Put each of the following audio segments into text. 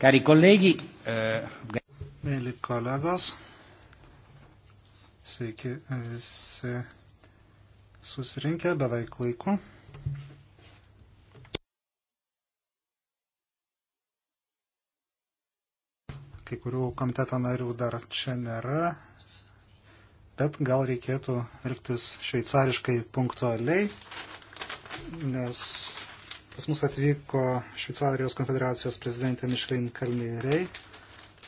Cari colleghi, uh... Mėly kolegos, sveiki visi susirinkę beveik laiku. Kai kurių komiteto narių dar čia nėra, bet gal reikėtų elgtis šveicariškai punktualiai, nes Pas mus atvyko Šveicarijos konfederacijos prezidentė Mišlin Kalmirei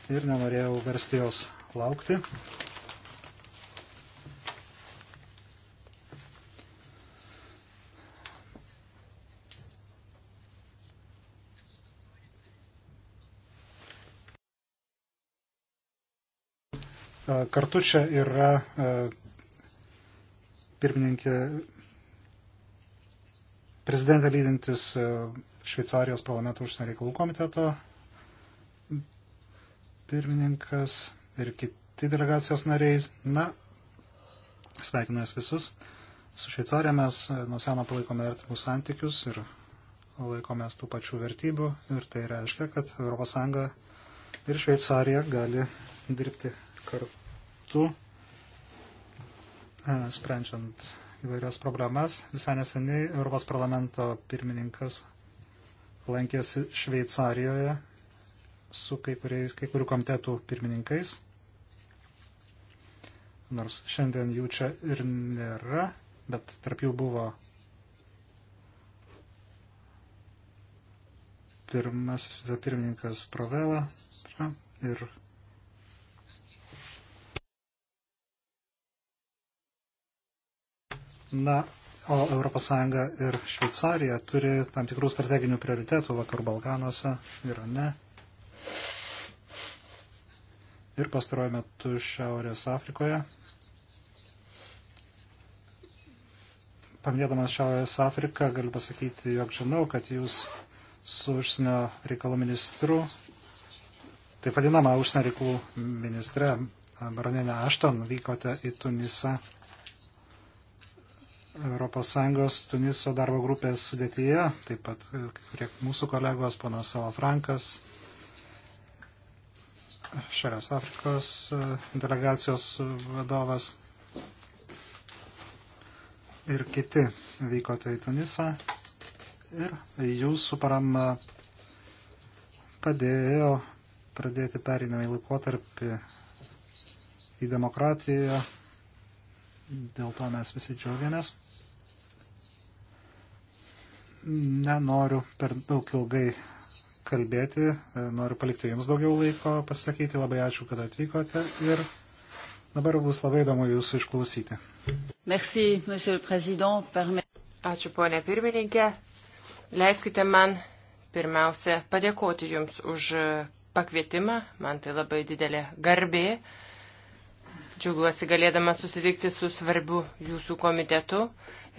ir nenorėjau versti jos laukti. Kartu čia yra e, pirmininkė prezidentė lydintis e, Šveicarijos parlamento užsienio reikalų komiteto pirmininkas ir kiti delegacijos nariai. Na, sveikinu jas visus. Su Šveicarija mes e, nuo seno palaikome artimus santykius ir laikomės tų pačių vertybių ir tai reiškia, kad ES ir Šveicarija gali dirbti kartu, e, sprendžiant įvairias programas. Visai neseniai Europos parlamento pirmininkas lankėsi Šveicarijoje su kai, kuriai, kai kurių komitetų pirmininkais. Nors šiandien jų čia ir nėra, bet tarp jų buvo pirmasis vicepirmininkas Provela ir Na, o ES ir Šveicarija turi tam tikrų strateginių prioritetų Vakarų Balkanuose, Irane. Ir pastaruoju metu Šiaurės Afrikoje. Paminėdamas Šiaurės Afriką, galiu pasakyti, jog žinau, kad jūs su užsienio reikalų ministru, taip vadinama užsienio reikalų ministre, Baronėne Ašton, vykote į Tunisą ES Tuniso darbo grupės sudėtyje, taip pat kurie mūsų kolegos, panas Salafrankas, Šiaurės Afrikos e, delegacijos vadovas ir kiti vykote į Tunisą. Ir jūsų parama padėjo pradėti perinamą į laikotarpį į demokratiją. Dėl to mes visi džiaugiamės nenoriu per daug ilgai kalbėti, noriu palikti Jums daugiau laiko pasakyti, labai ačiū, kad atvykote ir dabar bus labai įdomu Jūsų išklausyti. Merci, Ačiū, ponė pirmininkė. Leiskite man pirmiausia padėkoti Jums už pakvietimą, man tai labai didelė garbė Džiaugiuosi galėdama susitikti su svarbiu jūsų komitetu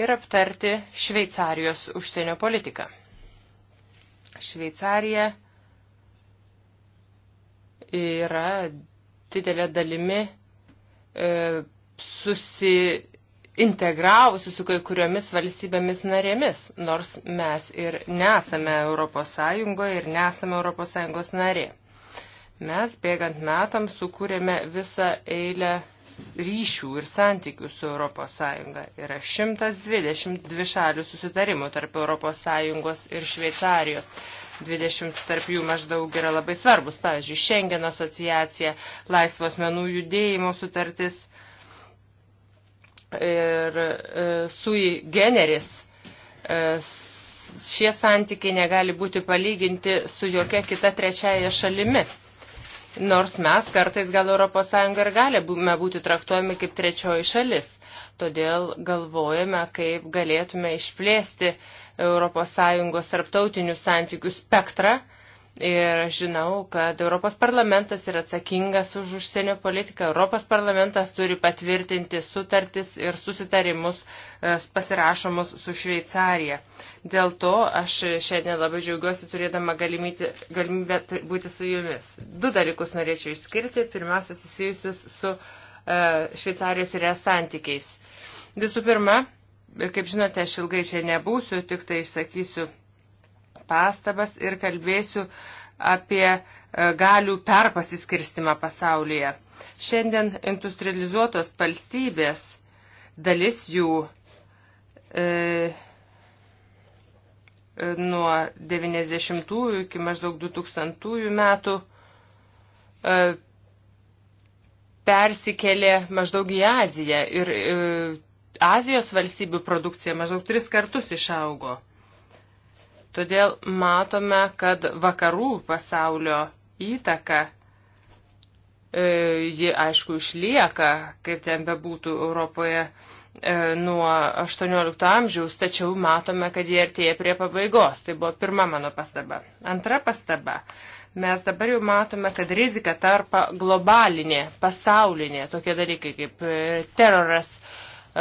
ir aptarti Šveicarijos užsienio politiką. Šveicarija yra didelė dalimi e, susiintegravusi su kai kuriomis valstybėmis narėmis, nors mes ir nesame ES ir nesame ES narė. Mes bėgant metam sukūrėme visą eilę ryšių ir santykių su ES. Yra 122 šalių susitarimų tarp ES ir Šveicarijos. 20 tarp jų maždaug yra labai svarbus, pavyzdžiui, Šengeno asociacija, laisvos menų judėjimo sutartis ir e, sui generis. E, šie santykiai negali būti palyginti su jokia kita trečiaja šalimi nors mes kartais gal ES ir galime būti traktuojami kaip trečioji šalis. Todėl galvojame, kaip galėtume išplėsti ES tarptautinių santykių spektrą Ir žinau, kad Europos parlamentas yra atsakingas už užsienio politiką. Europos parlamentas turi patvirtinti sutartis ir susitarimus e, pasirašomus su Šveicarija. Dėl to aš šiandien labai džiaugiuosi turėdama galimybę, galimybę būti su jumis. Du dalykus norėčiau išskirti. Pirmiausia, susijusius su uh, Šveicarijos ir es santykiais. Visų pirma, kaip žinote, aš ilgai čia nebūsiu, tik tai išsakysiu pastabas ir kalbėsiu apie e, galių perpasiskirstimą pasaulyje. Šiandien industrializuotos valstybės dalis jų e, e nuo 90-ųjų iki maždaug 2000-ųjų metų e, persikėlė maždaug į Aziją ir e, Azijos valstybių produkcija maždaug tris kartus išaugo. Todėl matome, kad vakarų pasaulio įtaka, e, ji aišku išlieka, kaip ten bebūtų Europoje e, nuo 18 amžiaus, tačiau matome, kad jie artėja prie pabaigos. Tai buvo pirma mano pastaba. Antra pastaba. Mes dabar jau matome, kad rizika tarpa globalinė, pasaulinė, tokie dalykai kaip e, teroras,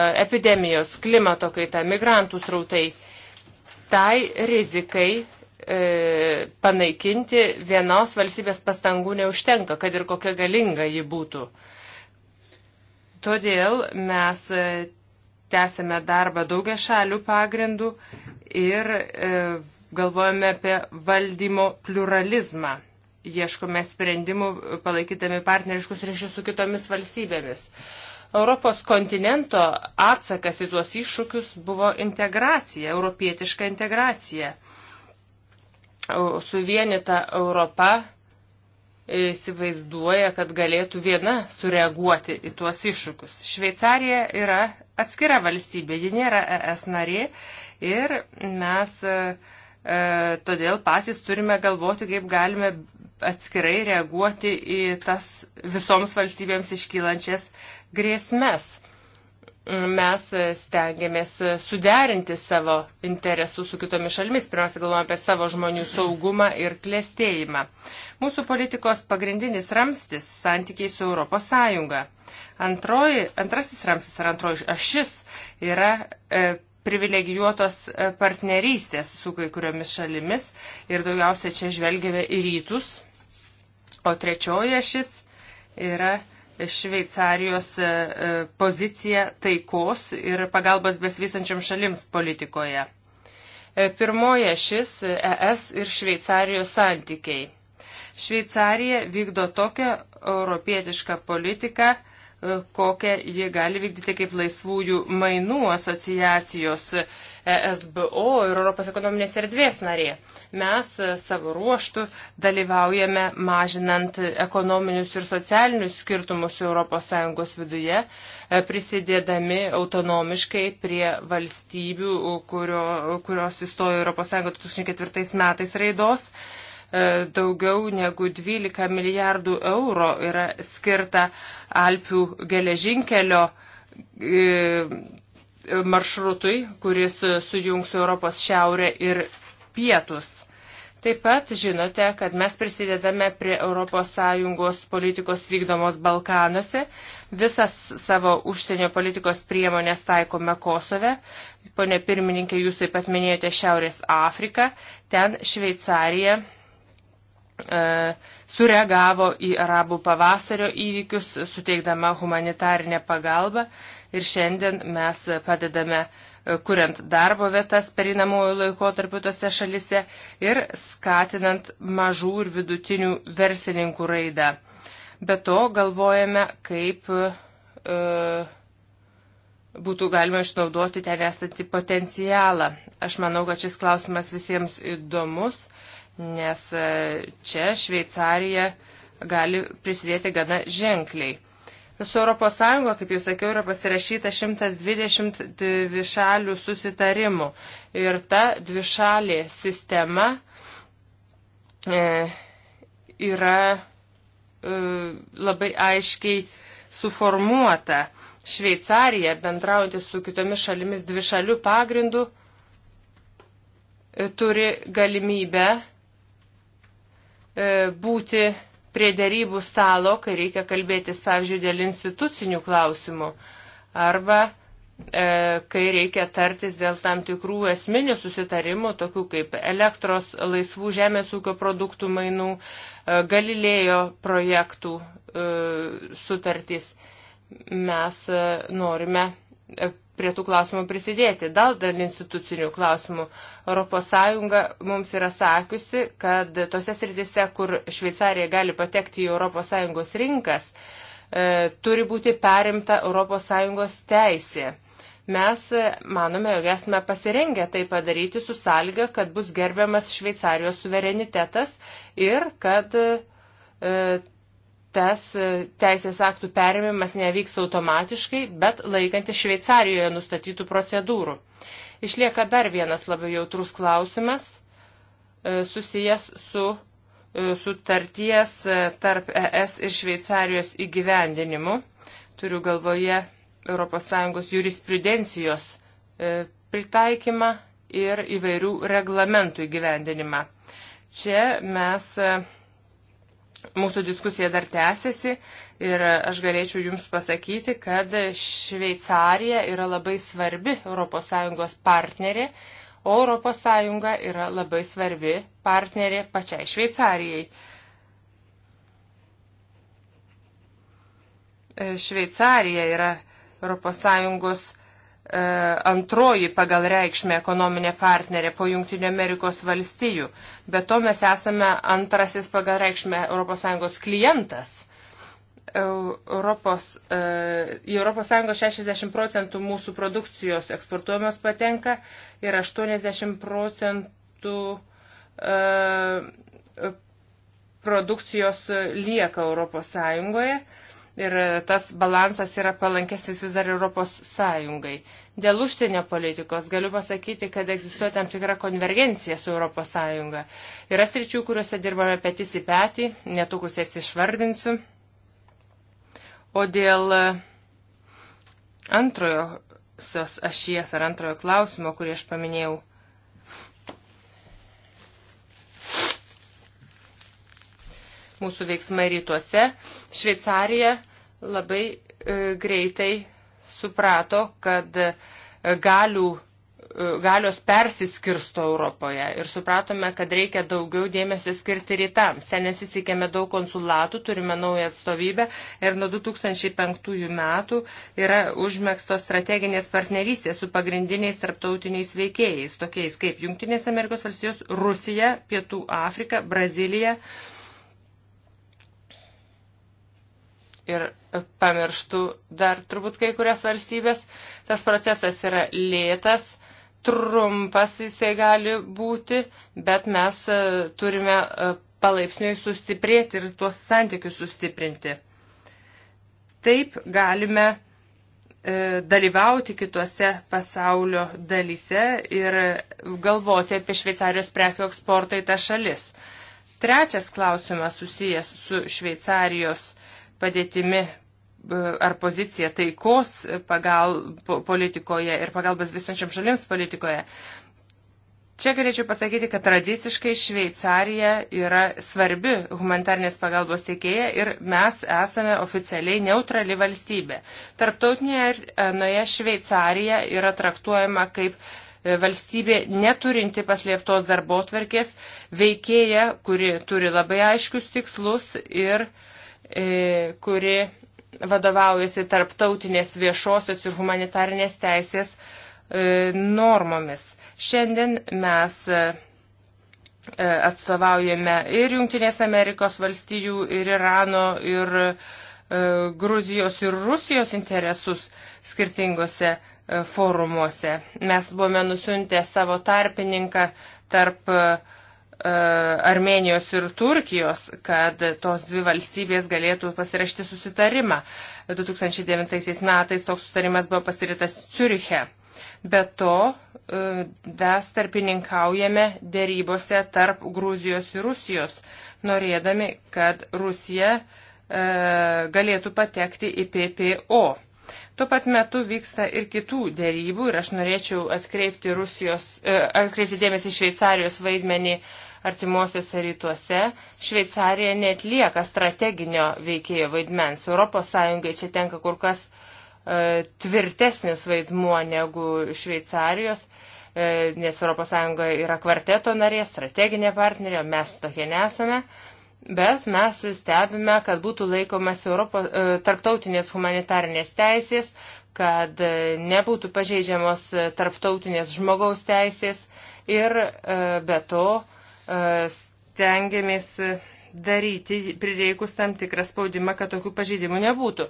epidemijos, klimato kaita, migrantų srautai tai rizikai e, panaikinti vienos valstybės pastangų neužtenka, kad ir kokia galinga ji būtų. Todėl mes e, tęsėme darbą daugia šalių pagrindų ir e, galvojame apie valdymo pluralizmą. Ieškome sprendimų palaikydami partneriškus ryšius su kitomis valstybėmis. E, Europos kontinento atsakas į tuos iššūkius buvo integracija, europietiška integracija. Suvienita Europa įsivaizduoja, kad galėtų viena sureaguoti į tuos iššūkius. Šveicarija yra atskira valstybė, ji nėra ES narė ir mes e, e, todėl patys turime galvoti, kaip galime atskirai reaguoti į tas visoms valstybėms iškylančias grėsmes. Mes stengiamės suderinti savo interesus su kitomis šalimis, pirmiausia galvojame apie savo žmonių saugumą ir klėstėjimą. Mūsų politikos pagrindinis ramstis - santykiai su ES. Antroji, antrasis ramstis ar antroji ašis yra e, privilegijuotos e, partnerystės su kai kuriomis šalimis ir daugiausia čia žvelgiame į rytus. O trečioji ašis yra Šveicarijos e, e, poziciją taikos ir pagalbos besvysančiam šalims politikoje. E, pirmoje šis ES ir Šveicarijos santykiai. Šveicarija vykdo tokią europietišką politiką, kokią ji gali vykdyti kaip laisvųjų mainų asociacijos E SBO ir Europos ekonominės erdvės narė. Mes e, savo ruoštų dalyvaujame mažinant ekonominius ir socialinius skirtumus ES viduje, e, prisidėdami autonomiškai prie valstybių, kurio, kurios įstojo ES 2004 metais raidos daugiau negu 12 milijardų eurų yra skirta Alpių geležinkelio maršrutui, kuris sujungs Europos šiaurę ir pietus. Taip pat žinote, kad mes prisidedame prie ES politikos vykdomos Balkanuose, visas savo užsienio politikos priemonės taikome Kosove, pone pirmininkė, jūs taip pat minėjote Šiaurės Afriką, ten Šveicarija e, sureagavo į arabų pavasario įvykius, suteikdama humanitarinę pagalbą ir šiandien mes padedame e, kuriant darbo vietas perinamojų laikotarpių tose šalise ir skatinant mažų ir vidutinių verslininkų raidą. Be to galvojame, kaip e, būtų galima išnaudoti ten esantį potencialą. Aš manau, kad šis klausimas visiems įdomus, nes e, čia Šveicarija gali prisidėti gana ženkliai. Su ES, kaip jau sakiau, yra pasirašyta 120 dvišalių susitarimų. Ir ta dvišalė sistema e, yra e, labai aiškiai suformuota. Šveicarija, bendraujantis su kitomis šalimis dvišalių pagrindų, e, turi galimybę e, būti prie dėrybų stalo, kai reikia kalbėtis, pavyzdžiui, dėl institucinių klausimų arba e, kai reikia tartis dėl tam tikrų esminių susitarimų, tokių kaip elektros laisvų žemės ūkio produktų mainų, e, Galilėjo projektų e, sutartys. Mes e, norime e, prie tų klausimų prisidėti. Dal dėl institucinių klausimų. ES mums yra sakiusi, kad tose sritise, kur Šveicarija gali patekti į ES rinkas, e, turi būti perimta ES teisė. Mes e, manome, jog esame pasirengę tai padaryti su sąlyga, kad bus gerbiamas Šveicarijos suverenitetas ir kad e, tas e, teisės aktų perėmimas nevyks automatiškai, bet laikantis Šveicarijoje nustatytų procedūrų. Išlieka dar vienas labai jautrus klausimas e, susijęs su e, sutarties tarp ES ir Šveicarijos įgyvendinimu. Turiu galvoje ES jurisprudencijos pritaikymą ir įvairių reglamentų įgyvendinimą. Čia mes Mūsų diskusija dar tęsiasi ir aš galėčiau Jums pasakyti, kad Šveicarija yra labai svarbi ES partnerė, o ES yra labai svarbi partnerė pačiai Šveicarijai. Šveicarija yra ES E, antroji pagal reikšmę ekonominė partnerė po Junktinio Amerikos valstijų. Be to mes esame antrasis pagal reikšmę ES klientas. Europos, e, į ES 60 procentų mūsų produkcijos eksportuojamos patenka ir 80 procentų e, produkcijos lieka ES ir e, tas balansas yra palankesnis vis dar Europos Sąjungai. Dėl užsienio politikos galiu pasakyti, kad egzistuoja tam tikra konvergencija su Europos Sąjunga. Yra sričių, kuriuose dirbame petys į petį, netrukus jas išvardinsiu. O dėl e, antrojo ašies ar antrojo klausimo, kurį aš paminėjau, mūsų veiksmai rytuose, Šveicarija labai e, greitai suprato, kad e, galių, e, galios persiskirsto Europoje ir supratome, kad reikia daugiau dėmesio skirti rytams. Ten įsikėmė daug konsulatų, turime naują atstovybę ir nuo 2005 metų yra užmėgstos strateginės partnerystės su pagrindiniais tarptautiniais veikėjais, tokiais kaip Junktinės Amerikos valstijos, Rusija, Pietų Afrika, Brazilija. ir pamirštų dar turbūt kai kurias valstybės. Tas procesas yra lėtas, trumpas jisai gali būti, bet mes e, turime e, palaipsniui sustiprėti ir tuos santykius sustiprinti. Taip galime e, dalyvauti kitose pasaulio dalyse ir galvoti apie Šveicarijos prekių eksportą į tą šalis. Trečias klausimas susijęs su Šveicarijos padėtimi ar pozicija taikos pagal politikoje ir pagalbas visančiam šalims politikoje. Čia galėčiau pasakyti, kad tradiciškai Šveicarija yra svarbi humanitarnės pagalbos teikėja ir mes esame oficialiai neutrali valstybė. Tarptautinėje noje Šveicarija yra traktuojama kaip e, valstybė neturinti paslėptos darbo tvarkės, veikėja, kuri turi labai aiškius tikslus ir uh, E, kuri vadovaujasi tarptautinės viešosios ir humanitarinės teisės e, normomis. Šiandien mes e, atstovaujame ir Junktinės Amerikos valstijų, ir Irano, ir Gruzijos, ir Rusijos interesus skirtingose forumuose. Mes buvome nusiuntę savo tarpininką tarp uh, E, Armenijos ir Turkijos, kad tos dvi valstybės galėtų pasirašyti susitarimą. 2009 metais toks susitarimas buvo pasiritas Ciuriche. Be to, e, mes tarpininkaujame dėrybose tarp Gruzijos ir Rusijos, norėdami, kad Rusija e, galėtų patekti į PPO. Tuo pat metu vyksta ir kitų dėrybų ir aš norėčiau atkreipti, Rusijos, atkreipti dėmesį Šveicarijos vaidmenį uh, artimuosiuose rytuose, Šveicarija netlieka strateginio veikėjo vaidmens. ES čia tenka kur kas e, tvirtesnis vaidmuo negu Šveicarijos, e, nes ES yra kvarteto narė, strateginė partnerė, mes tokie nesame. Bet mes stebime, kad būtų laikomas Europos, e, tarptautinės humanitarnės teisės, kad e, nebūtų pažeidžiamos e, tarptautinės žmogaus teisės ir e, be to E, stengiamės daryti prireikus tam tikrą spaudimą, kad tokių pažydimų nebūtų.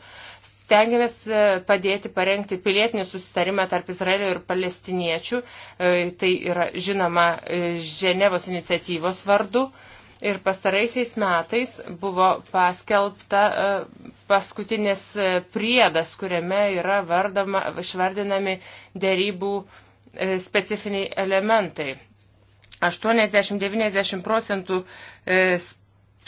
Stengiamės e, padėti parengti pilietinį susitarimą tarp Izraelio ir palestiniečių. E, tai yra žinoma Ženevos iniciatyvos vardu. Ir pastaraisiais metais buvo paskelbta paskutinis priedas, kuriame yra vardama, išvardinami dėrybų specifiniai elementai. 80-90 procentų e,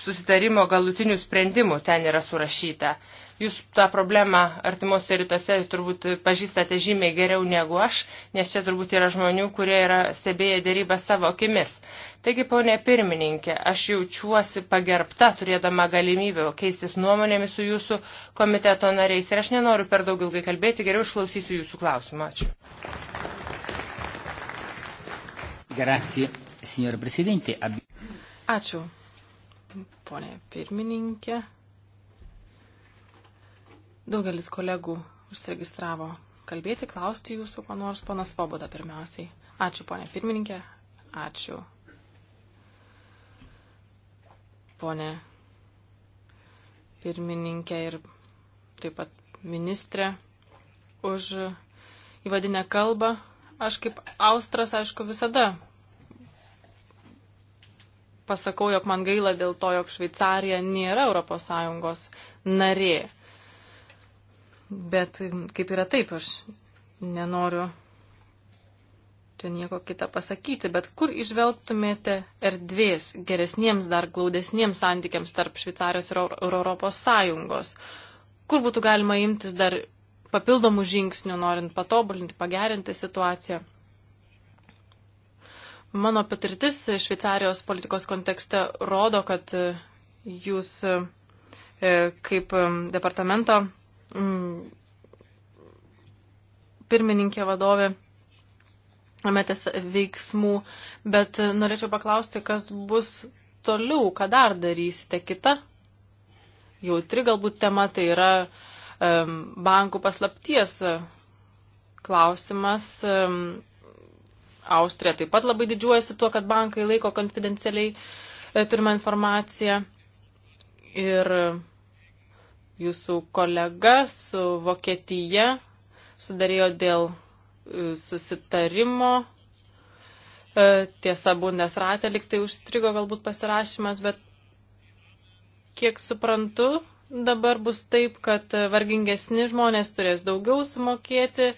susitarimo galutinių sprendimų ten yra surašyta. Jūs tą problemą artimuose rytuose turbūt pažįstate žymiai geriau negu aš, nes čia turbūt yra žmonių, kurie yra stebėję dėrybą savo akimis. Taigi, ponė pirmininkė, aš jaučiuosi pagerbta turėdama galimybę keistis nuomonėmis su jūsų komiteto nariais ir aš nenoriu per daug ilgai kalbėti, geriau išklausysiu jūsų klausimą. Ačiū. Grazie, signor Presidente. Ačiū, ponė pirmininkė. Daugelis kolegų užsiregistravo kalbėti, klausti jūsų, ko nors ponas Svoboda pirmiausiai. Ačiū, ponė pirmininkė. Ačiū. Pone pirmininkė ir taip pat ministrė už įvadinę kalbą Aš kaip Austras, aišku, visada pasakau, jog man gaila dėl to, jog Šveicarija nėra ES narė. Bet kaip yra taip, aš nenoriu čia nieko kitą pasakyti, bet kur išvelgtumėte erdvės geresniems, dar glaudesniems santykiams tarp Šveicarijos ir, ir Europos Sąjungos? Kur būtų galima imtis dar papildomų žingsnių, norint patobulinti, pagerinti situaciją. Mano patirtis Šveicarijos politikos kontekste rodo, kad e, jūs e, e, kaip departamento mm, pirmininkė vadovė metės veiksmų, bet norėčiau paklausti, kas bus toliau, ką dar darysite. Kita jautri galbūt tema tai yra bankų paslapties e, klausimas. Austrija taip pat labai didžiuojasi tuo, kad bankai laiko konfidencialiai e, turimą informaciją. Ir e, jūsų kolega su Vokietija sudarėjo dėl susitarimo. Tiesa, Bundesratė liktai užstrigo galbūt pasirašymas, bet kiek suprantu, dabar bus taip, kad vargingesni žmonės turės daugiau sumokėti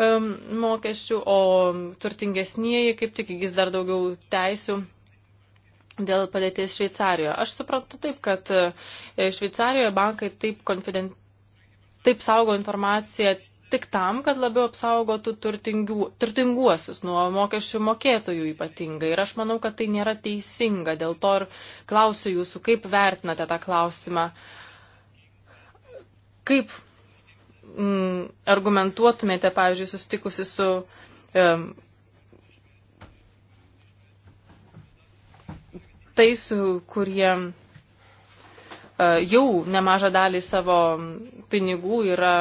um, mokesčių, o turtingesnieji kaip tik įgis dar daugiau teisių dėl padėties Šveicarijoje. Aš suprantu taip, kad e, Šveicarijoje bankai taip, konfiden... taip saugo informaciją tik tam, kad labiau apsaugotų turtingių... turtinguosius nuo mokesčių mokėtojų ypatingai. Ir aš manau, kad tai nėra teisinga. Dėl to ir klausiu jūsų, kaip vertinate tą klausimą. Uh, Kaip mm, argumentuotumėte, pavyzdžiui, susitikusi su um, tais, kurie uh, jau nemažą dalį savo pinigų yra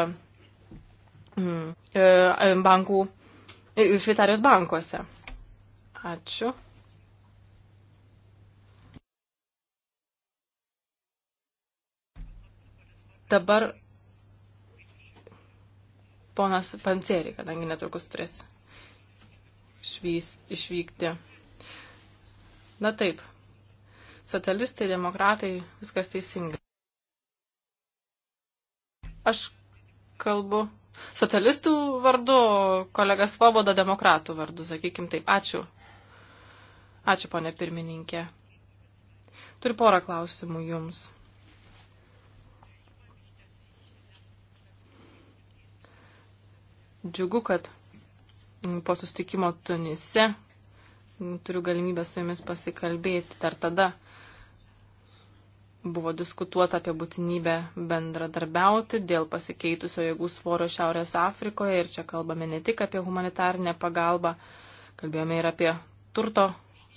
mm, e, bankų, e, Šveicarijos bankuose? Ačiū. Dabar ponas Panceri, kadangi netrukus turės švys, išvykti. Na taip, socialistai, demokratai, viskas teisingai. Aš kalbu socialistų vardu, kolega Svoboda demokratų vardu, sakykim taip. Ačiū. Ačiū, ponė pirmininkė. Turiu porą klausimų jums. Džiugu, kad mm, po sustikimo Tunise mm, turiu galimybę su jumis pasikalbėti. Dar tada buvo diskutuota apie būtinybę bendradarbiauti dėl pasikeitusio jėgų svorio Šiaurės Afrikoje ir čia kalbame ne tik apie humanitarnę pagalbą, kalbėjome ir apie turto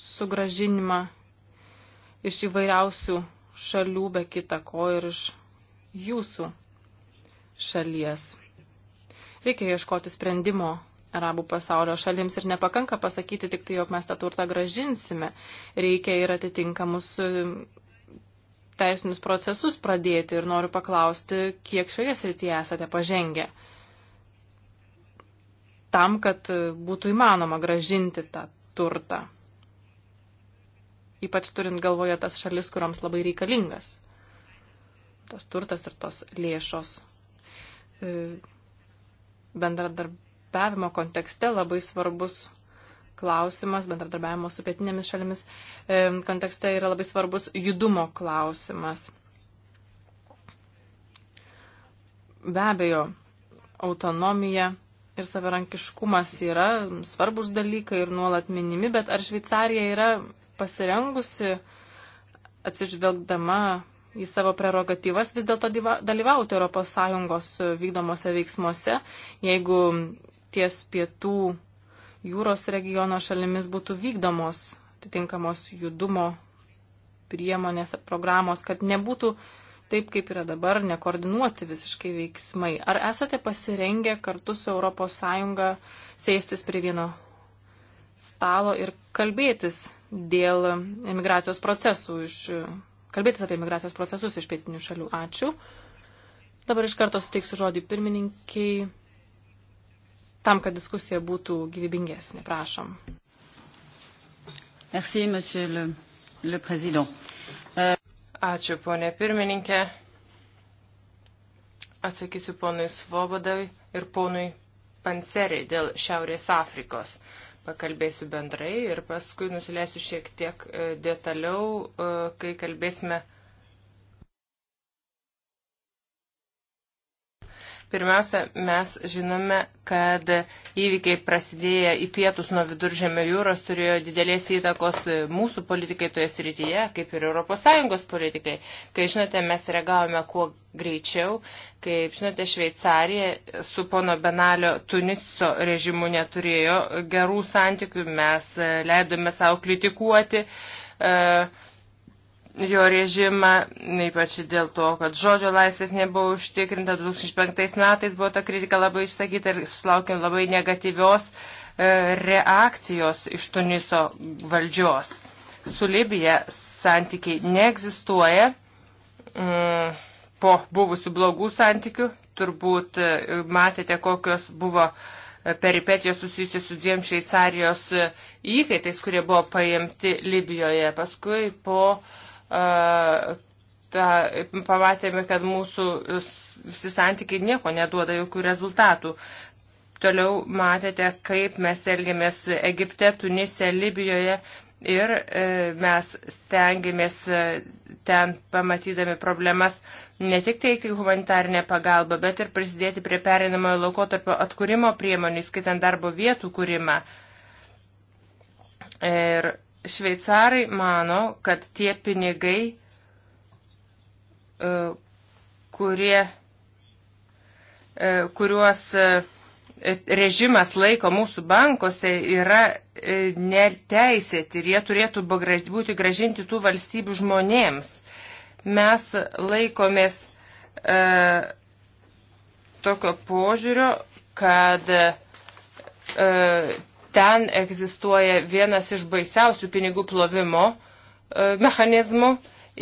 sugražinimą iš įvairiausių šalių, be kita ko ir iš jūsų šalies. Reikia ieškoti sprendimo arabų pasaulio šalims ir nepakanka pasakyti tik tai, jog mes tą turtą gražinsime. Reikia ir atitinkamus e, teisinius procesus pradėti ir noriu paklausti, kiek šioje srityje esate pažengę tam, kad e, būtų įmanoma gražinti tą turtą. Ypač turint galvoje tas šalis, kuriams labai reikalingas tas turtas ir tos lėšos. E, bendradarbiavimo kontekste labai svarbus klausimas, bendradarbiavimo su pietinėmis šalimis e, kontekste yra labai svarbus judumo klausimas. Be abejo, autonomija ir savarankiškumas yra svarbus dalykai ir nuolat minimi, bet ar Šveicarija yra pasirengusi atsižvelgdama į savo prerogatyvas vis dėlto dalyvauti ES vykdomose veiksmuose, jeigu ties pietų jūros regiono šalimis būtų vykdomos atitinkamos judumo priemonės ar programos, kad nebūtų taip, kaip yra dabar, nekoordinuoti visiškai veiksmai. Ar esate pasirengę kartu su ES sėstis prie vieno stalo ir kalbėtis dėl emigracijos procesų iš kalbėtis apie migracijos procesus iš pietinių šalių. Ačiū. Dabar iš karto suteiksiu žodį pirmininkiai tam, kad diskusija būtų gyvybingesnė. Prašom. Merci, monsieur le, le président. Uh... Ačiū, ponė pirmininkė. Atsakysiu ponui Svobodai ir ponui Panseriai dėl Šiaurės Afrikos. Uh, pakalbėsiu bendrai ir paskui nusileisiu šiek tiek e, detaliau, e, kai kalbėsime Pirmiausia, mes žinome, kad įvykiai prasidėję į pietus nuo viduržėmio jūros turėjo didelės įtakos mūsų politikai toje srityje, kaip ir ES politikai. Kai žinote, mes reagavome kuo greičiau. Kaip žinote, Šveicarija su pono Benalio Tuniso režimu neturėjo gerų santykių, mes leidome savo kritikuoti. Uh, jo režimą, ypač dėl to, kad žodžio laisvės nebuvo užtikrinta. 2005 metais buvo ta kritika labai išsakyta ir susilaukėm labai negatyvios e, reakcijos iš Tuniso valdžios. Su Libija santykiai neegzistuoja. Mm, po buvusių blogų santykių turbūt e, matėte, kokios buvo e, peripetijos susijusios su dviem Šveicarijos įkaitais, kurie buvo paimti Libijoje. Paskui po uh, ta, pamatėme, kad mūsų visi santykiai nieko neduoda jokių rezultatų. Toliau matėte, kaip mes elgėmės Egipte, Tunise, Libijoje ir e, mes stengiamės e, ten pamatydami problemas ne tik teikti humanitarinę pagalbą, bet ir prisidėti prie perinamojo laukotarpio atkūrimo priemonių, skaitant darbo vietų kūrimą. Ir Šveicarai mano, kad tie pinigai, e, kurie, e, kuriuos e, režimas laiko mūsų bankose, yra neteisėti ir jie turėtų būti gražinti tų valstybių žmonėms. Mes laikomės e, tokio požiūrio, kad e, Ten egzistuoja vienas iš baisiausių pinigų plovimo e, mechanizmų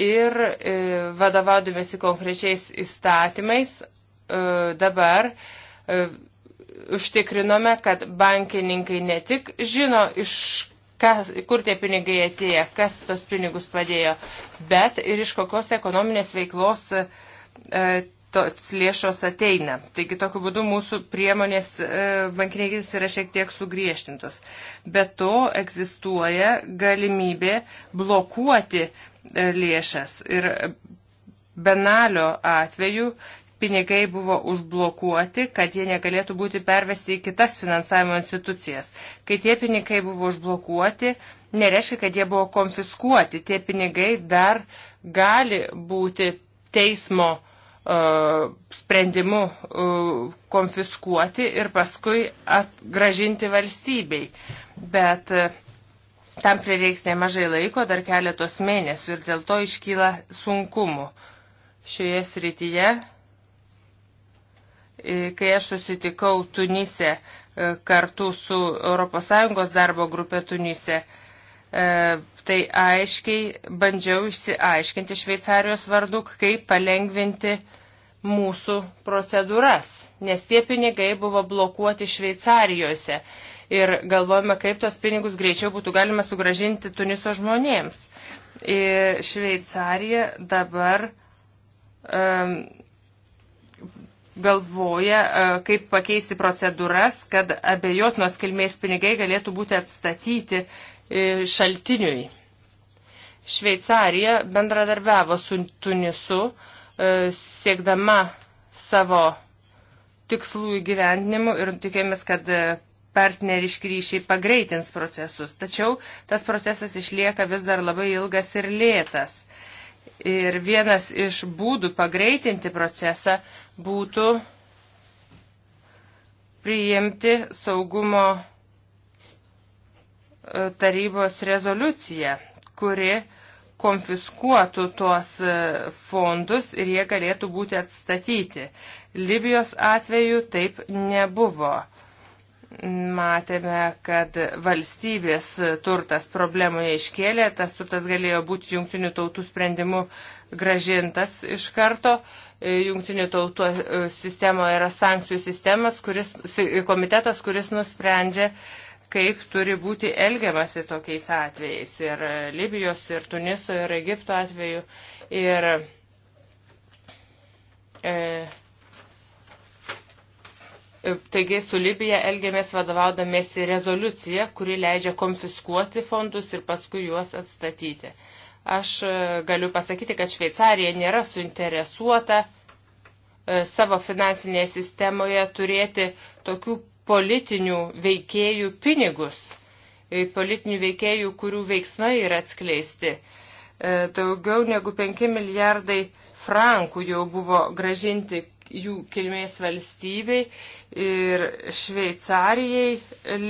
ir e, vadovaudomėsi konkrečiais įstatymais e, dabar užtikrinome, kad bankininkai ne tik žino, iš kas, kur tie pinigai atėjo, kas tos pinigus padėjo, bet ir iš kokios ekonominės veiklos tos lėšos ateina. Taigi tokiu būdu mūsų priemonės e, bankininkis yra šiek tiek sugriežtintos. Be to egzistuoja galimybė blokuoti e, lėšas. Ir benalio atveju pinigai buvo užblokuoti, kad jie negalėtų būti pervesti į kitas finansavimo institucijas. Kai tie pinigai buvo užblokuoti, nereiškia, kad jie buvo konfiskuoti. Tie pinigai dar gali būti teismo E, sprendimu e, konfiskuoti ir paskui atgražinti valstybei. Bet e, tam prireiks nemažai laiko, dar keletos mėnesių ir dėl to iškyla sunkumų. Šioje srityje, kai aš susitikau Tunise kartu su ES darbo grupė Tunise, E, tai aiškiai bandžiau išsiaiškinti Šveicarijos vardu, kaip palengvinti mūsų procedūras, nes tie pinigai buvo blokuoti Šveicarijose ir galvojame, kaip tos pinigus greičiau būtų galima sugražinti Tuniso žmonėms. Ir e, Šveicarija dabar um, galvoja, uh, kaip pakeisti procedūras, kad abejotinos kilmės pinigai galėtų būti atstatyti E, šaltiniui. Šveicarija bendradarbiavo su Tunisu, e, siekdama savo tikslų įgyvendinimu ir tikėmės, kad e, partneriški ryšiai pagreitins procesus. Tačiau tas procesas išlieka vis dar labai ilgas ir lėtas. Ir vienas iš būdų pagreitinti procesą būtų priimti saugumo tarybos rezoliuciją, kuri konfiskuotų tuos e, fondus ir jie galėtų būti atstatyti. Libijos atveju taip nebuvo. Matėme, kad valstybės turtas problemų neiškėlė, tas turtas galėjo būti jungtinių tautų sprendimu gražintas iš karto. E, jungtinių tautų e, sistemoje yra sankcijų sistemas, kuris, komitetas, kuris nusprendžia uh, kaip turi būti elgiamasi tokiais atvejais. Ir e, Libijos, ir Tuniso, ir Egipto atveju. Ir e, e Taigi su Libija elgiamės vadovaudamėsi rezoliuciją, kuri leidžia konfiskuoti fondus ir paskui juos atstatyti. Aš e, galiu pasakyti, kad Šveicarija nėra suinteresuota savo finansinėje sistemoje turėti tokių politinių veikėjų pinigus, e, politinių veikėjų, kurių veiksmai yra atskleisti. E, daugiau negu 5 milijardai frankų jau buvo gražinti jų kilmės valstybei ir Šveicarijai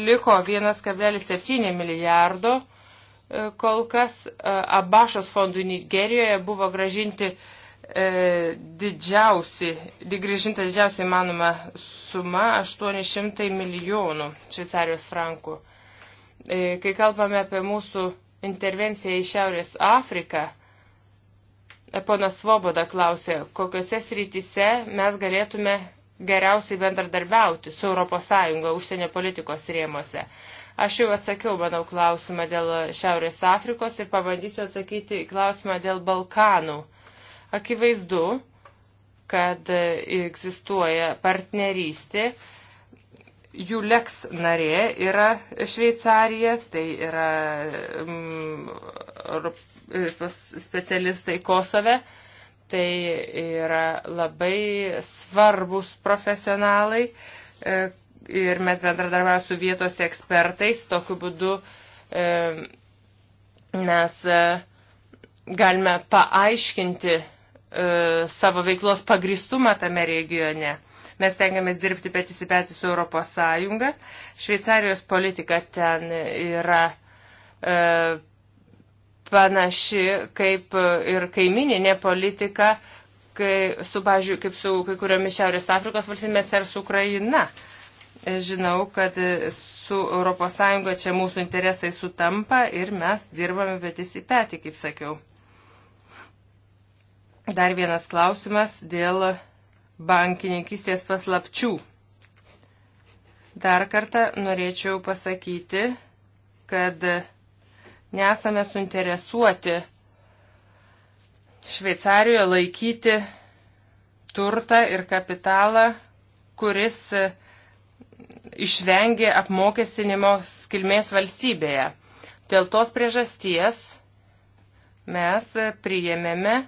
liko 1,7 milijardo e, kol kas Abašos fondų Nigerijoje buvo gražinti E, didžiausi, grįžinta didžiausia įmanoma suma - 800 milijonų šveicarijos frankų. E, kai kalbame apie mūsų intervenciją į Šiaurės Afriką, e, ponas Svoboda klausė, kokiuose srityse mes galėtume geriausiai bendradarbiauti su ES užsienio politikos rėmose. Aš jau atsakiau, manau, klausimą dėl Šiaurės Afrikos ir pabandysiu atsakyti klausimą dėl Balkanų. Uh, Akivaizdu, kad egzistuoja partnerystė. Juleks narė yra Šveicarija, tai yra mm, specialistai Kosove, tai yra labai svarbus profesionalai e, ir mes bendradarbiavame su vietos ekspertais, tokiu būdu e, mes e, galime paaiškinti E, savo veiklos pagristumą tame regione. Mes tengiamės dirbti petys į petį su Europos Sąjunga. Šveicarijos politika ten yra e, panaši kaip ir kaimininė politika, kai, su, pažiūrėjau, kaip su kai kuriomis Šiaurės Afrikos valstybėmis ar su Ukraina. Žinau, kad su ES čia mūsų interesai sutampa ir mes dirbame petys į petį, kaip sakiau. Dar vienas klausimas dėl bankininkistės paslapčių. Dar kartą norėčiau pasakyti, kad nesame suinteresuoti Šveicarijoje laikyti turtą ir kapitalą, kuris išvengė apmokestinimo skilmės valstybėje. Dėl tos priežasties mes priėmėme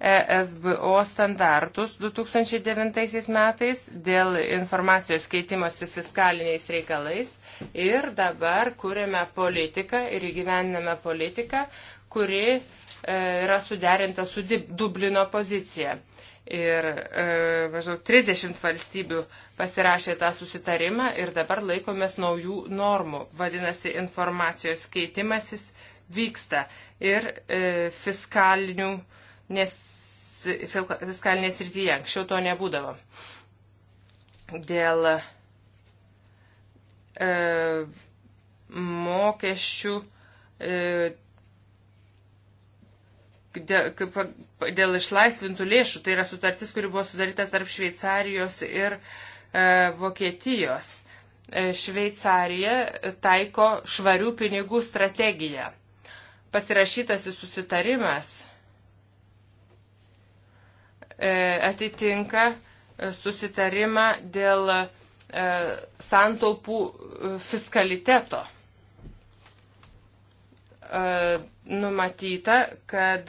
ESBO standartus 2009 metais dėl informacijos keitimosi fiskaliniais reikalais ir dabar kūrėme politiką ir įgyvendiname politiką, kuri e, yra suderinta su Dublino pozicija. Ir e, maždaug 30 valstybių pasirašė tą susitarimą ir dabar laikomės naujų normų. Vadinasi, informacijos keitimasis vyksta ir e, fiskalinių e, nes fiskalinės srityje anksčiau to nebūdavo. Dėl e, mokesčių, e, dėl, kaip, dėl išlaisvintų lėšų, tai yra sutartis, kuri buvo sudaryta tarp Šveicarijos ir e, Vokietijos. E, Šveicarija taiko švarių pinigų strategiją. Pasirašytasis susitarimas E, atitinka e, susitarimą dėl e, santaupų fiskaliteto. Numatyta, kad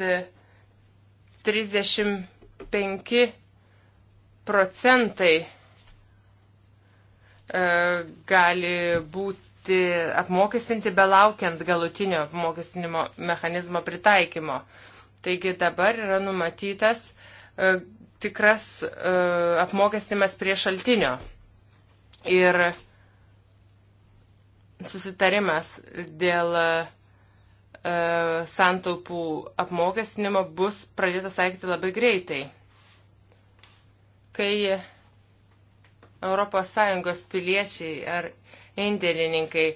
35 procentai gali būti apmokestinti belaukiant galutinio apmokestinimo mechanizmo pritaikymo. Taigi dabar yra numatytas E, tikras e, apmokestimas prie šaltinio. Ir susitarimas dėl e, santaupų apmokestinimo bus pradėtas taikyti labai greitai. Kai ES piliečiai ar indėlininkai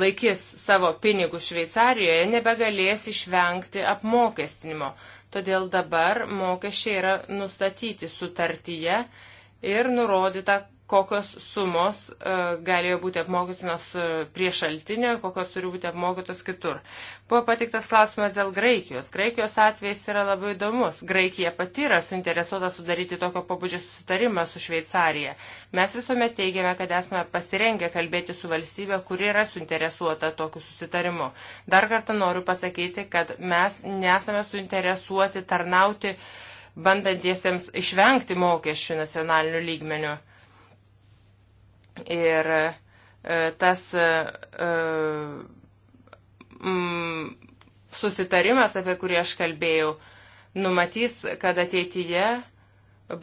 laikys savo pinigus Šveicarijoje, nebegalės išvengti apmokestinimo. Todėl dabar mokesčiai yra nustatyti sutartyje ir nurodyta, kokios sumos e, galėjo būti apmokytinos e, prie šaltinio, kokios turi būti apmokytos kitur. Buvo patiktas klausimas dėl Graikijos. Graikijos atvejs yra labai įdomus. Graikija pati yra suinteresuota sudaryti tokio pabudžio susitarimą su Šveicarija. Mes visuomet teigiame, kad esame pasirengę kalbėti su valstybė, kuri yra suinteresuota tokiu susitarimu. Dar kartą noriu pasakyti, kad mes nesame suinteresuoti tarnauti bandantiesiems išvengti mokesčių nacionalinių lygmenių Ir e, tas mm, susitarimas, apie kurį aš kalbėjau, numatys, kad ateityje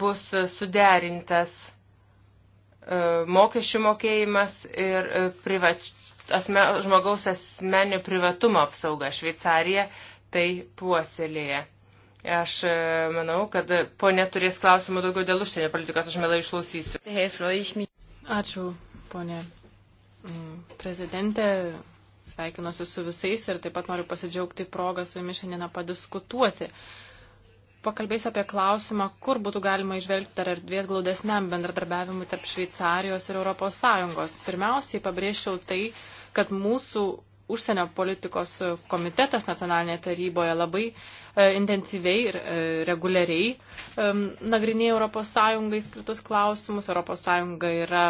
bus suderintas mokesčių mokėjimas ir privač, asme, žmogaus asmenio privatumo apsauga. Šveicarija tai puoselėje. Aš manau, kad ponė turės klausimų daugiau dėl užsienio politikos, aš melai išklausysiu. Ačiū, ponė mm, prezidentė. Sveikinuosi su visais ir taip pat noriu pasidžiaugti progą su jumis šiandieną padiskutuoti. Pakalbėsiu apie klausimą, kur būtų galima išvelgti dar erdvės glaudesniam bendradarbiavimui tarp Šveicarijos ir ES. Pirmiausiai pabrėžčiau tai, kad mūsų užsienio politikos komitetas nacionalinėje taryboje labai e, intensyviai ir e, reguliariai nagrinėja ES skirtus klausimus. ES yra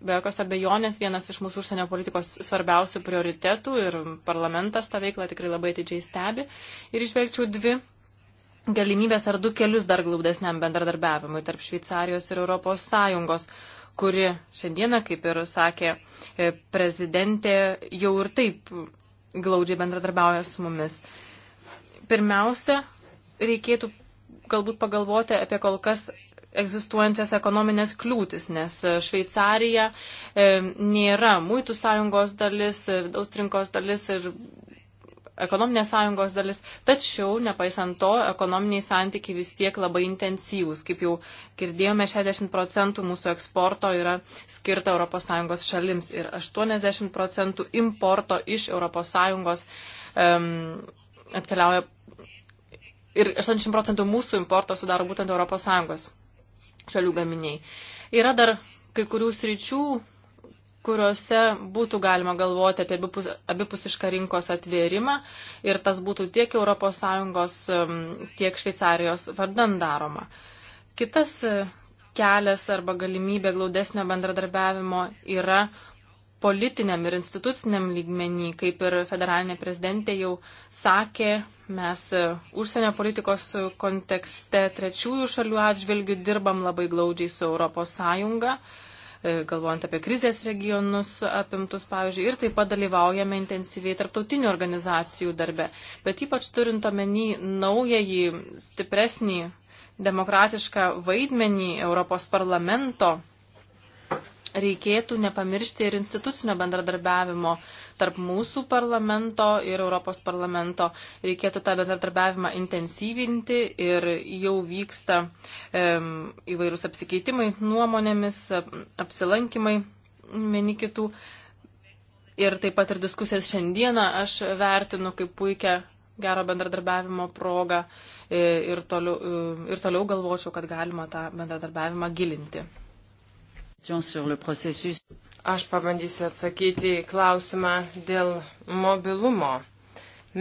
be jokios abejonės vienas iš mūsų užsienio politikos svarbiausių prioritetų ir parlamentas tą veiklą tikrai labai atidžiai stebi. Ir išvelgčiau dvi galimybės ar du kelius dar glaudesniam bendradarbiavimui tarp Šveicarijos ir ES kuri šiandieną, kaip ir sakė e, prezidentė, jau ir taip glaudžiai bendradarbiauja su mumis. Pirmiausia, reikėtų galbūt pagalvoti apie kol kas egzistuojančias ekonominės kliūtis, nes e, Šveicarija e, nėra muitų sąjungos dalis, daug e, rinkos dalis ir ekonominės sąjungos dalis, tačiau, nepaisant to, ekonominiai santykiai vis tiek labai intensyvūs. Kaip jau girdėjome, 60 procentų mūsų eksporto yra skirta ES šalims ir 80 procentų importo iš ES um, atkeliauja ir 80 procentų mūsų importo sudaro būtent ES šalių gaminiai. Yra dar kai kurių sričių, kuriuose būtų galima galvoti apie abipus, abipusišką rinkos atvėrimą ir tas būtų tiek ES, um, tiek Šveicarijos vardan daroma. Kitas e, kelias arba galimybė glaudesnio bendradarbiavimo yra politiniam ir instituciniam lygmenį, kaip ir federalinė prezidentė jau sakė, mes e, užsienio politikos kontekste trečiųjų šalių atžvilgių dirbam labai glaudžiai su ES E, galvojant apie krizės regionus apimtus, pavyzdžiui, ir taip pat dalyvaujame intensyviai tarptautinių organizacijų darbe. Bet ypač turint omeny naująjį, stipresnį demokratišką vaidmenį Europos parlamento reikėtų nepamiršti ir institucinio bendradarbiavimo tarp mūsų parlamento ir Europos parlamento. Reikėtų tą bendradarbiavimą intensyvinti ir jau vyksta e, įvairūs apsikeitimai nuomonėmis, apsilankimai vieni kitų. Ir taip pat ir diskusijas šiandieną aš vertinu kaip puikia gero bendradarbiavimo progą e, ir toliau, e, ir toliau galvočiau, kad galima tą bendradarbiavimą gilinti. Aš pabandysiu atsakyti į klausimą dėl mobilumo.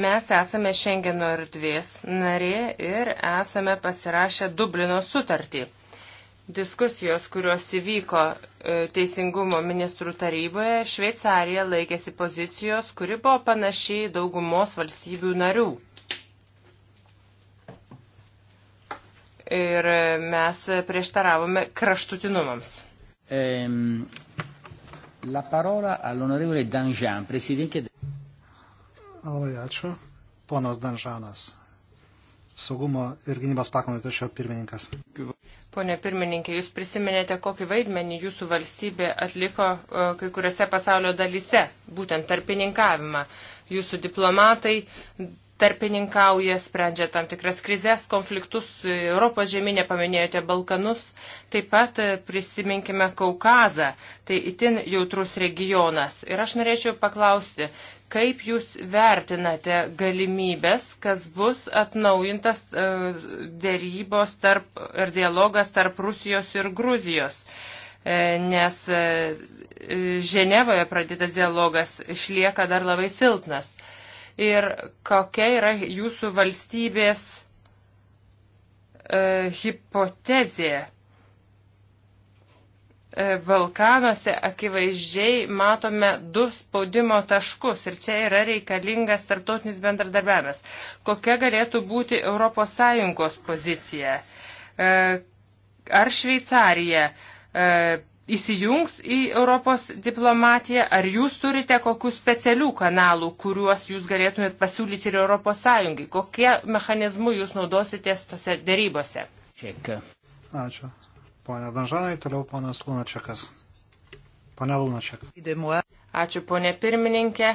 Mes esame Šengeno erdvės narė ir esame pasirašę Dublino sutartį. Diskusijos, kurios įvyko e, Teisingumo ministrų taryboje, Šveicarija laikėsi pozicijos, kuri buvo panašiai daugumos valstybių narių. Ir e, mes prieštaravome kraštutinumams. Ehm, la parola all'onorevole Danjean, presidente. Labai ačiū. Ponas Danžanas, saugumo ir gynybos pakomitečio pirmininkas. Pone pirmininkė, jūs prisiminėte, kokį vaidmenį jūsų valstybė atliko e, kai kuriuose pasaulio dalyse, būtent tarpininkavimą. Jūsų diplomatai tarpininkauja, sprendžia tam tikras krizės, konfliktus e, Europos žemynė, paminėjote Balkanus, taip pat e, prisiminkime Kaukazą, tai itin jautrus regionas. Ir aš norėčiau paklausti, kaip jūs vertinate galimybės, kas bus atnaujintas e, dėrybos tarp, ir dialogas tarp Rusijos ir Gruzijos? Nes Ženevoje pradėtas dialogas išlieka dar labai silpnas ir kokia yra jūsų valstybės e, hipotezė. E, Balkanuose akivaizdžiai matome du spaudimo taškus ir čia yra reikalingas tarptautinis bendradarbiavimas. Kokia galėtų būti ES pozicija? E, Ar Šveicarija e, įsijungs į Europos diplomatiją, ar jūs turite kokių specialių kanalų, kuriuos jūs galėtumėt pasiūlyti ir Europos Sąjungai? Kokie mechanizmų jūs naudositės tose dėrybose? Čeka. Ačiū. Pone Danžanai, toliau ponas Lunačiakas. Pane Lunačiak. Ačiū, ponė pirmininkė.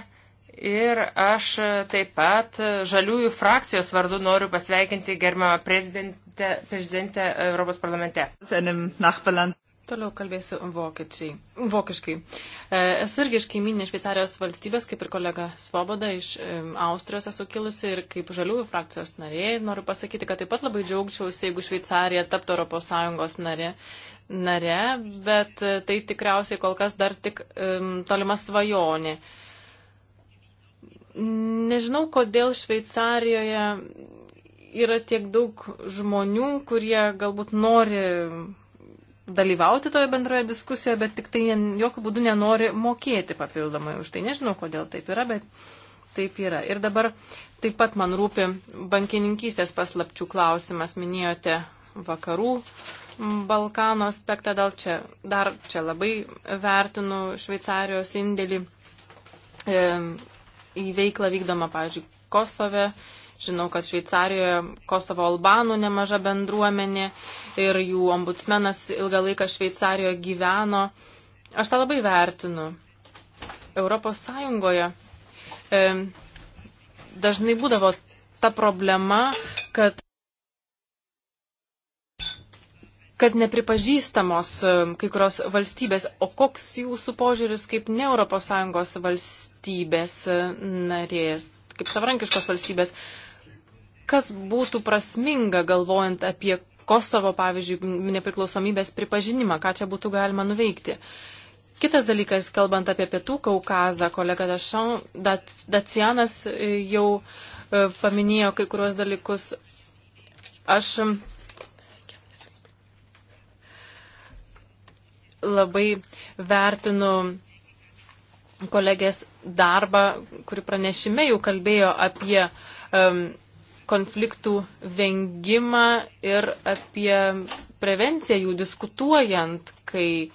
Ir aš taip pat žaliųjų frakcijos vardu noriu pasveikinti gerbiamą prezidentę, prezidentę Europos parlamente. Toliau kalbėsiu vokiečiai. vokiškai. E, esu irgi iš kaiminės Šveicarijos valstybės, kaip ir kolega Svoboda, iš e, Austrijos esu kilusi ir kaip žaliųjų frakcijos narė. Noriu pasakyti, kad taip pat labai džiaugčiausi, jeigu Šveicarija taptų ES narė, narė, bet e, tai tikriausiai kol kas dar tik um, tolima svajonė. Nežinau, kodėl Šveicarijoje yra tiek daug žmonių, kurie galbūt nori dalyvauti toje bendroje diskusijoje, bet tik tai jokių būdų nenori mokėti papildomai už tai. Nežinau, kodėl taip yra, bet taip yra. Ir dabar taip pat man rūpi bankininkystės paslapčių klausimas. Minėjote vakarų Balkano aspektą, dėl čia dar čia labai vertinu Šveicarijos indėlį e, į veiklą vykdomą, pavyzdžiui, Kosove. E, Žinau, kad Šveicarijoje Kosovo Albanų nemaža bendruomenė ir jų ombudsmenas ilgą laiką Šveicarijoje gyveno. Aš tą labai vertinu. Europos Sąjungoje e, dažnai būdavo ta problema, kad kad nepripažįstamos e, kai kurios valstybės. O koks jūsų požiūris kaip ne ES valstybės e, narės, kaip savarankiškos valstybės, kas būtų prasminga galvojant apie Kosovo, pavyzdžiui, nepriklausomybės pripažinimą, ką čia būtų galima nuveikti. Kitas dalykas, kalbant apie Pietų Kaukazą, kolega Dašan, Dacianas e, jau e, paminėjo kai kuriuos dalykus. Aš e, labai vertinu kolegės darbą, kuri pranešime jau kalbėjo apie um, konfliktų vengimą ir apie prevenciją jų diskutuojant, kai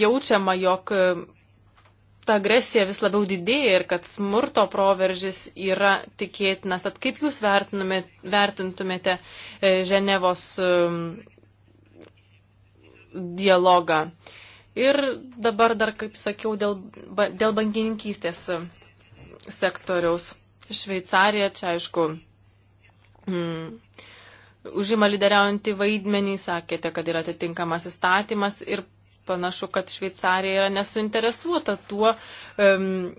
jaučiama, jog ta agresija vis labiau didėja ir kad smurto proveržis yra tikėtinas. Tad kaip jūs vertintumėte e, Ženevos dialogą? Ir dabar dar, kaip sakiau, dėl, dėl bankininkystės sektoriaus. Šveicarija čia, aišku, mm, užima lyderiaujantį vaidmenį, sakėte, kad yra atitinkamas įstatymas ir panašu, kad Šveicarija yra nesuinteresuota tuo, um,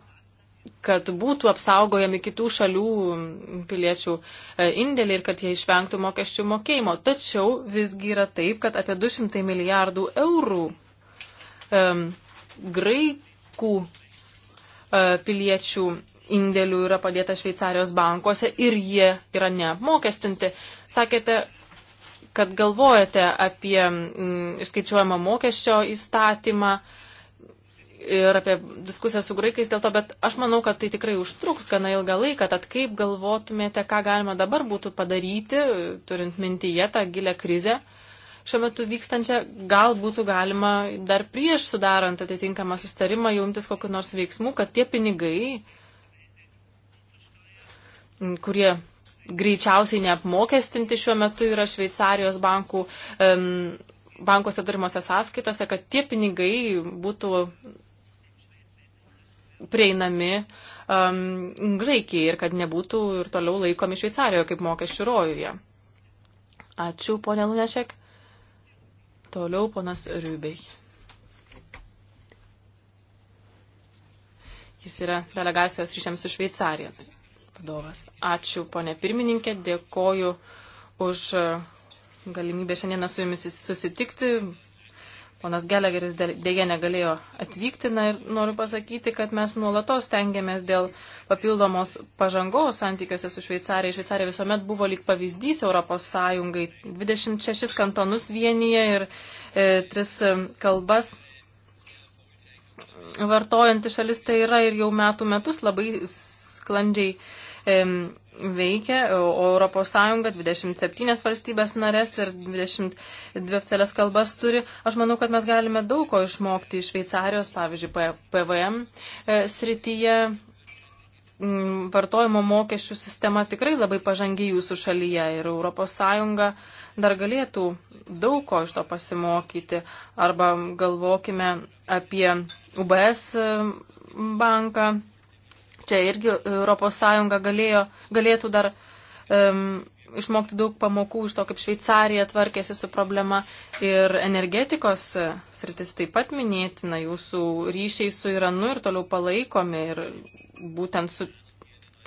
kad būtų apsaugojami kitų šalių mm, piliečių e, indėliai ir kad jie išvengtų mokesčių mokėjimo. Tačiau visgi yra taip, kad apie 200 milijardų eurų um, graikų uh, piliečių indėlių yra padėta Šveicarijos bankuose ir jie yra neapmokestinti. Sakėte, kad galvojate apie mm, išskaičiuojamą mokesčio įstatymą ir apie diskusiją su graikais dėl to, bet aš manau, kad tai tikrai užtruks gana ilgą laiką, tad kaip galvotumėte, ką galima dabar būtų padaryti, turint mintyje tą gilę krizę šiuo metu vykstančią, gal būtų galima dar prieš sudarant atitinkamą sustarimą jauntis kokiu nors veiksmu, kad tie pinigai, kurie greičiausiai neapmokestinti šiuo metu yra Šveicarijos bankų, um, bankuose turimose sąskaitose, kad tie pinigai būtų prieinami um, Graikijai ir kad nebūtų ir toliau laikomi Šveicarijoje kaip mokesčių rojuje. Ačiū, ponė Lunešek. Toliau ponas Rybei. Jis yra delegacijos ryšiams su Šveicarija vadovas. Ačiū, ponė pirmininkė, dėkoju už e, galimybę šiandieną su jumis susitikti. Ponas Gelegeris dėja negalėjo atvykti na, ir noriu pasakyti, kad mes nuolatos tengiamės dėl papildomos pažangos santykiuose su Šveicarija. Šveicarija visuomet buvo lyg pavyzdys Europos Sąjungai. 26 kantonus vienyje ir e, tris e, kalbas vartojanti šalis tai yra ir jau metų metus labai sklandžiai veikia, o ES 27 valstybės narės ir 22 oficialias kalbas turi. Aš manau, kad mes galime daug ko išmokti iš Šveicarijos, pavyzdžiui, PVM e, srityje. Mm, vartojimo mokesčių sistema tikrai labai pažangi jūsų šalyje ir ES dar galėtų daug ko iš to pasimokyti. Arba galvokime apie UBS e, banką Čia irgi ES galėjo, galėtų dar um, išmokti daug pamokų iš to, kaip Šveicarija tvarkėsi su problema ir energetikos e, sritis taip pat minėtina, jūsų ryšiai su Iranu ir toliau palaikomi ir būtent su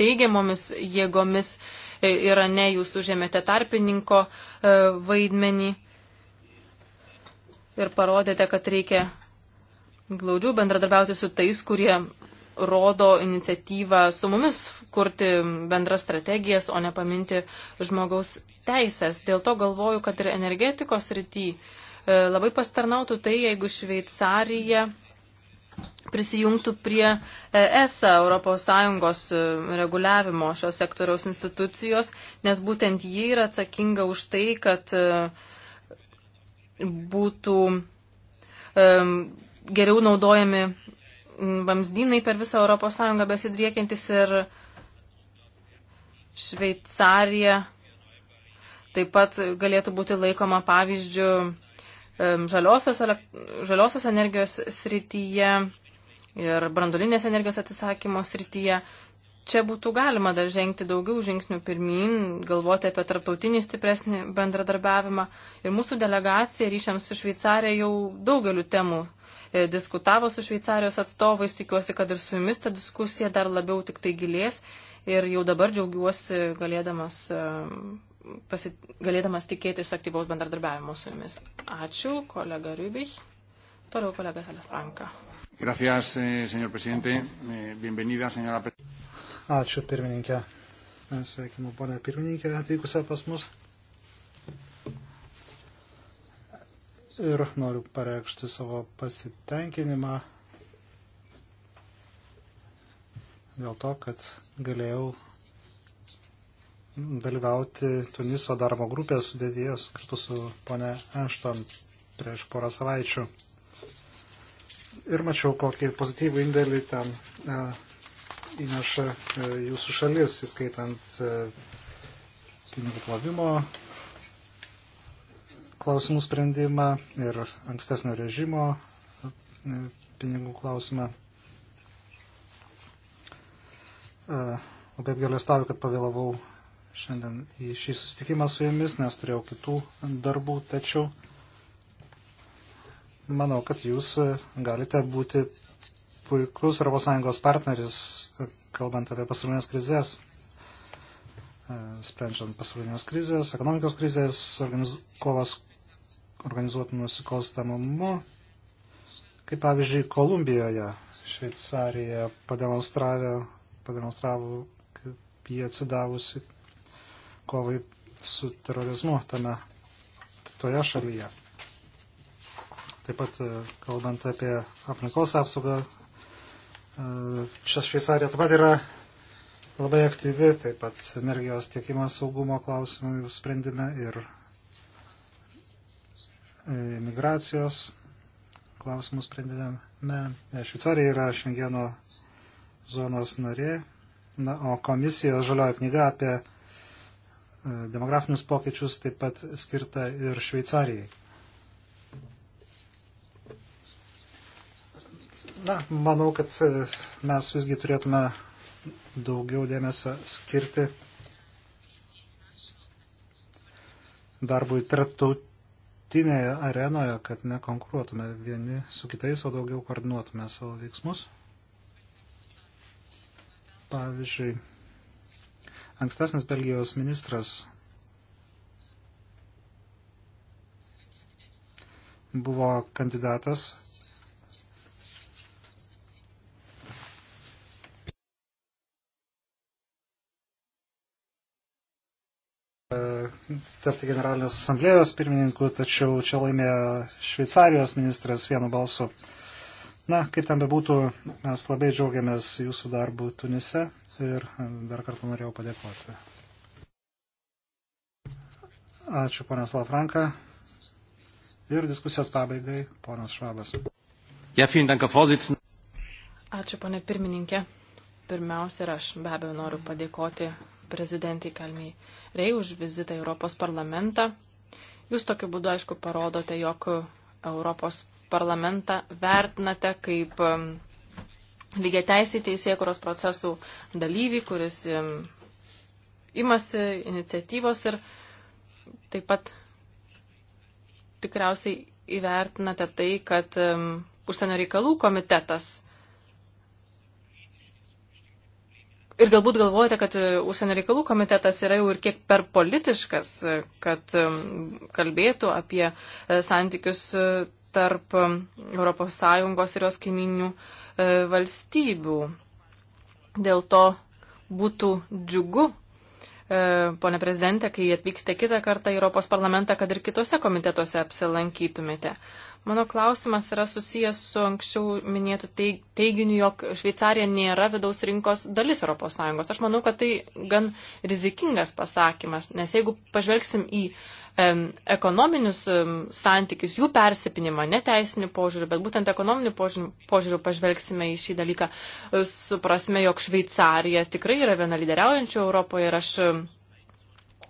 teigiamomis jėgomis e, Irane jūs užėmėte tarpininko e, vaidmenį ir parodėte, kad reikia glaudžių bendradarbiauti su tais, kurie rodo iniciatyvą su mumis kurti bendras strategijas, o ne paminti žmogaus teisės. Dėl to galvoju, kad ir energetikos rytį e, labai pastarnautų tai, jeigu Šveicarija prisijungtų prie e, ESA, ES e, reguliavimo šios sektoriaus institucijos, nes būtent ji yra atsakinga už tai, kad būtų geriau naudojami vamzdynai per visą Europos Sąjungą besidriekiantis ir Šveicarija taip pat galėtų būti laikoma pavyzdžių žaliosios, žaliosios energijos srityje ir brandolinės energijos atsisakymo srityje. Čia būtų galima dar žengti daugiau žingsnių pirmin, galvoti apie tarptautinį stipresnį bendradarbiavimą. Ir mūsų delegacija ryšiams su Šveicarija jau daugeliu temų E, diskutavo su Šveicarijos atstovais, tikiuosi, kad ir su jumis ta diskusija dar labiau tik tai gilės ir jau dabar džiaugiuosi galėdamas, e, pasi, galėdamas tikėtis aktyvaus bendradarbiavimo su jumis. Ačiū, kolega Rybich. Toliau kolega Salafranka. Gracias, eh, señor presidente. Eh, bienvenida, señora. Ačiū, pirmininkė. Sveikinu, ponia pirmininkė, atvykusią pas mus. ir noriu pareikšti savo pasitenkinimą dėl to, kad galėjau dalyvauti Tuniso darbo grupės sudėtyje kartu su ponė Ešton prieš porą savaičių. Ir mačiau, kokį pozityvų indėlį ten e, įneša e, jūsų šalis, įskaitant e, pinigų plovimo klausimų sprendimą ir ankstesnio režimo e, pinigų klausimą. E, labai apgalėstauju, kad pavėlavau šiandien į šį susitikimą su jumis, nes turėjau kitų darbų, tačiau manau, kad jūs galite būti puikus ES partneris, kalbant apie pasaulinės krizės, e, sprendžiant pasaulinės krizės, ekonomikos krizės, organiz... kovas organizuotų nusikalstamumu, kaip pavyzdžiui Kolumbijoje, Šveicarija pademonstravo, pademonstravo kaip jie atsidavusi kovai su terorizmu tame toje šalyje. Taip pat e, kalbant apie aplinkos apsaugą, e, čia Šveicarija taip pat yra labai aktyvi, taip pat energijos tiekimo saugumo klausimų sprendime ir E, migracijos klausimus sprendėme. E, Šveicarija yra Šengeno zonos narė, na, o komisijos žalioja knyga apie e, demografinius pokyčius taip pat skirta ir Šveicarijai. Na, manau, kad mes visgi turėtume daugiau dėmesio skirti darbui tarptautiniu tarptautinėje arenoje, kad nekonkuruotume vieni su kitais, o daugiau koordinuotume savo veiksmus. Pavyzdžiui, ankstesnis Belgijos ministras buvo kandidatas E, tapti generalinės asamblėjos pirmininku, tačiau čia laimėjo Šveicarijos ministras vienu balsu. Na, kaip ten bebūtų, mes labai džiaugiamės jūsų darbu Tunise ir dar kartą norėjau padėkoti. Ačiū, ponas Lafranka. Ir diskusijos pabaigai, ponas Švabas. Ja, dank, Ačiū, ponė pirmininkė. Pirmiausia, ir aš be abejo noriu padėkoti prezidentai Kalmiai Rei už vizitą į Europos parlamentą. Jūs tokiu būdu, aišku, parodote, jog Europos parlamentą vertinate kaip lygiai teisį teisėkuros procesų dalyvį, kuris imasi iniciatyvos ir taip pat tikriausiai įvertinate tai, kad užsienio reikalų komitetas Ir galbūt galvojate, kad e, užsienio reikalų komitetas yra jau ir kiek per politiškas, e, kad e, kalbėtų apie santykius tarp ES ir jos kaiminių valstybių. Dėl to būtų džiugu, ponė prezidentė, kai atvyksite kitą kartą į Europos parlamentą, kad ir kitose komitetuose apsilankytumėte. Mano klausimas yra susijęs su anksčiau minėtų teiginiu, jog Šveicarija nėra vidaus rinkos dalis ES. Aš manau, kad tai gan rizikingas pasakymas, nes jeigu pažvelgsim į em, ekonominius em, santykius, jų persipinimą, neteisinių požiūrių, bet būtent ekonominių požiūrių, požiūrių pažvelgsime į šį dalyką, e, suprasime, jog Šveicarija tikrai yra viena lyderiaujančių Europoje ir aš. Em,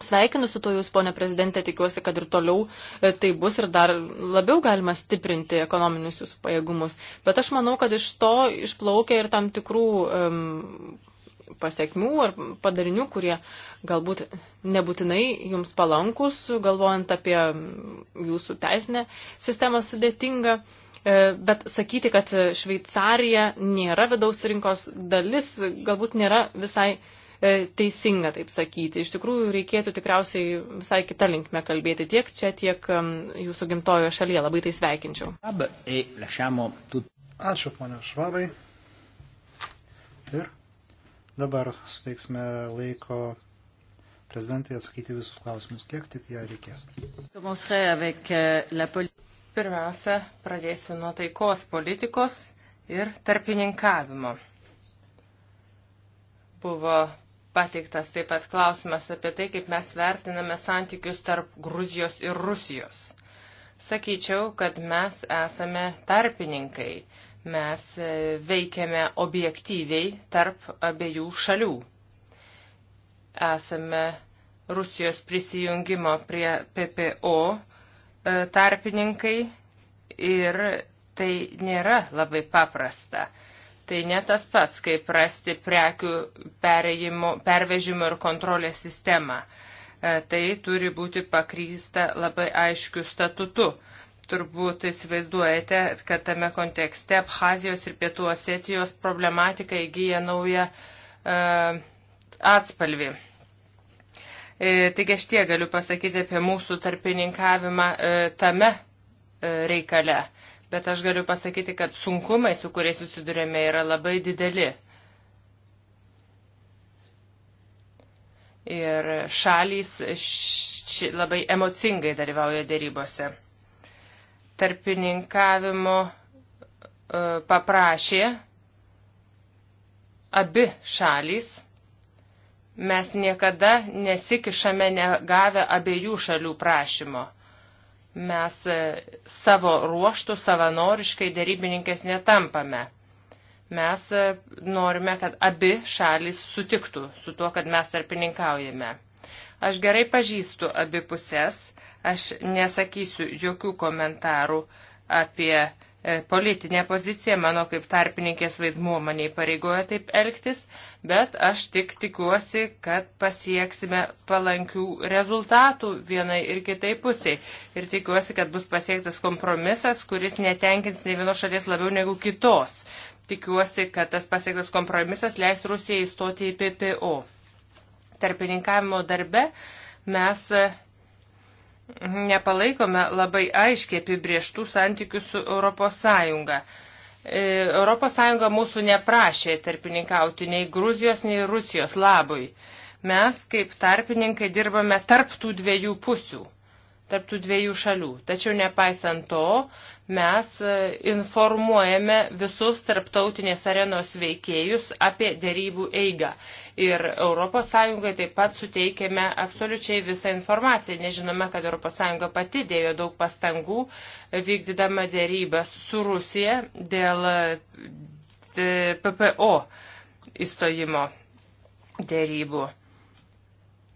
Sveikinu su to jūs, ponė prezidentė, tikiuosi, kad ir toliau e, tai bus ir dar labiau galima stiprinti ekonominius jūsų pajėgumus. Bet aš manau, kad iš to išplaukia ir tam tikrų um, pasiekmių ar padarinių, kurie galbūt nebūtinai jums palankus, galvojant apie jūsų teisinę sistemą sudėtingą. E, bet sakyti, kad Šveicarija nėra vidaus rinkos dalis, galbūt nėra visai uh, E, teisinga taip sakyti. Iš tikrųjų, reikėtų tikriausiai visai kitą linkmę kalbėti tiek čia, tiek jūsų gimtojoje šalyje. Labai tai sveikinčiau. E, Ačiū, ponia Švabai. Ir dabar suteiksime laiko prezidentai atsakyti visus klausimus, kiek tik ją reikės. E, Pirmiausia, pradėsiu nuo taikos politikos ir tarpininkavimo. Buvo pateiktas taip pat klausimas apie tai, kaip mes vertiname santykius tarp Gruzijos ir Rusijos. Sakyčiau, kad mes esame tarpininkai, mes e, veikiame objektyviai tarp abiejų šalių. Esame Rusijos prisijungimo prie PPO e, tarpininkai ir tai nėra labai paprasta Tai ne tas pats, kaip rasti prekių pervežimo ir kontrolės sistemą. E, tai turi būti pakrysta labai aiškių statutų turbūt įsivaizduojate, kad tame kontekste Abhazijos ir Pietų Osetijos problematika įgyja naują uh, atspalvį. E, taigi aš tie galiu pasakyti apie mūsų tarpininkavimą e, tame e, reikale bet aš galiu pasakyti, kad sunkumai, su kuriais susidurėme, yra labai dideli. Ir šalys ši, labai emocingai dalyvauja dėrybose. Tarpininkavimo e, paprašė abi šalys. Mes niekada nesikišame negavę abiejų šalių prašymo. Mes e, savo ruoštų savanoriškai dėrybininkės netampame. Mes e, norime, kad abi šalis sutiktų su tuo, kad mes tarpininkaujame. Aš gerai pažįstu abi pusės, aš nesakysiu jokių komentarų apie E, politinė pozicija, mano kaip tarpininkės vaidmuo mane įpareigoja taip elgtis, bet aš tik tikiuosi, kad pasieksime palankių rezultatų vienai ir kitai pusiai. Ir tikiuosi, kad bus pasiektas kompromisas, kuris netenkins ne vienos šalies labiau negu kitos. Tikiuosi, kad tas pasiektas kompromisas leis Rusijai įstoti į PPO. Tarpininkavimo darbe mes nepalaikome labai aiškiai apibrieštų santykių su ES. ES mūsų neprašė tarpininkauti nei Gruzijos, nei Rusijos labui. Mes kaip tarpininkai dirbame tarp tų dviejų pusių tarptų dviejų šalių. Tačiau nepaisant to, mes e, informuojame visus tarptautinės arenos veikėjus apie dėrybų eigą. Ir ES taip pat suteikėme absoliučiai visą informaciją. Nežinome, kad ES pati dėjo daug pastangų e, vykdydama dėrybas su Rusija dėl e, PPO įstojimo dėrybų.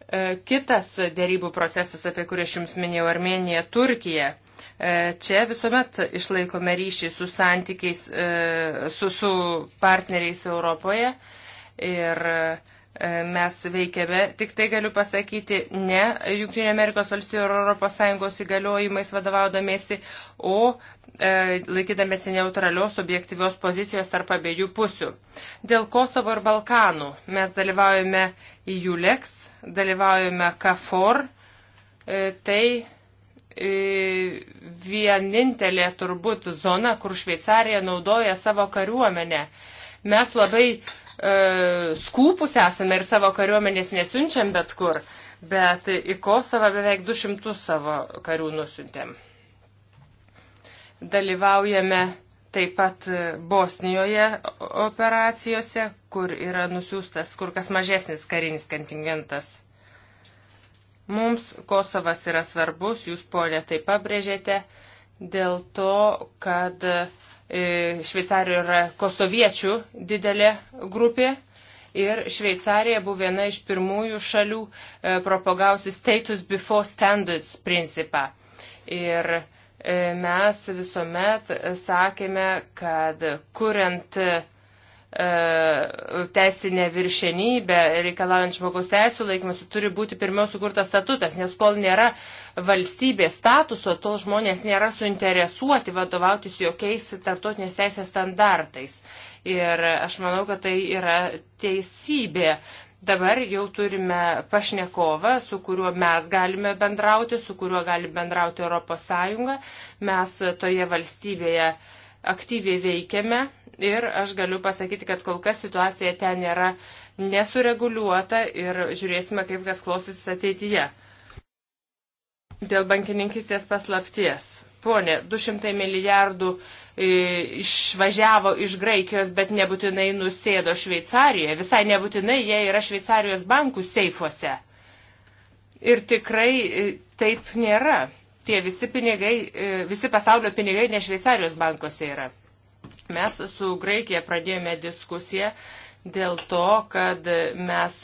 E, kitas dėrybų procesas, apie kurį aš jums minėjau, Armenija, Turkija. E, čia visuomet išlaikome ryšį su santykiais, e, su, su partneriais Europoje ir mes veikiame, tik tai galiu pasakyti, ne Junktinio Amerikos valstybių ir Europos Sąjungos įgaliojimais vadovaudomėsi, o laikydamėsi neutralios objektyvios pozicijos tarp abiejų pusių. Dėl Kosovo ir Balkanų mes dalyvaujame į Juleks dalyvaujame KFOR, e, tai e, vienintelė turbūt zona, kur Šveicarija naudoja savo kariuomenę. Mes labai e, skūpus esame ir savo kariuomenės nesiunčiam bet kur, bet į Kosovą beveik 200 savo karių nusintėm. Dalyvaujame taip pat Bosnijoje operacijose, kur yra nusiųstas kur kas mažesnis karinis kontingentas. Mums Kosovas yra svarbus, jūs polė taip pabrėžėte, dėl to, kad e, Šveicarijoje yra kosoviečių didelė grupė ir Šveicarija buvo viena iš pirmųjų šalių e, propagavusi status before standards principą. Ir uh, E, mes visuomet sakėme, kad kuriant e, teisinę viršenybę, reikalaujant žmogaus teisų laikymusi, turi būti pirmiau sukurtas statutas, nes kol nėra valstybės statuso, tol žmonės nėra suinteresuoti vadovautis jokiais tarptautinės teisės standartais. Ir aš manau, kad tai yra teisybė. Dabar jau turime pašnekovą, su kuriuo mes galime bendrauti, su kuriuo gali bendrauti ES. Mes toje valstybėje aktyviai veikiame ir aš galiu pasakyti, kad kol kas situacija ten yra nesureguliuota ir žiūrėsime, kaip kas klausysis ateityje. Dėl bankininkistės paslapties. Pone, 200 milijardų e, išvažiavo iš Graikijos, bet nebūtinai nusėdo Šveicarijoje. Visai nebūtinai jie yra Šveicarijos bankų seifuose. Ir tikrai e, taip nėra. Tie visi pinigai, e, visi pasaulio pinigai ne Šveicarijos bankuose yra. Mes su Graikija pradėjome diskusiją dėl to, kad mes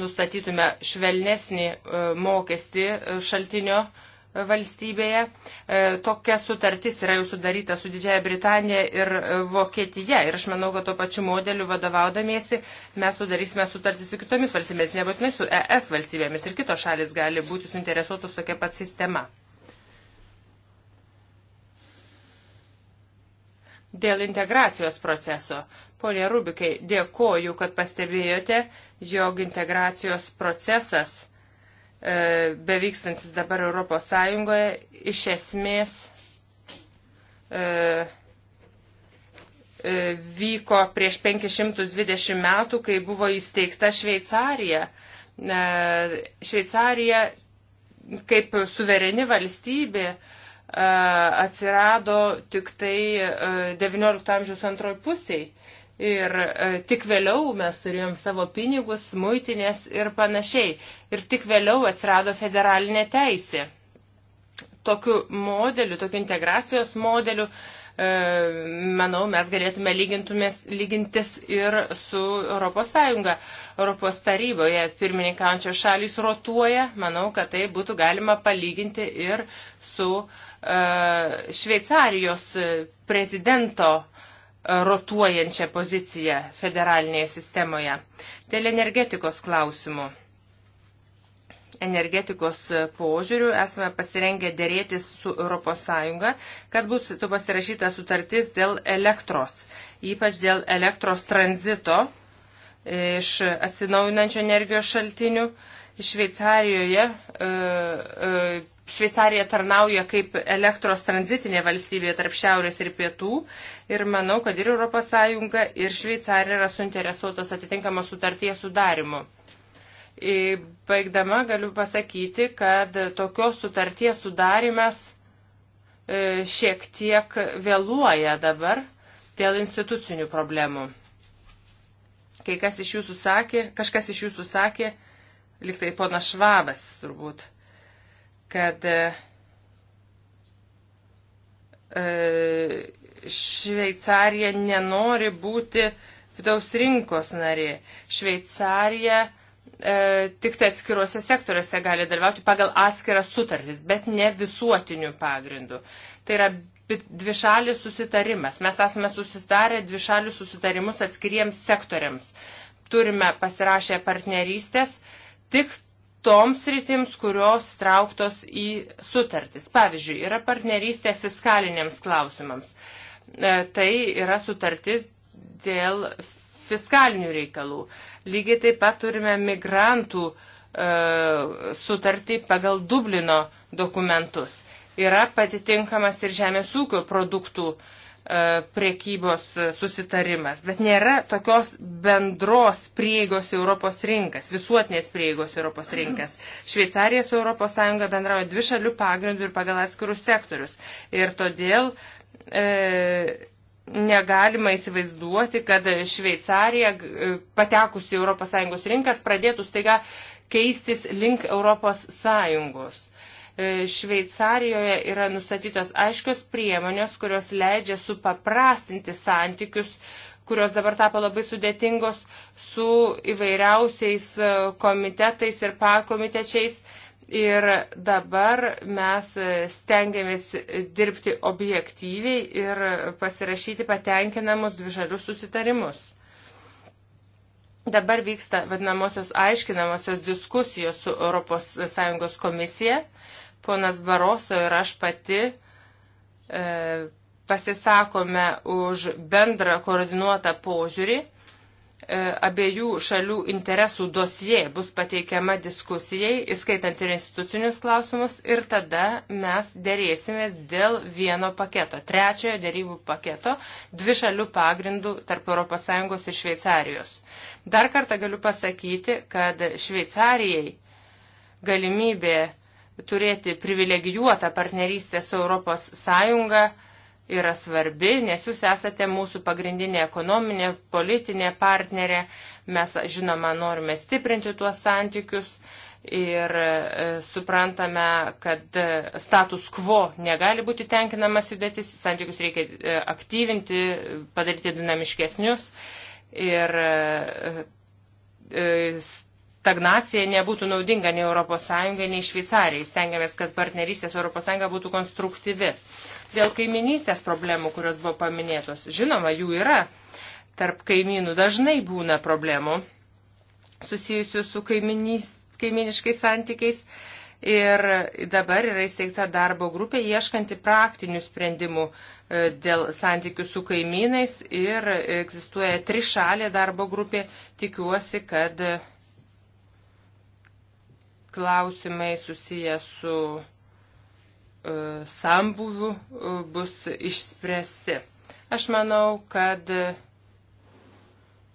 nustatytume švelnesnį mokestį šaltinio valstybėje. E, tokia sutartis yra jau sudaryta su Didžiaja Britanija ir e, Vokietija. Ir aš manau, kad tuo pačiu modeliu vadovaudamiesi mes sudarysime sutartį su kitomis valstybėmis, nebūtinai su ES valstybėmis. Ir kitos šalis gali būti suinteresuotos tokia pat sistema. Dėl integracijos proceso. Pone Rubikai, dėkoju, kad pastebėjote, jog integracijos procesas E, bevykstantis dabar Europos Sąjungoje, iš esmės e, e, vyko prieš 520 metų, kai buvo įsteigta Šveicarija. Šveicarija kaip suvereni valstybė atsirado tik tai XIX amžiaus antroji pusiai. Ir e, tik vėliau mes turėjom savo pinigus, muitinės ir panašiai. Ir tik vėliau atsirado federalinė teisė. Tokiu modeliu, tokiu integracijos modeliu, e, manau, mes galėtume lygintis ir su ES. Europos taryboje pirmininkaujančios šalys rotuoja, manau, kad tai būtų galima palyginti ir su e, Šveicarijos prezidento rotuojančią poziciją federalinėje sistemoje. Dėl energetikos klausimų. Energetikos požiūrių esame pasirengę dėrėtis su ES, kad būtų pasirašyta sutartis dėl elektros, ypač dėl elektros tranzito iš atsinaujinančio energijos šaltinių. Šveicarijoje e, e, Šveicarija tarnauja kaip elektros tranzitinė valstybė tarp šiaurės ir pietų ir manau, kad ir ES ir Šveicarija yra suinteresuotos atitinkamos sutarties sudarimu. Baigdama galiu pasakyti, kad tokios sutarties sudarimas e, šiek tiek vėluoja dabar dėl institucinių problemų. Kai kas iš jūsų sakė, kažkas iš jūsų sakė, liktai pona Švabas turbūt kad e, e, Šveicarija nenori būti vidaus rinkos narė. Šveicarija e, tik tai atskiruose sektoriuose gali dalyvauti pagal atskiras sutartis, bet ne visuotiniu pagrindu. Tai yra dvišalis susitarimas. Mes esame susitarę dvišalius susitarimus atskiriems sektoriams. Turime pasirašę partnerystės tik toms rytims, kurios trauktos į sutartis. Pavyzdžiui, yra partnerystė fiskaliniams klausimams. E, tai yra sutartis dėl fiskalinių reikalų. Lygiai taip pat turime migrantų e, sutartį pagal Dublino dokumentus. Yra patitinkamas ir žemės ūkio produktų e, E, priekybos susitarimas, bet nėra tokios bendros prieigos Europos rinkas, visuotinės prieigos Europos rinkas. Šveicarija su ES bendrauja dvi šalių pagrindų ir pagal atskirus sektorius. Ir todėl e, negalima įsivaizduoti, kad Šveicarija e, patekusi Europos Sąjungos rinkas pradėtų staiga keistis link Europos Sąjungos. E, Šveicarijoje yra nustatytos aiškios priemonės, kurios leidžia supaprastinti santykius kurios dabar tapo labai sudėtingos su įvairiausiais e, komitetais ir pakomitečiais. Ir dabar mes e, stengiamės dirbti objektyviai ir pasirašyti patenkinamus dvišalius susitarimus. Dabar vyksta vadinamosios aiškinamosios diskusijos su ES komisija. Uh, ponas Baroso ir aš pati e, pasisakome už bendrą koordinuotą požiūrį. E, abiejų šalių interesų dosie bus pateikiama diskusijai, įskaitant ir institucinius klausimus, ir tada mes dėrėsimės dėl vieno paketo, trečiojo dėrybų paketo, dvi šalių pagrindų tarp ES ir Šveicarijos. Dar kartą galiu pasakyti, kad Šveicarijai galimybė turėti privilegijuotą partnerystę su Europos Sąjunga yra svarbi, nes jūs esate mūsų pagrindinė ekonominė, politinė partnerė. Mes, žinoma, norime stiprinti tuos santykius ir e, suprantame, kad e, status quo negali būti tenkinamas judėtis, santykius reikia e, aktyvinti, padaryti dinamiškesnius. Ir stagnacija nebūtų naudinga nei ES, nei Šveicarijai. Stengiamės, kad partnerystė su ES būtų konstruktyvi. Dėl kaiminystės problemų, kurios buvo paminėtos, žinoma, jų yra. Tarp kaimynų dažnai būna problemų susijusių su kaiminiškais santykiais. Ir dabar yra įsteigta darbo grupė ieškanti praktinių sprendimų e, dėl santykių su kaimynais ir egzistuoja trišalė darbo grupė. Tikiuosi, kad klausimai susiję su e, sambuvių e, bus išspręsti. Aš manau, kad e,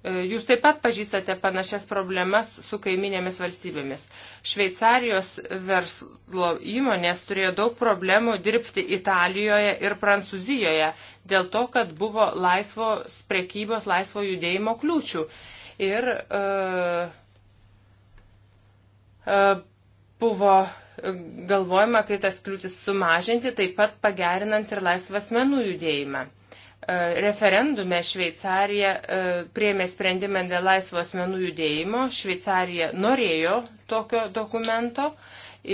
Jūs taip pat pažįstate panašias problemas su kaiminėmis valstybėmis. Šveicarijos verslo įmonės turėjo daug problemų dirbti Italijoje ir Prancūzijoje dėl to, kad buvo laisvo prekybos, laisvo judėjimo kliūčių. Ir uh, e, E, buvo galvojama, kaip tas kliūtis sumažinti, taip pat pagerinant ir laisvas menų judėjimą. E, referendume Šveicarija e, priemė sprendimą dėl laisvo asmenų judėjimo. Šveicarija norėjo tokio dokumento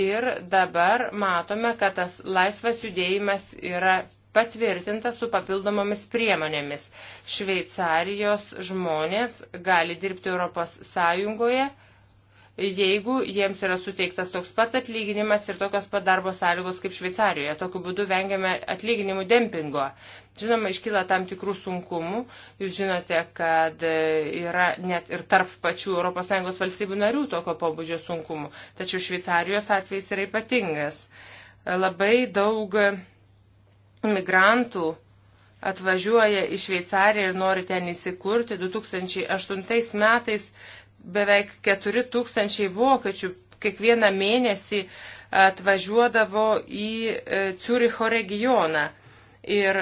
ir dabar matome, kad tas laisvas judėjimas yra patvirtinta su papildomomis priemonėmis. Šveicarijos žmonės gali dirbti Europos Sąjungoje jeigu jiems yra suteiktas toks pat atlyginimas ir tokios pat darbo sąlygos kaip Šveicarijoje. Tokiu būdu vengiame atlyginimų dempingo. Žinoma, iškyla tam tikrų sunkumų. Jūs žinote, kad e, yra net ir tarp pačių ES valstybių narių tokio pobūdžio sunkumų. Tačiau Šveicarijos atvejs yra ypatingas. E, labai daug migrantų atvažiuoja į Šveicariją ir nori ten įsikurti. 2008 metais beveik 4 tūkstančiai vokiečių kiekvieną mėnesį atvažiuodavo į e, Ciuricho regioną ir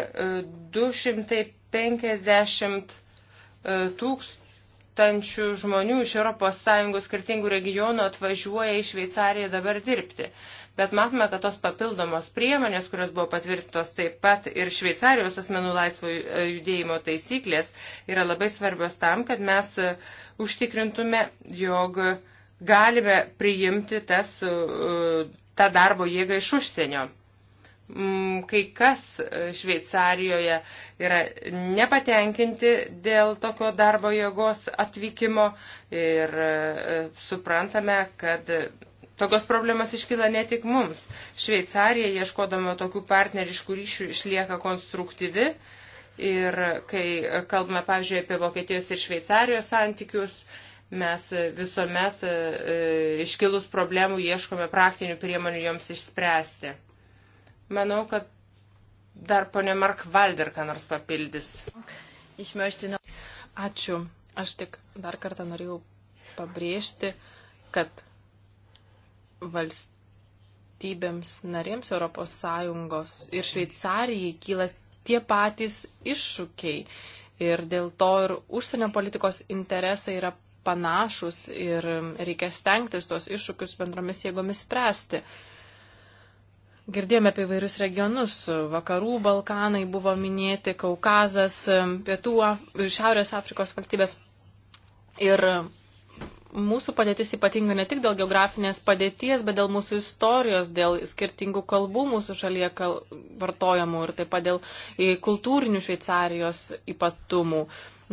250 e, e, tūkstančių žmonių iš ES skirtingų regionų atvažiuoja į Šveicariją dabar dirbti. Bet matome, kad tos papildomos priemonės, kurios buvo patvirtintos taip pat ir Šveicarijos asmenų laisvo judėjimo taisyklės, yra labai svarbios tam, kad mes uh, užtikrintume, jog galime priimti tas, e, tą darbo jėgą iš užsienio. Mm, kai kas e, Šveicarijoje yra nepatenkinti dėl tokio darbo jėgos atvykimo ir e, suprantame, kad Tokios problemas iškyla ne tik mums. Šveicarija, ieškodama tokių partneriškų ryšių, išlieka konstruktyvi Ir kai kalbame, pavyzdžiui, apie Vokietijos ir Šveicarijos santykius, mes visuomet e, iškilus problemų ieškome praktinių priemonių joms išspręsti. Manau, kad dar ponė Mark Valder ką nors papildys. Ačiū. Aš tik dar kartą norėjau pabrėžti, kad valstybėms narėms ES ir Šveicarijai kyla tie patys iššūkiai. Ir dėl to ir užsienio politikos interesai yra panašus ir reikia stengtis tos iššūkius bendromis jėgomis spręsti. Girdėjome apie vairius regionus. Vakarų Balkanai buvo minėti, Kaukazas, Pietų, Šiaurės Afrikos valstybės. Ir mūsų padėtis ypatinga ne tik dėl geografinės padėties, bet dėl mūsų istorijos, dėl skirtingų kalbų mūsų šalyje kal... vartojamų ir taip pat dėl e, kultūrinių Šveicarijos ypatumų.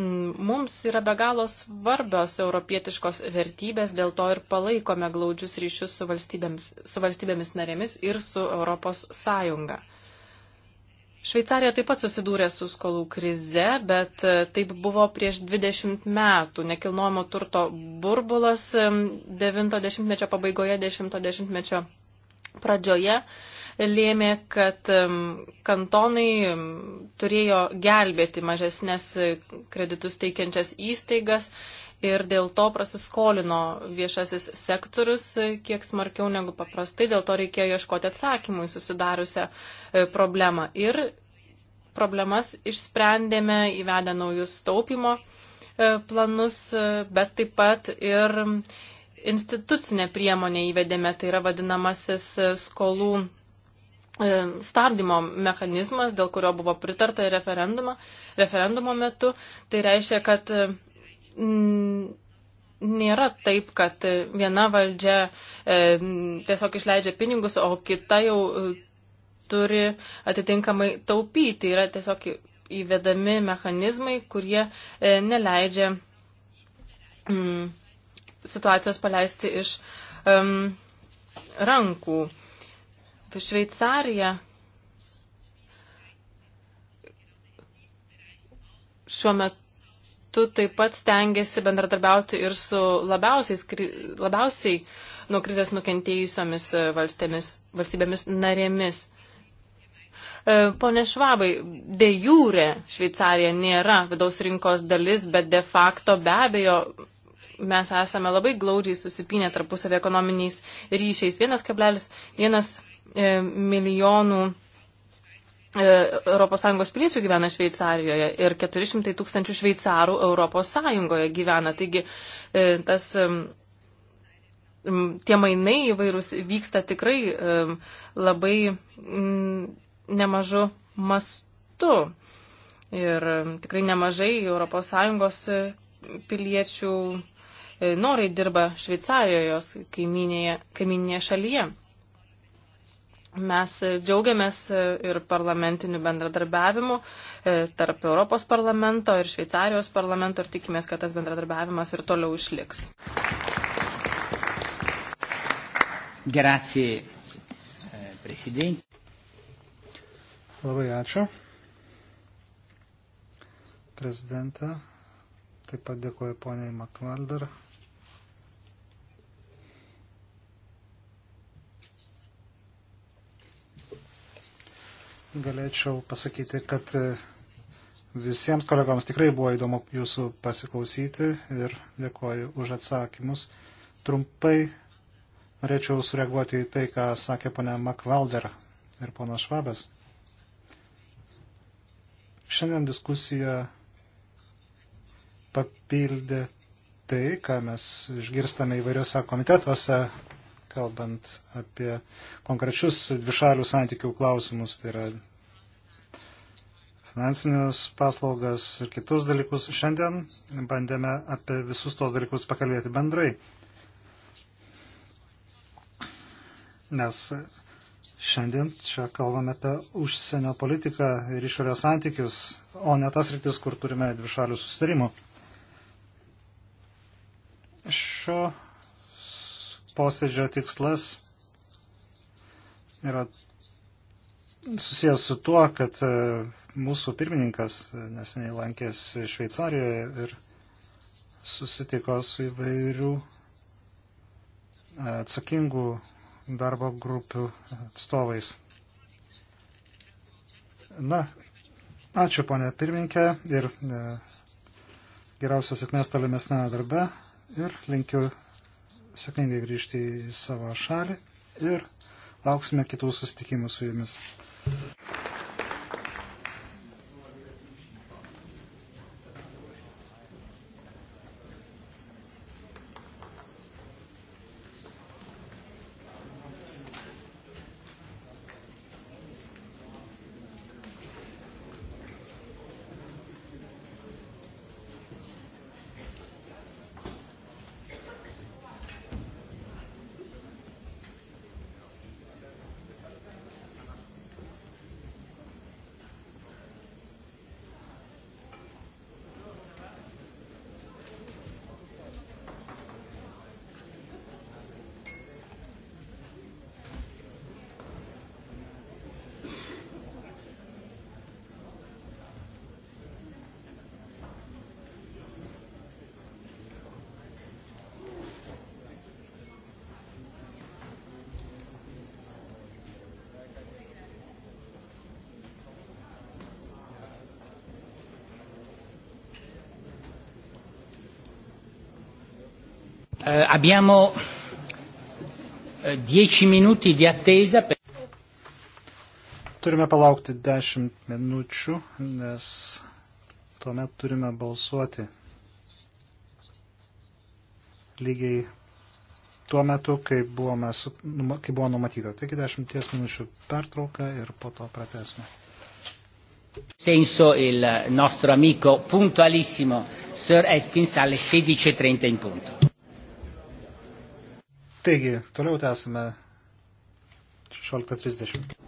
Mm, mums yra be galo svarbios europietiškos vertybės, dėl to ir palaikome glaudžius ryšius su valstybėmis, su valstybėmis narėmis ir su Europos Sąjunga. Šveicarija taip pat susidūrė su skolų krize, bet e, taip buvo prieš 20 metų. Nekilnojamo turto burbulas 90-mečio pabaigoje, 10-mečio pradžioje lėmė, kad kantonai turėjo gelbėti mažesnės e, kreditus teikiančias įstaigas ir dėl to prasiskolino viešasis sektorius e, kiek smarkiau negu paprastai, dėl to reikėjo ieškoti atsakymų į susidariusią e, problemą. Ir problemas išsprendėme, įvedę naujus taupimo e, planus, bet taip pat ir institucinę priemonę įvedėme, tai yra vadinamasis skolų stabdymo mechanizmas, dėl kurio buvo pritarta referendumo metu. Tai reiškia, kad nėra taip, kad viena valdžia e, tiesiog išleidžia pinigus, o kita jau e, turi atitinkamai taupyti. Yra tiesiog įvedami mechanizmai, kurie e, neleidžia mm, situacijos paleisti iš um, rankų. Šveicarija šiuo metu metu taip pat stengiasi bendradarbiauti ir su labiausiai, labiausiai nuo krizės nukentėjusiomis e, valstybėmis narėmis. E, pone Švabai, de jūre Šveicarija nėra vidaus rinkos dalis, bet de facto be abejo mes esame labai glaudžiai susipinę tarpusavį ekonominiais ryšiais. 1,1 e, milijonų ES piliečių gyvena Šveicarijoje ir 400 tūkstančių šveicarų ES gyvena. Taigi e, tas, e, tie mainai įvairūs vyksta tikrai e, labai nemažu mastu. Ir tikrai nemažai ES piliečių norai dirba Šveicarijoje, kaiminėje, kaiminėje šalyje. Mes džiaugiamės ir parlamentiniu bendradarbiavimu e, tarp Europos parlamento ir Šveicarijos parlamento ir tikimės, kad tas bendradarbiavimas ir toliau išliks. Grazie, prezidentė. Labai ačiū. Prezidentą. Taip pat dėkuoju poniai Makvaldar. galėčiau pasakyti, kad e, visiems kolegoms tikrai buvo įdomu jūsų pasiklausyti ir dėkoju už atsakymus. Trumpai norėčiau sureaguoti į tai, ką sakė ponia Makvalder ir ponas Švabas. Šiandien diskusija papildė tai, ką mes išgirstame įvairiose komitetuose kalbant apie konkrečius dvišalių santykių klausimus, tai yra finansinius paslaugas ir kitus dalykus. Šiandien bandėme apie visus tos dalykus pakalbėti bendrai. Nes šiandien čia kalbame apie užsienio politiką ir išorės santykius, o ne tas rytis, kur turime dvišalių sustarimų. Šio posėdžio tikslas yra susijęs su tuo, kad e, mūsų pirmininkas e, neseniai lankėsi Šveicarijoje ir susitiko su įvairių e, atsakingų darbo grupių atstovais. Na, ačiū ponė pirmininkė ir geriausios sėkmės tolimesnėme darbe ir linkiu sėkmingai grįžti į savo šalį ir lauksime kitų susitikimų su jumis. Eh, abbiamo eh, dieci minuti di attesa. Per... Turime palaukti dešimt minučių, nes tuomet turime balsuoti lygiai tuo metu, kai, buvome, kai buvo numatyta. Taigi dešimties minučių pertrauka ir po to pratesime. Senso il nostro amico puntualissimo Sir Atkins alle 16.30 e in punto. Taigi, toliau tęsime 16.30.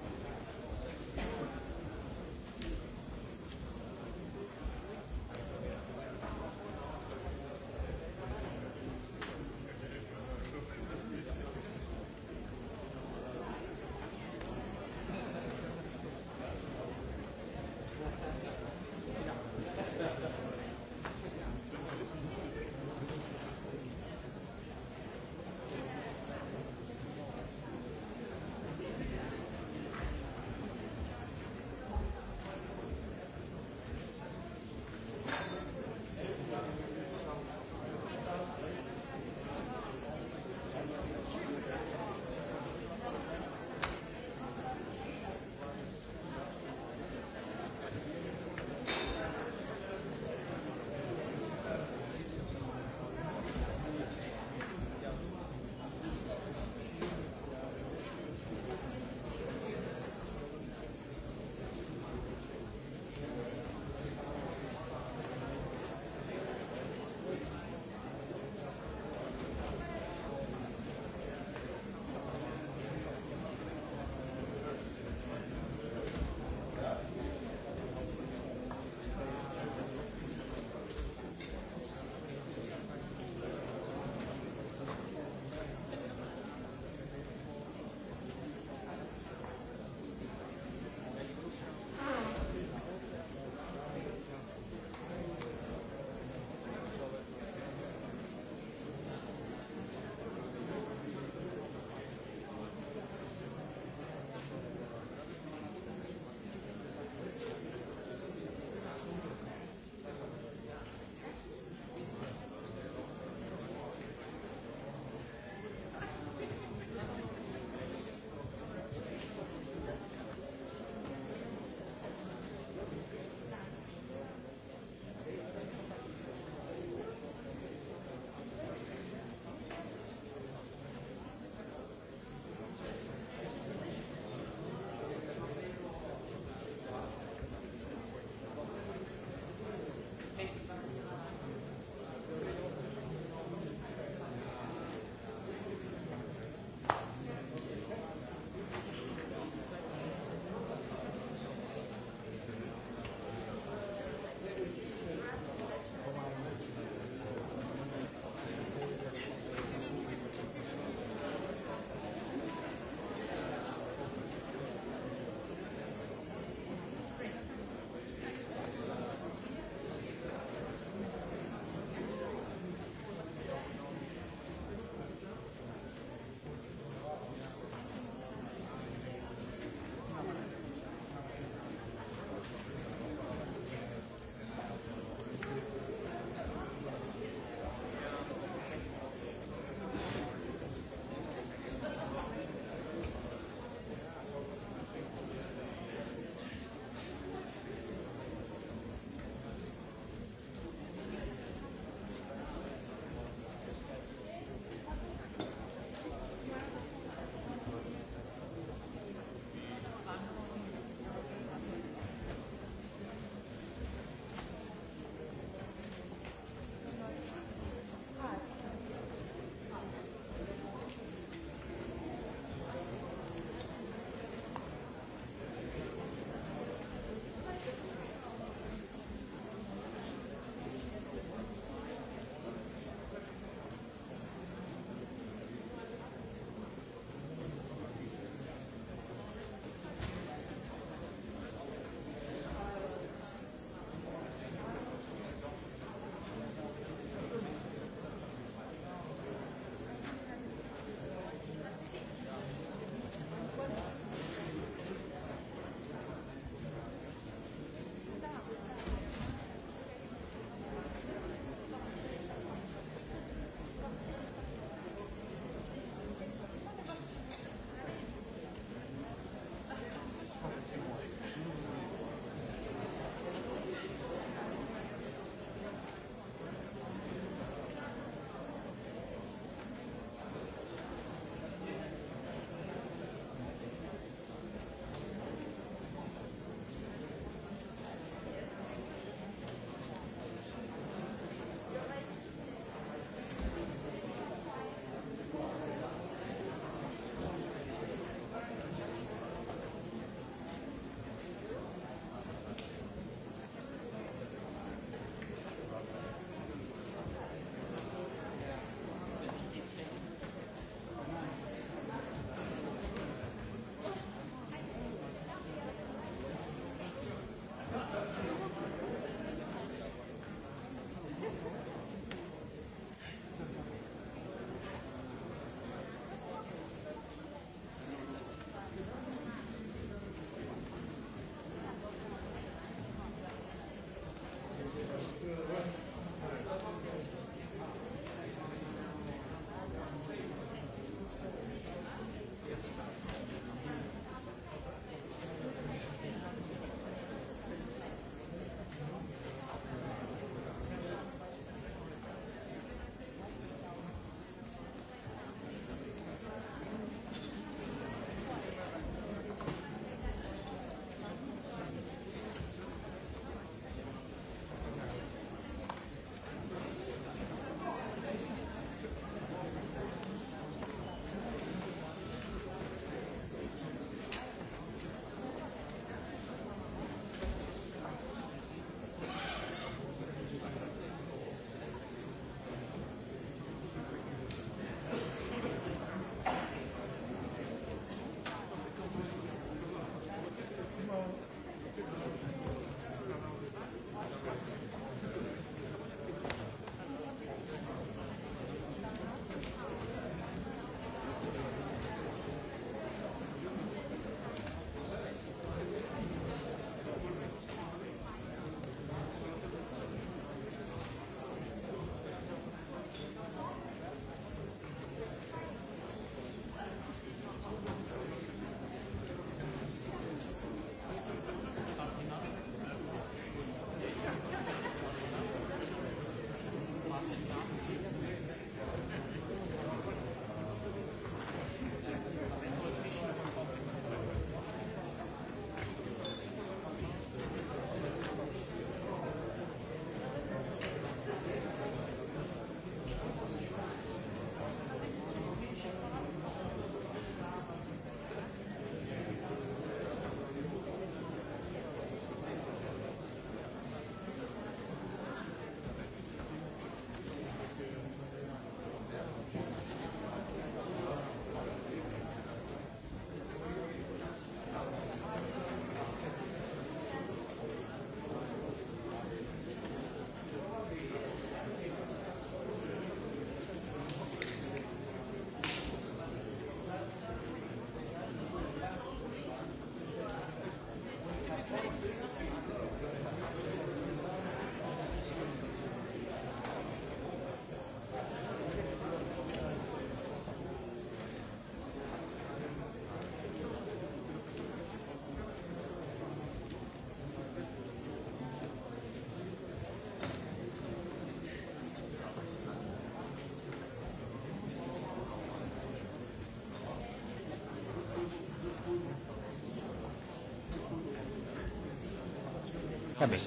Va bene.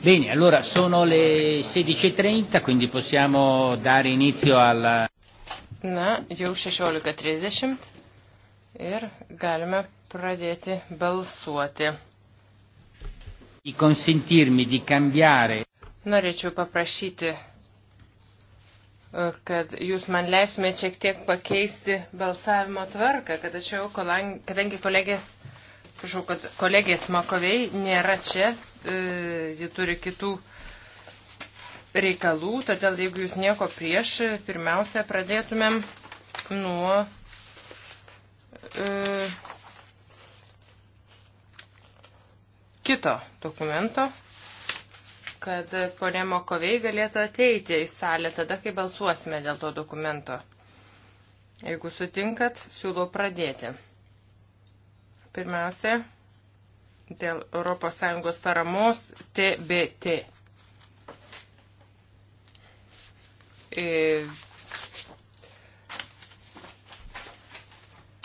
bene, allora sono le 16.30, e quindi possiamo dare inizio alla. Na, jau 16.30 ir galime pradėti balsuoti. Di consentirmi di cambiare. Norėčiau paprašyti, eh, kad jūs man leistumėte šiek tiek pakeisti balsavimo tvarką, kad aš jau, kadangi kolegės Atsiprašau, kad kolegės Makovei nėra čia, E, ji turi kitų reikalų, todėl jeigu jūs nieko prieš, pirmiausia, pradėtumėm nuo. E, kito dokumento, kad ponė Mokovei galėtų ateiti į salę tada, kai balsuosime dėl to dokumento. Jeigu sutinkat, siūlau pradėti. Pirmiausia, dėl ES paramos TBT. E,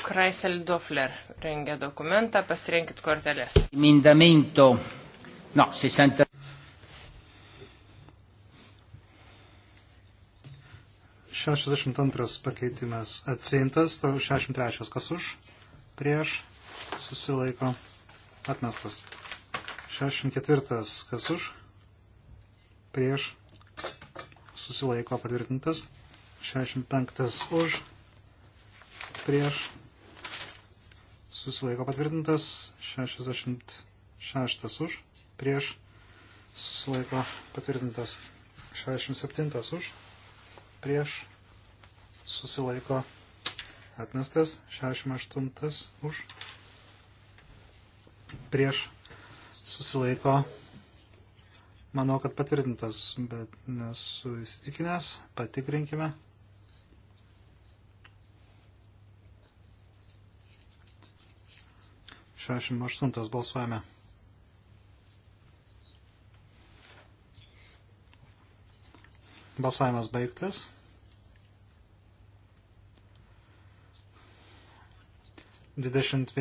Kreisel Dofler rengia dokumentą, pasirinkit korteles. Mindamento. No, 60. 62 pakeitimas atsiimtas, 63 kas už, prieš, susilaiko atmestas. 64. Kas už? Prieš. Susilaiko patvirtintas. 65. Už. Prieš. Susilaiko patvirtintas. 66. Už. Prieš. Susilaiko patvirtintas. 67. Už. Prieš. Susilaiko atmestas. 68. Už prieš susilaiko. Manau, kad patvirtintas, bet nesu įsitikinęs. Patikrinkime. Šešim aštuntas balsuojame. Balsavimas baigtas. 21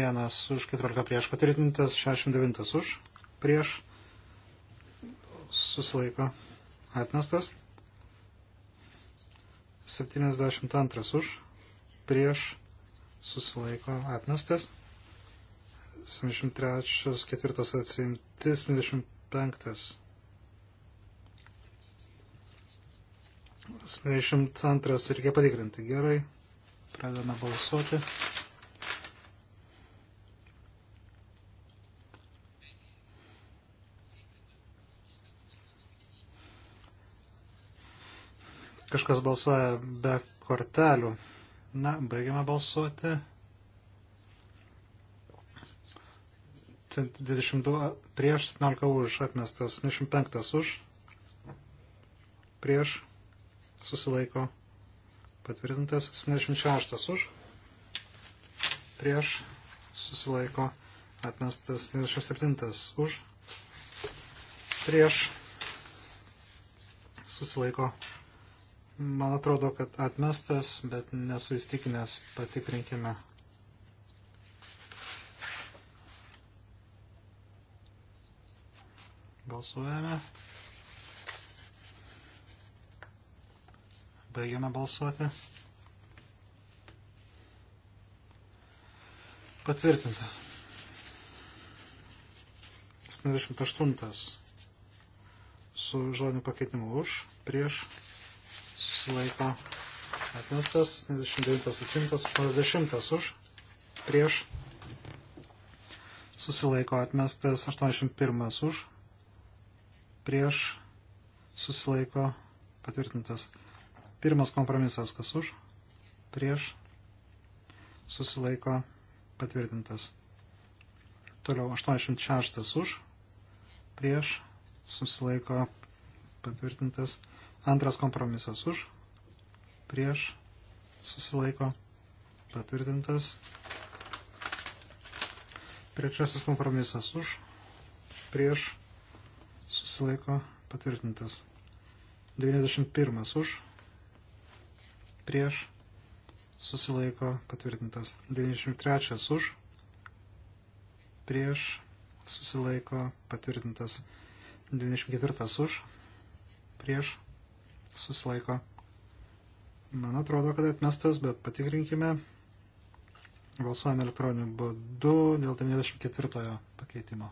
už 14 prieš patvirtintas, 69 už prieš susilaiko atmestas, 72 už prieš susilaiko atmestas, 73 ketvirtas atsiimti, 75 72 reikia patikrinti. Gerai, pradedame balsuoti. kažkas balsuoja be kortelių. Na, baigiame balsuoti. 22 prieš, 17 už atmestas, 25 už, prieš, susilaiko, patvirtintas, 76 už, prieš, susilaiko, atmestas, 77 už, prieš, susilaiko, Man atrodo, kad atmestas, bet nesu įstikinęs, patikrinkime. Balsuojame. Baigiame balsuoti. Patvirtintas. 78 su žodiniu pakeitimu už, prieš, susilaiko atmestas, 29 atsimtas, 80 už, prieš susilaiko atmestas, 81 už, prieš susilaiko patvirtintas. Pirmas kompromisas, kas už, prieš susilaiko patvirtintas. Toliau 86 už, prieš susilaiko patvirtintas. Antras kompromisas už, prieš, susilaiko, patvirtintas. Trečiasis kompromisas už, prieš, susilaiko, patvirtintas. 91 už, prieš, susilaiko, patvirtintas. 93 už, prieš, susilaiko, patvirtintas. 94 už, prieš, susilaiko. Man atrodo, kad atmestas, bet patikrinkime. Balsuojame elektroniniu būdu dėl 94 pakeitimo.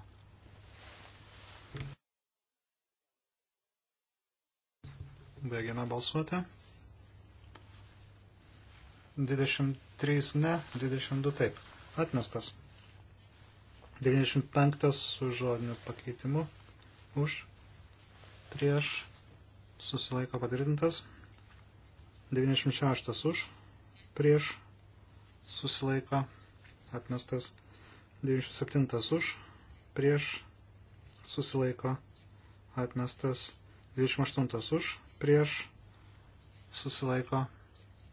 Baigiame balsuoti. 23 ne, 22 taip. Atmestas. 95 su žodiniu pakeitimu. Už. Prieš susilaiko patvirtintas. 96 už, prieš, susilaiko atmestas. 97 už, prieš, susilaiko atmestas. 28 už, prieš, susilaiko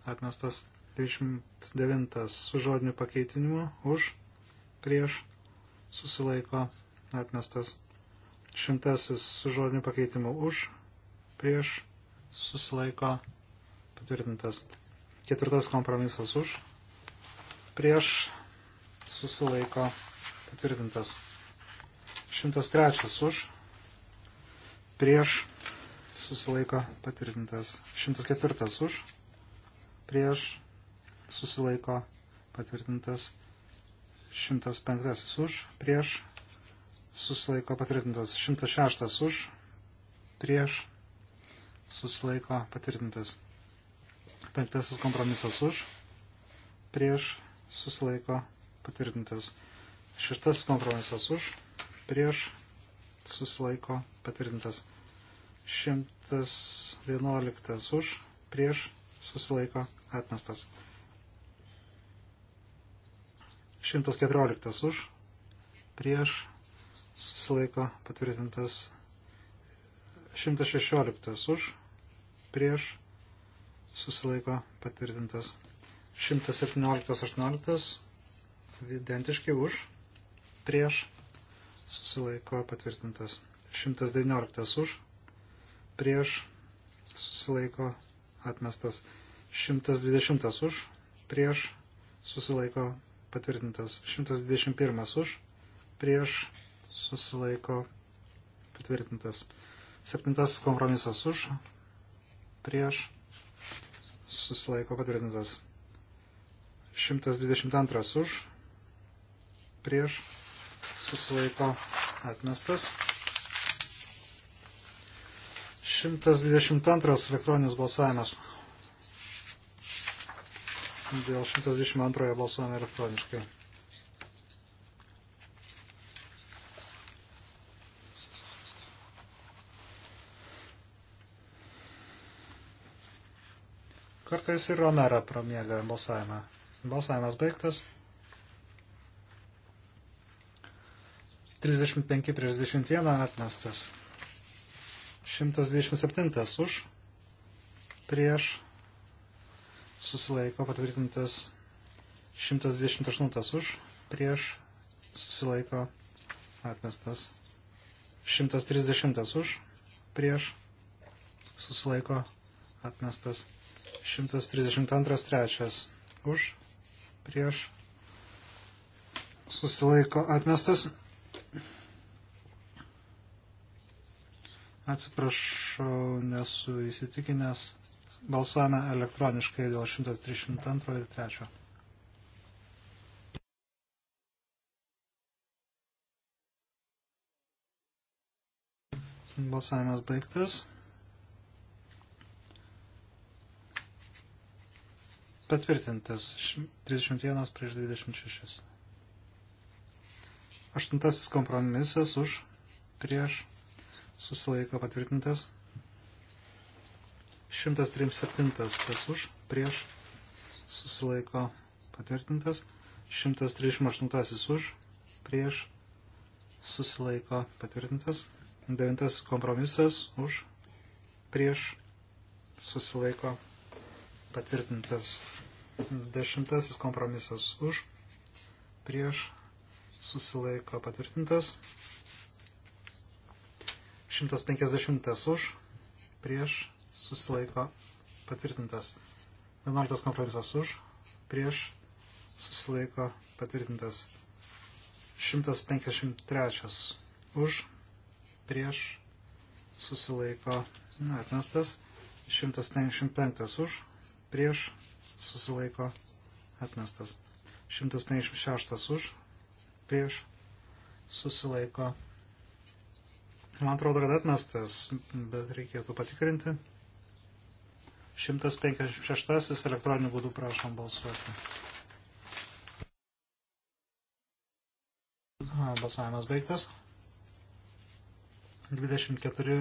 atmestas. 29 su žodiniu pakeitinimu už, prieš, susilaiko atmestas. Šimtasis su žodiniu pakeitimu už, prieš susilaiko patvirtintas. Ketvirtas kompromisas už prieš susilaiko patvirtintas. 103 už prieš susilaiko patvirtintas. 104 už prieš susilaiko patvirtintas. 105 už prieš susilaiko patvirtintas. 106 už prieš susilaiko patvirtintas. Penktasis kompromisas už, prieš susilaiko patvirtintas. Šeštasis kompromisas už, prieš susilaiko patvirtintas. 111 už, prieš susilaiko atmestas. 114 už, prieš susilaiko patvirtintas 116 už, prieš, susilaiko patvirtintas. 117-18 identiški už, prieš, susilaiko patvirtintas. 119 už, prieš, susilaiko atmestas. 120 už, prieš, susilaiko patvirtintas. 121 už, prieš, susilaiko patvirtintas. Septintas kompromisas už, prieš, susilaiko patvirtintas. 122 už, prieš, susilaiko atmestas. 122 elektroninis balsavimas. Dėl 122 balsuojame elektroniškai. Kartais ir Romera pramiega balsavimą. Balsavimas baigtas. 35 prieš 21 atmestas. 127 už prieš susilaiko patvirtintas 128 už prieš susilaiko atmestas 130 už prieš susilaiko atmestas 132.3. Už, prieš, susilaiko atmestas. Atsiprašau, nesu įsitikinęs. Balsuojame elektroniškai dėl 132 ir 3. Balsavimas baigtas. Patvirtintas 31 prieš 26. Aštuntasis kompromisas už prieš susilaiko patvirtintas. 137 kas už prieš susilaiko patvirtintas. 138 už prieš susilaiko patvirtintas. Devintas kompromisas už prieš susilaiko patvirtintas. Dešimtasis kompromisas už, prieš, susilaiko patvirtintas. 150 už, prieš, susilaiko patvirtintas. 11 kompromisas už, prieš, susilaiko patvirtintas. 153 už, prieš, susilaiko atmestas. 155 už, prieš, susilaiko atmestas. 156 už, prieš susilaiko. Man atrodo, kad atmestas, bet reikėtų patikrinti. 156 elektroniniu būdu prašom balsuoti. Balsavimas baigtas. 24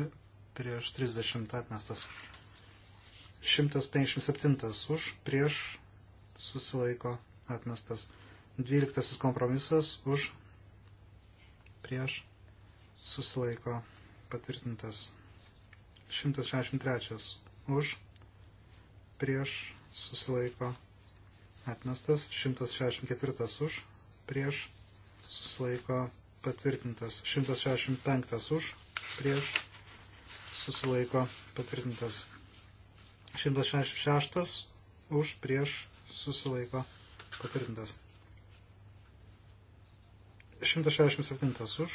prieš 30 atmestas. 157 už, prieš susilaiko atmestas. 12 kompromisas už, prieš susilaiko patvirtintas. 163 už, prieš susilaiko atmestas. 164 už, prieš susilaiko patvirtintas. 165 už, prieš susilaiko patvirtintas. 166 už prieš susilaiko patvirtintas. 167 už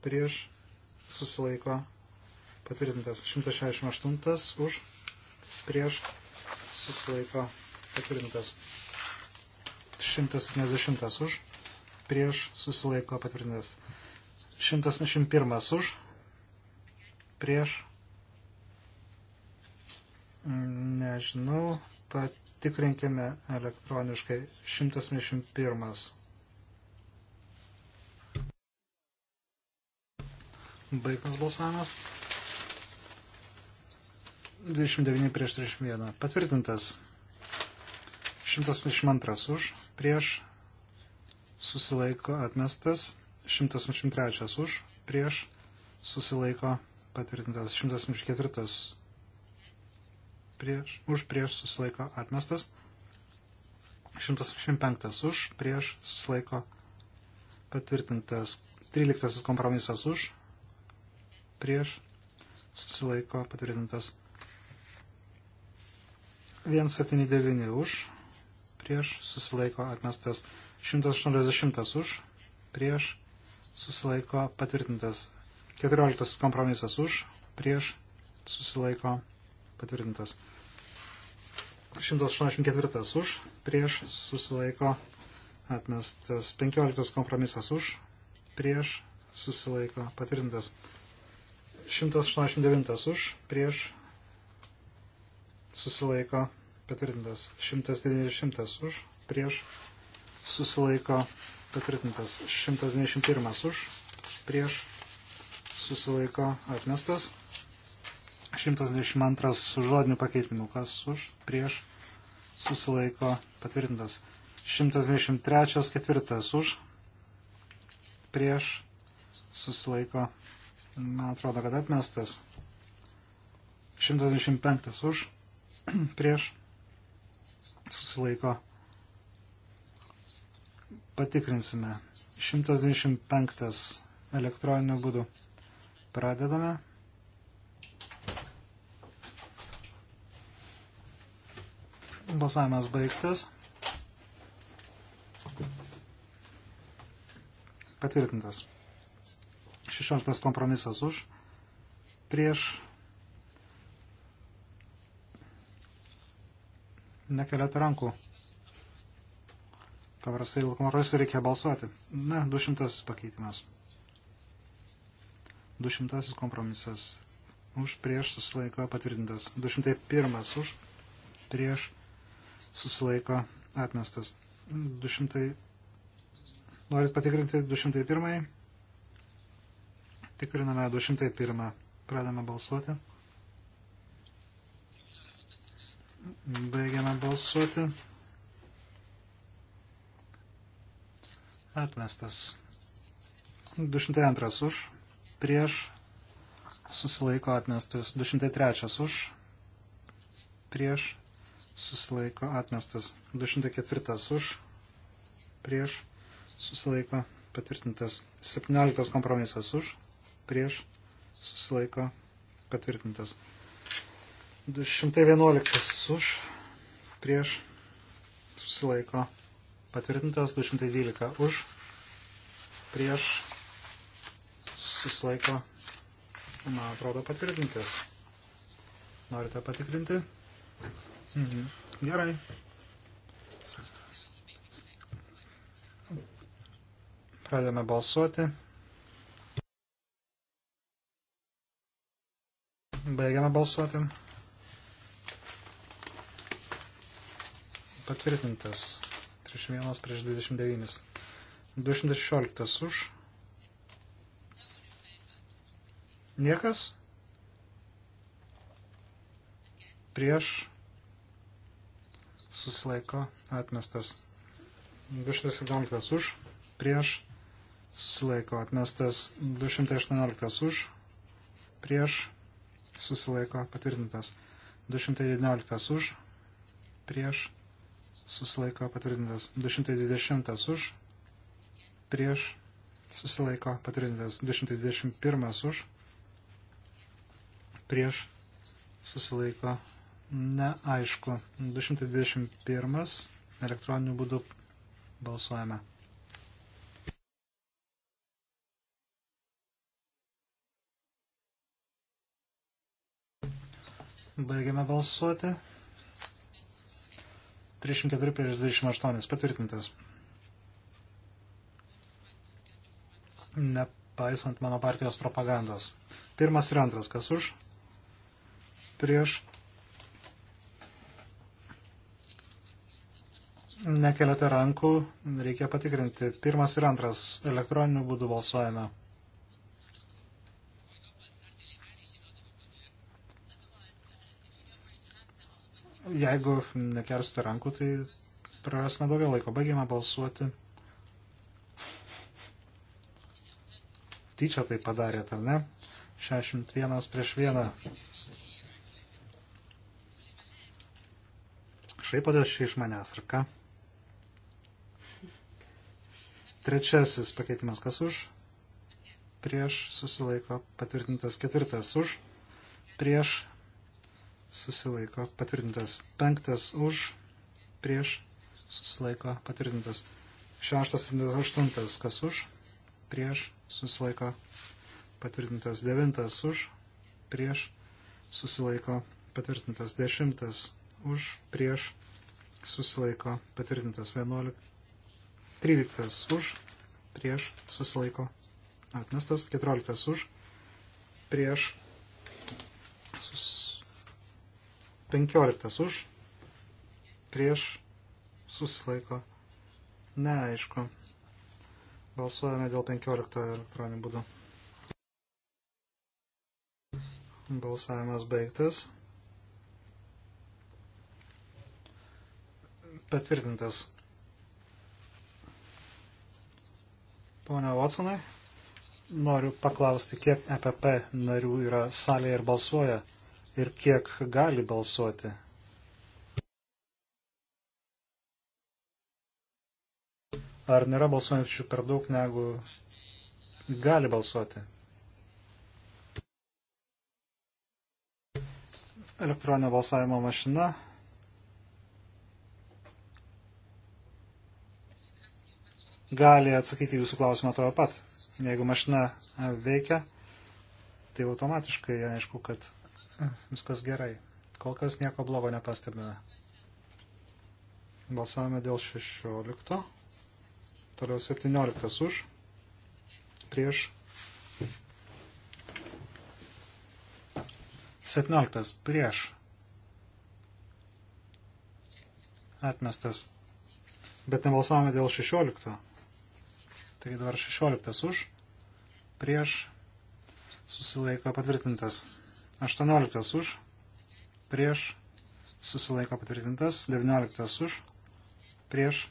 prieš susilaiko patvirtintas. 168 už prieš susilaiko patvirtintas. 170 už prieš susilaiko patvirtintas. 171 už prieš Nežinau, patikrinkime elektroniškai 171. Baigtas balsavimas. 29 prieš 31. Patvirtintas. 122 už, prieš, susilaiko atmestas, 123 už, prieš, susilaiko patvirtintas, 124 prieš, už prieš susilaiko atmestas. 185 už prieš susilaiko patvirtintas. 13 kompromisas už prieš susilaiko patvirtintas. 179 už prieš susilaiko atmestas. 180 už prieš susilaiko patvirtintas. 14 kompromisas už prieš susilaiko patvirtintas. 184 už, prieš susilaiko atmestas. 15 kompromisas už, prieš susilaiko patvirtintas. 189 už, prieš susilaiko patvirtintas. 190 už, prieš susilaiko patvirtintas. 191 už, prieš susilaiko atmestas. 122 su žodiniu pakeitimu, kas už, prieš, susilaiko, patvirtintas. 123 ketvirtas už, prieš, susilaiko, man atrodo, kad atmestas. 125 už, prieš, susilaiko, patikrinsime. 125 elektroniniu būdu. Pradedame. Balsavimas baigtas. Patvirtintas. 16 kompromisas už. Prieš. Nekeliat rankų. Paprastai dėl kompromisų reikia balsuoti. Na, 200 pakeitimas. 200 kompromisas. Už prieš susilaiko patvirtintas. 201 už prieš susilaiko atmestas. 200. Norit patikrinti 201? Tikriname 201. Pradame balsuoti. Baigiame balsuoti. Atmestas. 202 už. Prieš. Susilaiko atmestas. 203 už. Prieš susilaiko atmestas. 204 už, prieš, susilaiko patvirtintas. 17 kompromisas už, prieš, susilaiko patvirtintas. 211 už, prieš, susilaiko patvirtintas. 212 už, prieš, susilaiko, man atrodo, patvirtintas. Norite patikrinti? Mhm. Gerai. Pradėme balsuoti. Baigiame balsuoti. Patvirtintas. 31 prieš 29. 216 už. Niekas. Prieš susilaiko atmestas. 217 už, prieš, susilaiko atmestas. 218 už, prieš, susilaiko patvirtintas. 219 už, prieš, susilaiko patvirtintas. 220 už, prieš, susilaiko patvirtintas. 221 už, prieš, susilaiko neaišku. 221 elektroniniu būdu balsuojame. Baigiame balsuoti. 304 prieš 28 patvirtintas. Nepaisant mano partijos propagandos. Pirmas ir antras, kas už? Prieš nekeliate rankų, reikia patikrinti. Pirmas ir antras elektroniniu būdu balsuojame. Jeigu nekersite rankų, tai prarasime daugiau laiko. Baigėme balsuoti. Tyčia tai padarėt, ar ne? 61 prieš 1. Šaipotės iš manęs, ar ką? Trečiasis pakeitimas kas už, prieš susilaiko patvirtintas. Ketvirtas už, prieš susilaiko patvirtintas. Penktas už, prieš susilaiko patvirtintas. Šeštas ir aštuntas kas už, prieš susilaiko patvirtintas. Devintas už, prieš susilaiko patvirtintas. Dešimtas už, prieš susilaiko patvirtintas. Vienuoliktas 13 už, prieš susilaiko atmestas, 14 už, prieš sus... 15 už, prieš susilaiko neaišku. Balsuojame dėl 15 elektroninių būdų. Balsavimas baigtas. Patvirtintas Pone Watsonai, noriu paklausti, kiek EPP narių yra salėje ir balsuoja ir kiek gali balsuoti. Ar nėra balsuojančių per daug negu gali balsuoti? Elektroninio balsavimo mašina gali atsakyti jūsų klausimą to pat. Jeigu mašina veikia, tai automatiškai aišku, kad viskas gerai. Kol kas nieko blogo nepastebime. Balsavome dėl 16. Toliau 17 už. Prieš. 17 prieš. Atmestas. Bet nebalsavome dėl 16. Taigi dabar 16 už, prieš, susilaiko patvirtintas. 18 už, prieš, susilaiko patvirtintas. 19 už, prieš,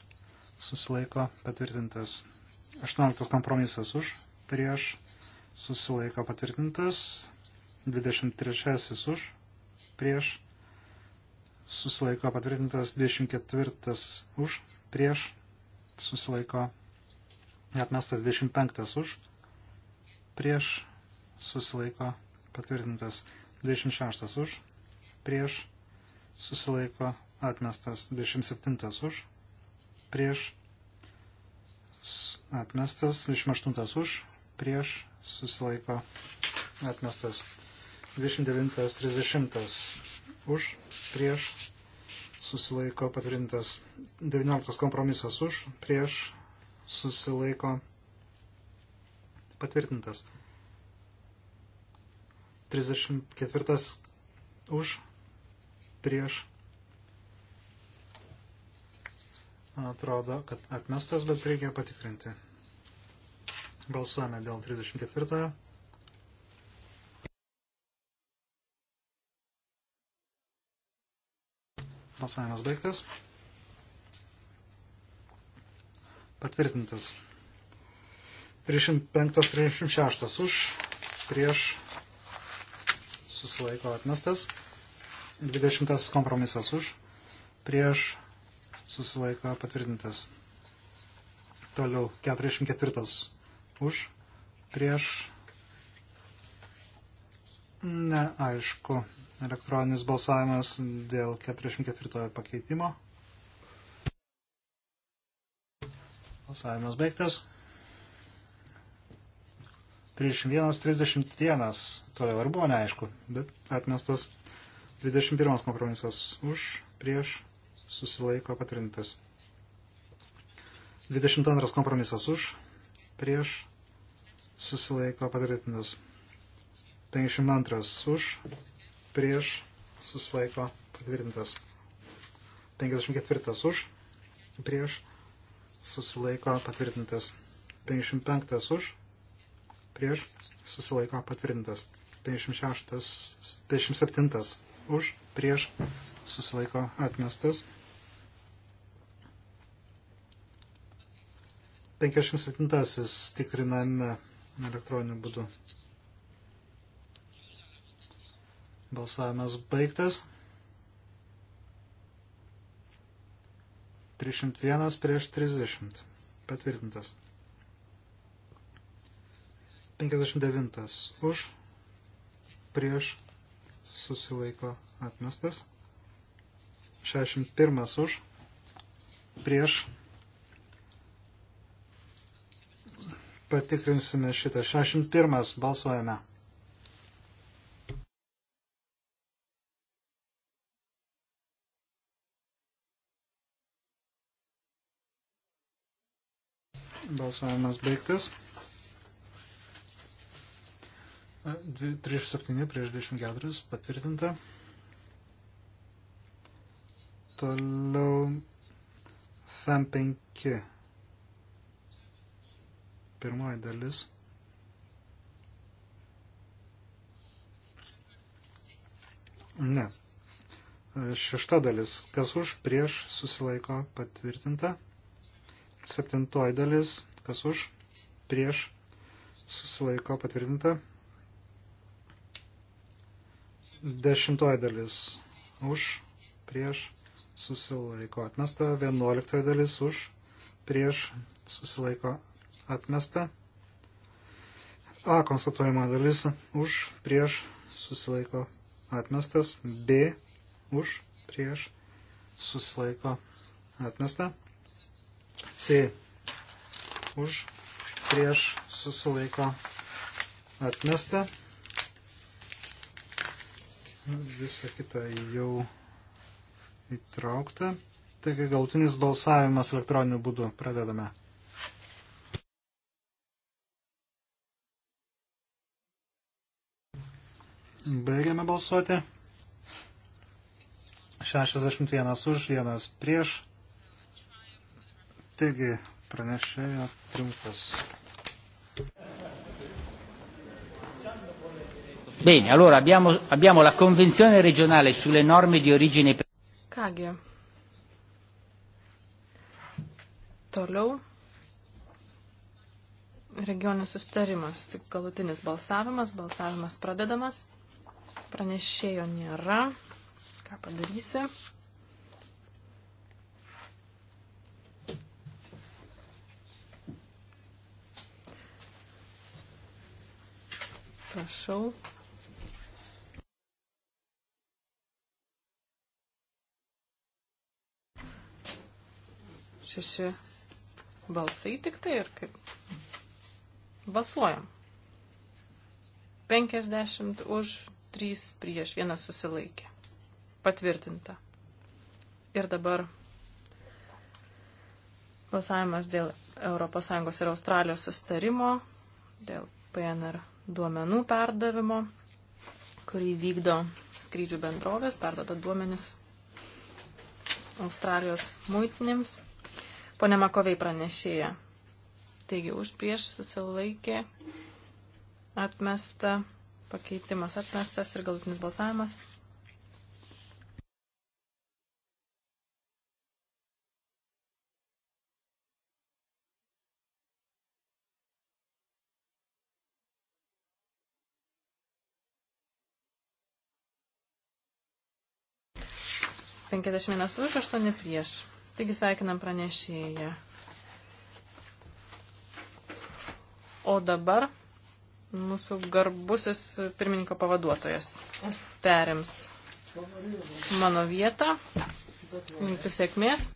susilaiko patvirtintas. 18 kompromisas už, prieš, susilaiko patvirtintas. 23 už, prieš, susilaiko patvirtintas. 24 už, prieš, susilaiko Atmestas 25 už. Prieš susilaiko patvirtintas 26 už. Prieš susilaiko atmestas 27 už. Prieš atmestas 28 už. Prieš susilaiko atmestas 29.30 už, prieš, susilaiko patvirtintas 19 kompromisas už, prieš, susilaiko patvirtintas. 34 už prieš. Man atrodo, kad atmestas, bet reikia patikrinti. Balsuojame dėl 34. Balsavimas baigtas. Patvirtintas. 35-36 už, prieš susilaiko atmestas. 20 kompromisas už, prieš susilaiko patvirtintas. Toliau 44 už, prieš neaišku elektroninis balsavimas dėl 44 pakeitimo. Balsavimas baigtas. 31-31, todėl ir buvo neaišku, bet atmestas 21 kompromisas už, prieš, susilaiko patrintas. 22 kompromisas už, prieš, susilaiko patrintas. 52 už, prieš, susilaiko patvirtintas. 54 už, prieš, susilaiko patvirtintas. 55 už, prieš, susilaiko patvirtintas. 56, 57 už, prieš, susilaiko atmestas. 57 tikriname elektroniniu būdu. Balsavimas baigtas. 301 prieš 30. Patvirtintas. 59. Už. Prieš. Susilaiko atmestas. 61. Už. Prieš. Patikrinsime šitą. 61. Balsuojame. Balsavimas baigtas. 37 prieš 24 patvirtinta. Toliau FEM 5. Pirmoji dalis. Ne. Šešta dalis. Kas už prieš susilaiko patvirtinta. Septintoji dalis. Kas už? Prieš. Susilaiko patvirtinta. Dešimtoji dalis. Už. Prieš. Susilaiko atmesta. Vienuoliktoji dalis. Už. Prieš. Susilaiko atmesta. A konstatuojama dalis. Už. Prieš. Susilaiko atmestas. B. Už. Prieš. Susilaiko atmesta atmesta. C už, prieš, susilaiko, atmesta. Visa kita jau įtraukta. Taigi galutinis balsavimas elektroniniu būdu. Pradedame. Baigiame balsuoti. 61 už, 1 prieš. Taigi pranešėjo triumfas. Bene, allora abbiamo, abbiamo la Convenzione regionale sulle norme di origine. Kągi. Toliau. Regioninis sustarimas, tik galutinis balsavimas, balsavimas pradedamas, pranešėjo nėra, ką padarysi. Prašau. Šeši balsai tik tai ir kaip. Balsuojam. 50 už, 3 prieš, vienas susilaikė. Patvirtinta. Ir dabar balsavimas dėl ES ir Australijos sustarimo, dėl PNR duomenų perdavimo, kurį vykdo skrydžių bendrovės, perdada duomenis Australijos muitinėms. Pone Makovei pranešėja. Taigi už prieš susilaikė atmesta, pakeitimas atmestas ir galutinis balsavimas. 51 už, 8 prieš. Taigi sveikinam pranešėją. O dabar mūsų garbusis pirmininko pavaduotojas perims mano vietą. Linkiu sėkmės.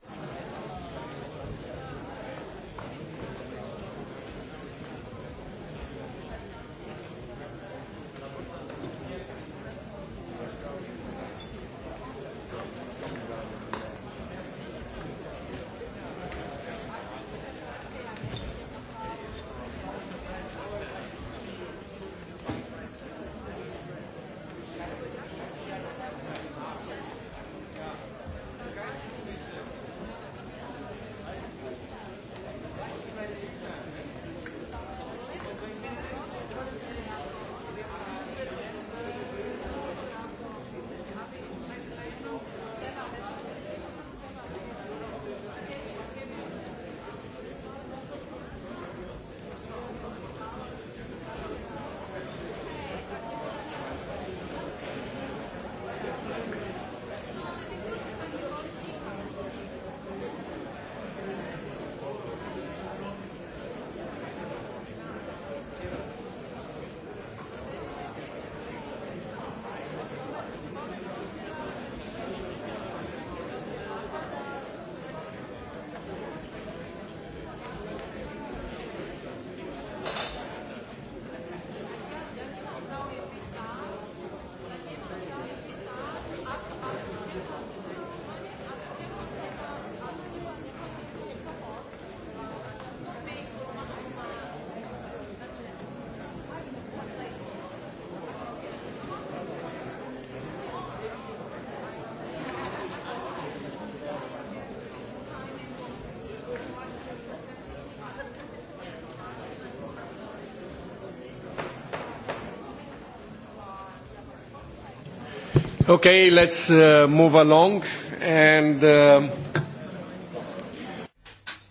Okay, let's uh, move along and. Uh,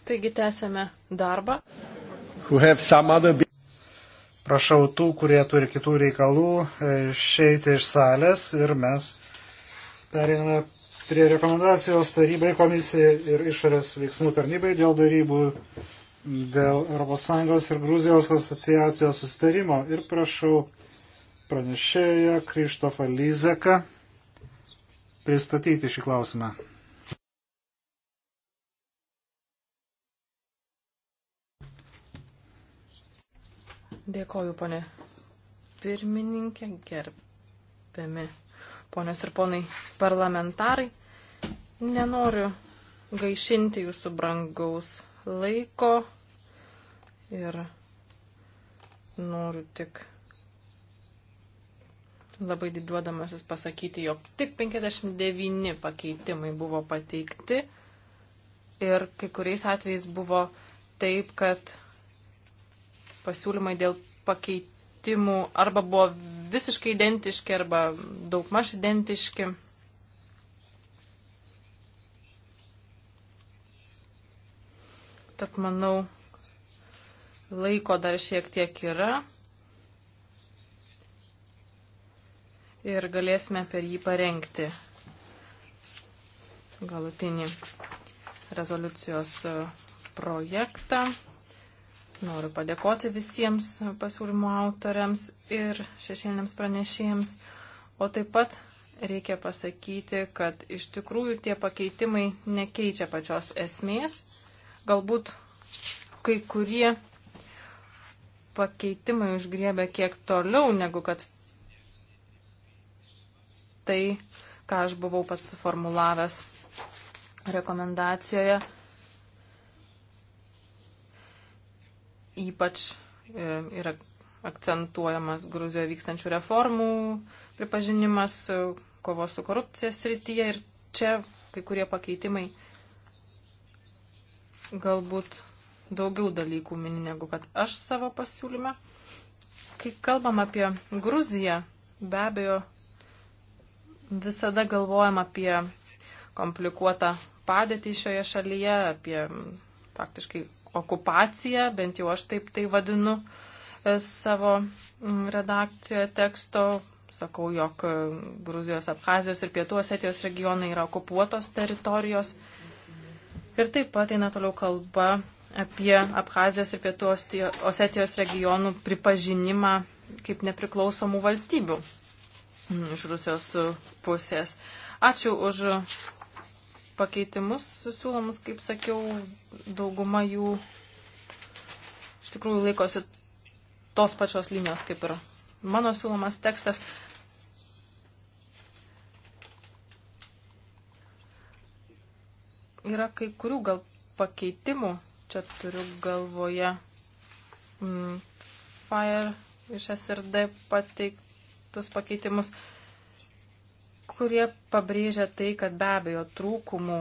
Taigi tęsėme darbą. Other... Prašau tų, kurie turi kitų reikalų, e, išeiti iš salės ir mes periname prie rekomendacijos tarybai komisijai ir išorės veiksmų tarnybai dėl darybų dėl ES ir Gruzijos asociacijos susitarimo ir prašau pranešėją Krištofą Lyzeką pristatyti šį klausimą. Dėkoju, ponė pirmininkė, gerbiami ponios ir ponai parlamentarai. Nenoriu gaišinti jūsų brangaus laiko ir noriu tik labai didžiuodamasis pasakyti, jog tik 59 pakeitimai buvo pateikti ir kai kuriais atvejais buvo taip, kad pasiūlymai dėl pakeitimų arba buvo visiškai identiški arba daugmaž identiški. Tad manau, laiko dar šiek tiek yra ir galėsime per jį parengti galutinį rezoliucijos e, projektą. Noriu padėkoti visiems pasiūlymo autoriams ir šešėliniams pranešėjams. O taip pat reikia pasakyti, kad iš tikrųjų tie pakeitimai nekeičia pačios esmės. Galbūt kai kurie pakeitimai užgriebia kiek toliau, negu kad tai, ką aš buvau pats suformulavęs rekomendacijoje. Ypač e, yra akcentuojamas Gruzijoje vykstančių reformų pripažinimas, e, kovos su korupcija srityje ir čia kai kurie pakeitimai galbūt daugiau dalykų mini negu kad aš savo pasiūlyme. Kai kalbam apie Gruziją, be abejo, visada galvojam apie komplikuotą padėtį šioje šalyje, apie faktiškai okupaciją, bent jau aš taip tai vadinu e, savo redakcijoje teksto. Sakau, jog e, Gruzijos, Abhazijos ir Pietų Osetijos regionai yra okupuotos teritorijos. Ir taip pat eina toliau kalba apie Abhazijos ir Pietų Osetijos regionų pripažinimą kaip nepriklausomų valstybių iš Rusijos pusės. Ačiū už pakeitimus susiūlomus, kaip sakiau, dauguma jų iš tikrųjų laikosi tos pačios linijos kaip ir mano siūlomas tekstas. Yra kai kurių gal pakeitimų, čia turiu galvoje mm, Fire iš SRD pateikti kitus pakeitimus, kurie pabrėžia tai, kad be abejo trūkumų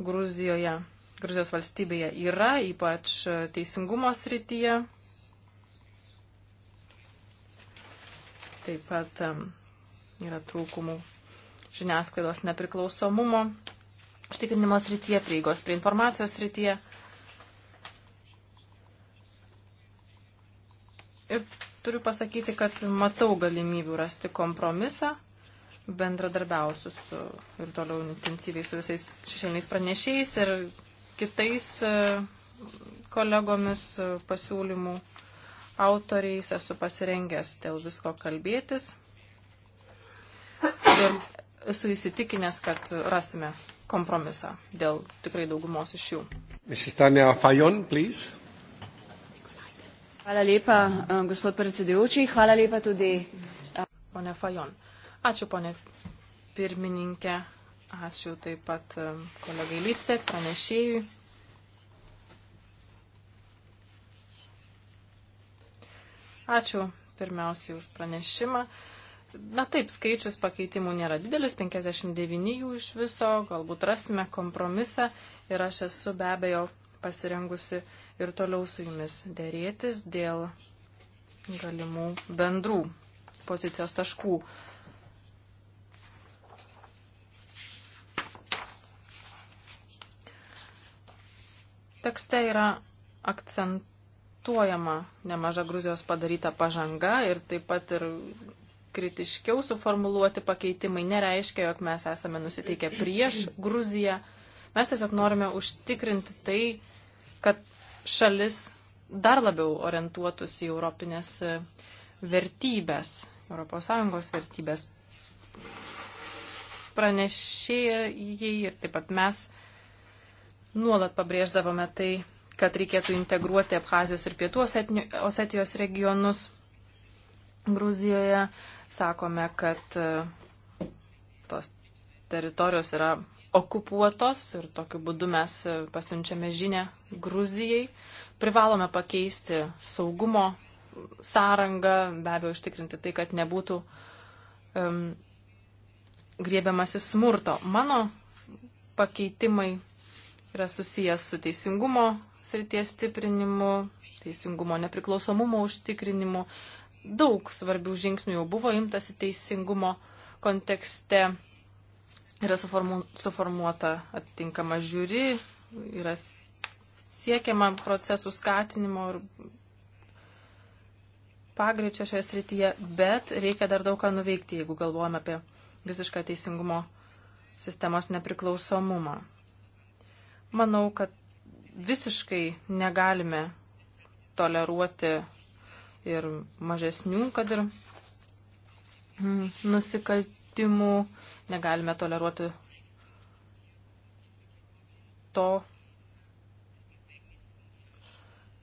Gruzijoje, Gruzijos valstybėje yra, ypač teisingumo srityje. Taip pat yra trūkumų žiniasklaidos nepriklausomumo, užtikrinimo srityje, prieigos prie informacijos srityje. Ir turiu pasakyti, kad matau galimybių rasti kompromisą, bendradarbiausiu su, ir toliau intensyviai su visais šešėliniais pranešėjais ir kitais e, kolegomis e, pasiūlymų autoriais esu pasirengęs dėl visko kalbėtis. Ir esu įsitikinęs, kad rasime kompromisą dėl tikrai daugumos iš jų. Mrs. Tania Fajon, please. Hvala lepa, eh, gospod predsedujoči. Hvala lepa tudi. Eh, pone Fajon. Ačiū, pone pirmininkė. Ačiū taip pat eh, kolegai Lice, pranešėjui. Ačiū pirmiausiai už pranešimą. Na taip, skaičius pakeitimų nėra didelis, 59 jų iš viso, galbūt rasime kompromisą ir aš esu be abejo pasirengusi uh, ir toliau su jumis dėrėtis dėl galimų bendrų pozicijos taškų. Tekste yra akcentuojama nemaža Gruzijos padaryta pažanga ir taip pat ir kritiškiau suformuluoti pakeitimai nereiškia, jog mes esame nusiteikę prieš Gruziją. Mes tiesiog norime užtikrinti tai, kad šalis dar labiau orientuotųsi į europinės e, vertybės, ES vertybės. Pranešėjai ir taip pat mes nuolat pabrėždavome tai, kad reikėtų integruoti Abhazijos ir Pietų Osetijos regionus Gruzijoje. Sakome, kad e, tos teritorijos yra okupuotos ir tokiu būdu mes e, pasiunčiame žinę Gruzijai. Privalome pakeisti saugumo sąrangą, be abejo, užtikrinti tai, kad nebūtų um, griebiamasi smurto. Mano pakeitimai yra susijęs su teisingumo srities stiprinimu, teisingumo nepriklausomumo užtikrinimu. Daug svarbių žingsnių jau buvo imtasi teisingumo kontekste yra suformu, suformuota atitinkama žiūri, yra siekiama procesų skatinimo ir pagreičio šioje srityje, bet reikia dar daug ką nuveikti, jeigu galvojame apie visišką teisingumo sistemos nepriklausomumą. Manau, kad visiškai negalime toleruoti ir mažesnių, kad ir mm, nusikaltimų Negalime toleruoti to,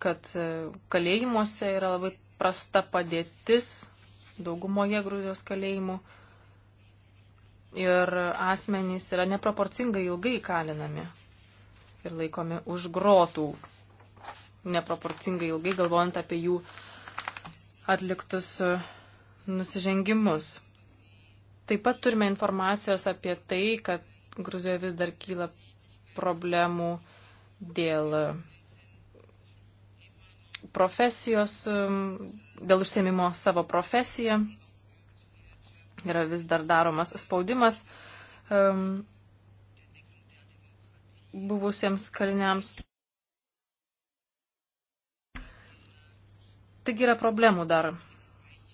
kad e, kalėjimuose yra labai prasta padėtis daugumoje Gruzijos kalėjimų ir asmenys yra neproporcingai ilgai kalinami ir laikomi už grotų, neproporcingai ilgai galvojant apie jų atliktus e, nusižengimus. Taip pat turime informacijos apie tai, kad Gruzijoje vis dar kyla problemų dėl um, profesijos, um, dėl užsiemimo savo profesiją. Yra vis dar daromas spaudimas um, buvusiems kaliniams. Taigi yra problemų dar,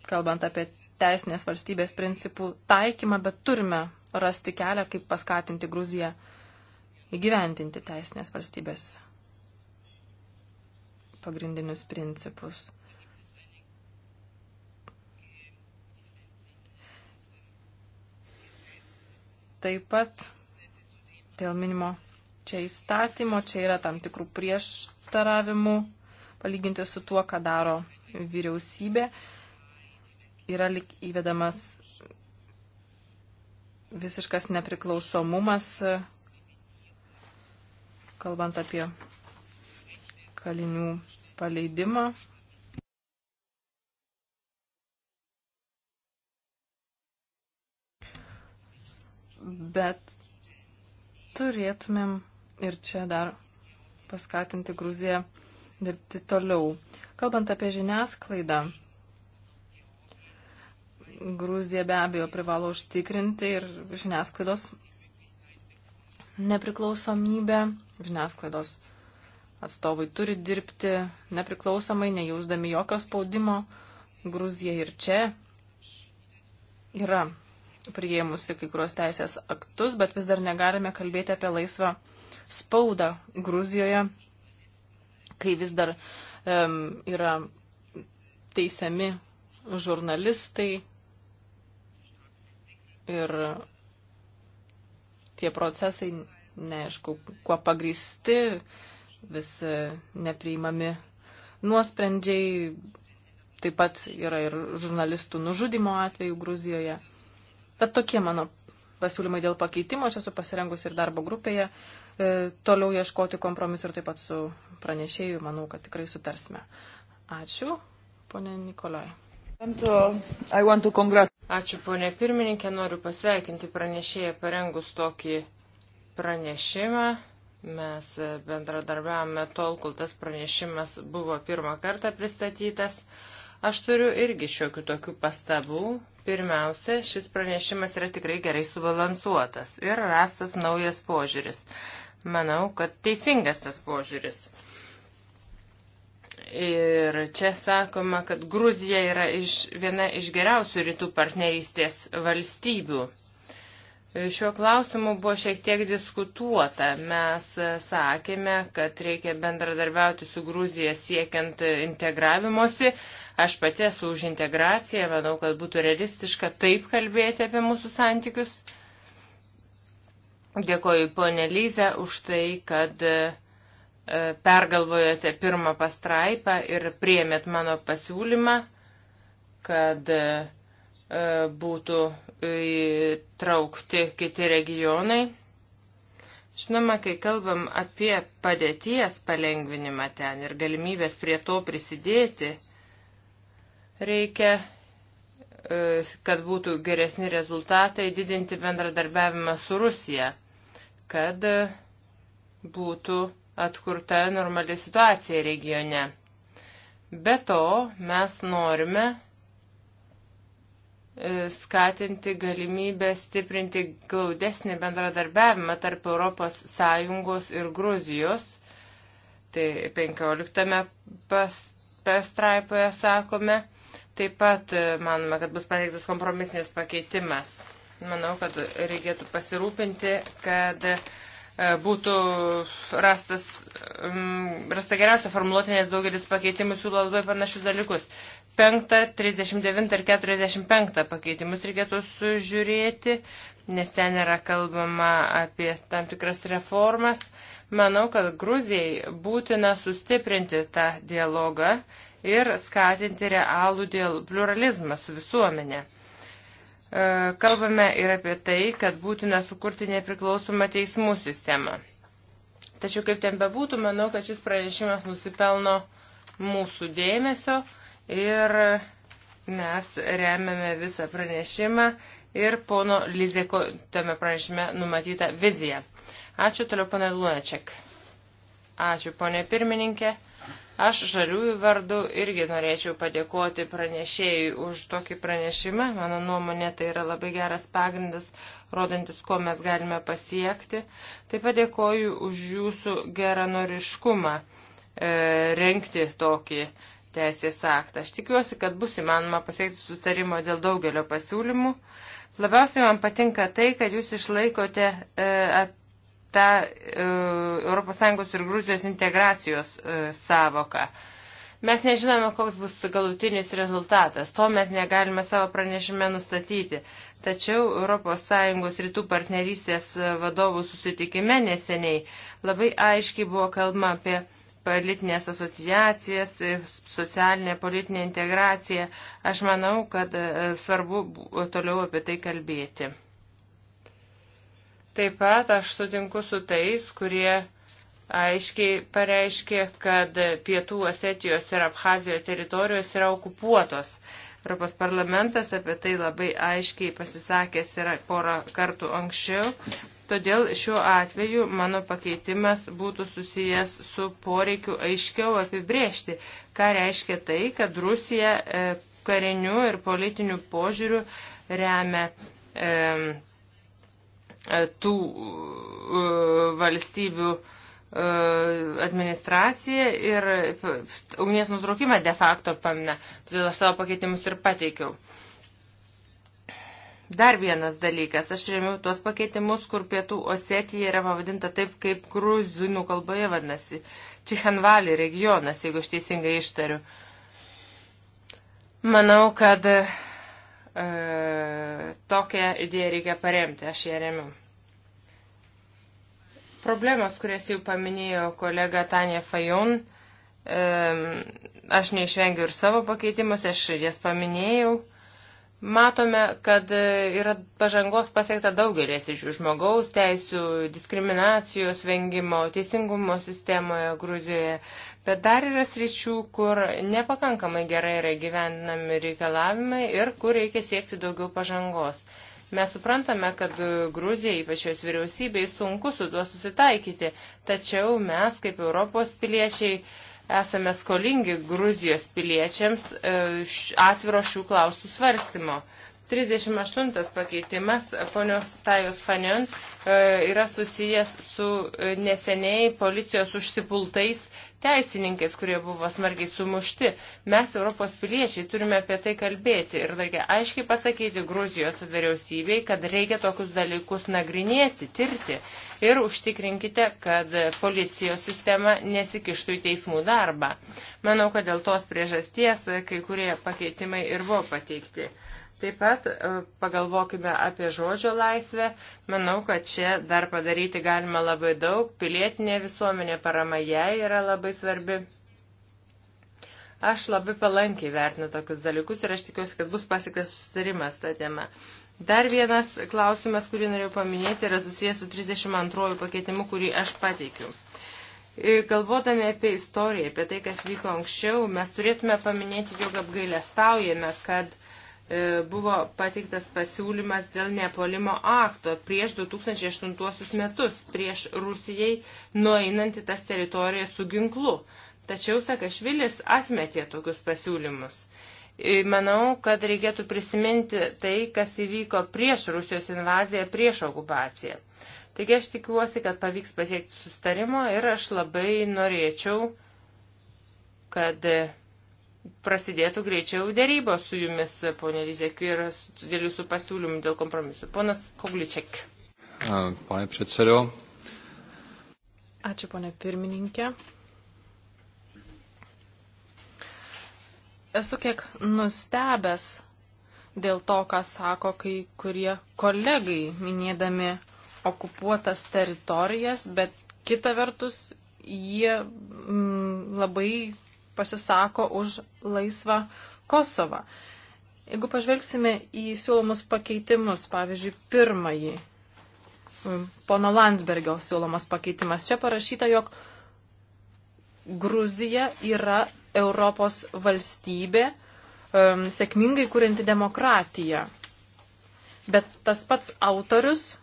kalbant apie teisinės valstybės principų taikymą, bet turime rasti kelią, kaip paskatinti Gruziją įgyvendinti teisinės valstybės pagrindinius principus. Taip pat dėl minimo čia įstatymo, čia yra tam tikrų prieštaravimų, palyginti su tuo, ką daro vyriausybė yra lik įvedamas visiškas nepriklausomumas, kalbant apie kalinių paleidimą. Bet turėtumėm ir čia dar paskatinti Gruziją dirbti toliau. Kalbant apie žiniasklaidą, Gruzija be abejo privalo užtikrinti ir žiniasklaidos nepriklausomybę. Žiniasklaidos atstovai turi dirbti nepriklausomai, nejausdami jokio spaudimo. Gruzija ir čia yra prieimusi kai kurios teisės aktus, bet vis dar negalime kalbėti apie laisvą spaudą Gruzijoje, kai vis dar um, yra teisiami žurnalistai, ir tie procesai, neaišku, kuo pagristi, vis nepriimami nuosprendžiai, taip pat yra ir žurnalistų nužudimo atvejų Gruzijoje. Tad tokie mano pasiūlymai dėl pakeitimo, aš esu pasirengusi ir darbo grupėje e, toliau ieškoti kompromisų ir taip pat su pranešėjų, manau, kad tikrai sutarsime. Ačiū, ponė Nikolai. Ačiū, ponė pirmininkė, noriu pasveikinti pranešėją parengus tokį pranešimą. Mes e, bendradarbiavome tol, kol tas pranešimas buvo pirmą kartą pristatytas. Aš turiu irgi šiokių tokių pastabų. Pirmiausia, šis pranešimas yra tikrai gerai subalansuotas ir rastas naujas požiūris. Manau, kad teisingas tas požiūris. Ir čia sakoma, kad Gruzija yra iš, viena iš geriausių rytų partnerystės valstybių. Šiuo klausimu buvo šiek tiek diskutuota. Mes sakėme, kad reikia bendradarbiauti su Gruzija siekiant integravimosi. Aš pati esu už integraciją, manau, kad būtų realistiška taip kalbėti apie mūsų santykius. Dėkoju ponė Lyze už tai, kad uh, E, pergalvojote pirmą pastraipą ir priemėt mano pasiūlymą, kad e, e, būtų traukti kiti regionai. Žinoma, kai kalbam apie padėties palengvinimą ten ir galimybės prie to prisidėti, reikia, kad būtų geresni rezultatai, didinti bendradarbiavimą su Rusija, kad būtų atkurta normali situacija regione. Be to, mes norime e, skatinti galimybę stiprinti glaudesnį bendradarbiavimą tarp ES ir Gruzijos. Tai 15 pas, pastraipoje sakome. Taip pat e, manome, kad bus pateiktas kompromisinis pakeitimas. Manau, kad reikėtų pasirūpinti, kad uh, E, būtų rastas, rasta geriausia formuluoti, nes daugelis pakeitimų siūlo labai panašius dalykus. 5, 39 ir 45 pakeitimus reikėtų sužiūrėti, nes ten yra kalbama apie tam tikras reformas. Manau, kad Gruzijai būtina sustiprinti tą dialogą ir skatinti realų pluralizmą su visuomenė. E, kalbame ir apie tai, kad būtina sukurti nepriklausomą teismų sistemą. Tačiau kaip ten bebūtų, manau, kad šis pranešimas nusipelno mūsų dėmesio ir mes remiame visą pranešimą ir pono Lizeko tame pranešime numatytą viziją. Ačiū toliau, pane Lunačiak. Ačiū, ponė pirmininkė. Aš žaliųjų vardu irgi norėčiau padėkoti pranešėjui už tokį pranešimą. Mano nuomonė tai yra labai geras pagrindas, rodantis, ko mes galime pasiekti. Taip pat dėkoju už jūsų geranoriškumą e, renkti tokį teisės aktą. Aš tikiuosi, kad bus įmanoma pasiekti sutarimo dėl daugelio pasiūlymų. Labiausiai man patinka tai, kad jūs išlaikote e, ta ES ir Gruzijos integracijos e, savoka. Mes nežinome, koks bus galutinis rezultatas, to mes negalime savo pranešime nustatyti. Tačiau ES rytų partnerystės e, vadovų susitikime neseniai labai aiškiai buvo kalbama apie politinės asociacijas, e, socialinę politinę integraciją. Aš manau, kad svarbu toliau apie tai kalbėti. Taip pat aš sutinku su tais, kurie aiškiai pareiškė, kad pietų Osetijos ir Abhazijos teritorijos yra okupuotos. Europos parlamentas apie tai labai aiškiai pasisakęs yra porą kartų anksčiau. Todėl šiuo atveju mano pakeitimas būtų susijęs su poreikiu aiškiau apibriežti, ką reiškia tai, kad Rusija e, kariniu ir politiniu požiūriu remia e, E, tų e, valstybių e, administracija ir ugnies nutraukimą de facto pamina. Todėl aš savo pakeitimus ir pateikiau. Dar vienas dalykas. Aš remiu tuos pakeitimus, kur pietų Osetija yra pavadinta taip, kaip gruzinų kalboje vadinasi. Čihanvali regionas, jeigu aš teisingai ištariu. Manau, kad E, tokią idėją reikia paremti, aš ją remiu. Problemos, kurias jau paminėjo kolega Tanja Fajon, e, aš neišvengiu ir savo pakeitimus, aš jas paminėjau. Matome, kad yra pažangos pasiekta daugelės iš jų žmogaus teisų, diskriminacijos vengimo, teisingumo sistemoje Gruzijoje, bet dar yra sričių, kur nepakankamai gerai yra gyvendinami reikalavimai ir kur reikia siekti daugiau pažangos. Mes suprantame, kad Gruzija, ypač jos vyriausybei, sunku su tuo susitaikyti, tačiau mes kaip Europos piliečiai Esame skolingi Gruzijos piliečiams e, atviro šių klausų svarstymo. 38 pakeitimas ponios Tajos Fanion e, yra susijęs su e, neseniai policijos užsipultais teisininkais, kurie buvo smarkiai sumušti. Mes, Europos piliečiai, turime apie tai kalbėti ir reikia aiškiai pasakyti Gruzijos vyriausybei, kad reikia tokius dalykus nagrinėti, tirti ir užtikrinkite, kad policijos sistema nesikištų į teismų darbą. Manau, kad dėl tos priežasties kai kurie pakeitimai ir buvo pateikti. Taip pat e, pagalvokime apie žodžio laisvę. Manau, kad čia dar padaryti galima labai daug. Pilietinė visuomenė parama jai yra labai svarbi. Aš labai palankiai vertinu tokius dalykus ir aš tikiuosi, kad bus pasiektas sustarimas tą temą. Dar vienas klausimas, kurį norėjau paminėti, yra susijęs su 32 pakeitimu, kurį aš pateikiu. E, galvodami apie istoriją, apie tai, kas vyko anksčiau, mes turėtume paminėti, jog apgailę staujame, kad E, buvo pateiktas pasiūlymas dėl nepolimo akto prieš 2008 metus, prieš Rusijai nueinant į tas teritorijas su ginklu. Tačiau Sakašvilis atmetė tokius pasiūlymus. E, manau, kad reikėtų prisiminti tai, kas įvyko prieš Rusijos invaziją, prieš okupaciją. Taigi aš tikiuosi, kad pavyks pasiekti sustarimo ir aš labai norėčiau, kad prasidėtų greičiau dėrybos su jumis, ponė Lizek, ir dėl jūsų pasiūlymų dėl kompromisų. Ponas Kogličiak. Pane Pšecerio. Ačiū, ponė pirmininkė. Esu kiek nustebęs dėl to, ką sako kai kurie kolegai, minėdami okupuotas teritorijas, bet kita vertus jie mm, labai pasisako už laisvą Kosovą. Jeigu pažvelgsime į siūlomus pakeitimus, pavyzdžiui, pirmąjį pono Landsbergio siūlomas pakeitimas, čia parašyta, jog Gruzija yra Europos valstybė, sėkmingai kūrinti demokratiją. Bet tas pats autorius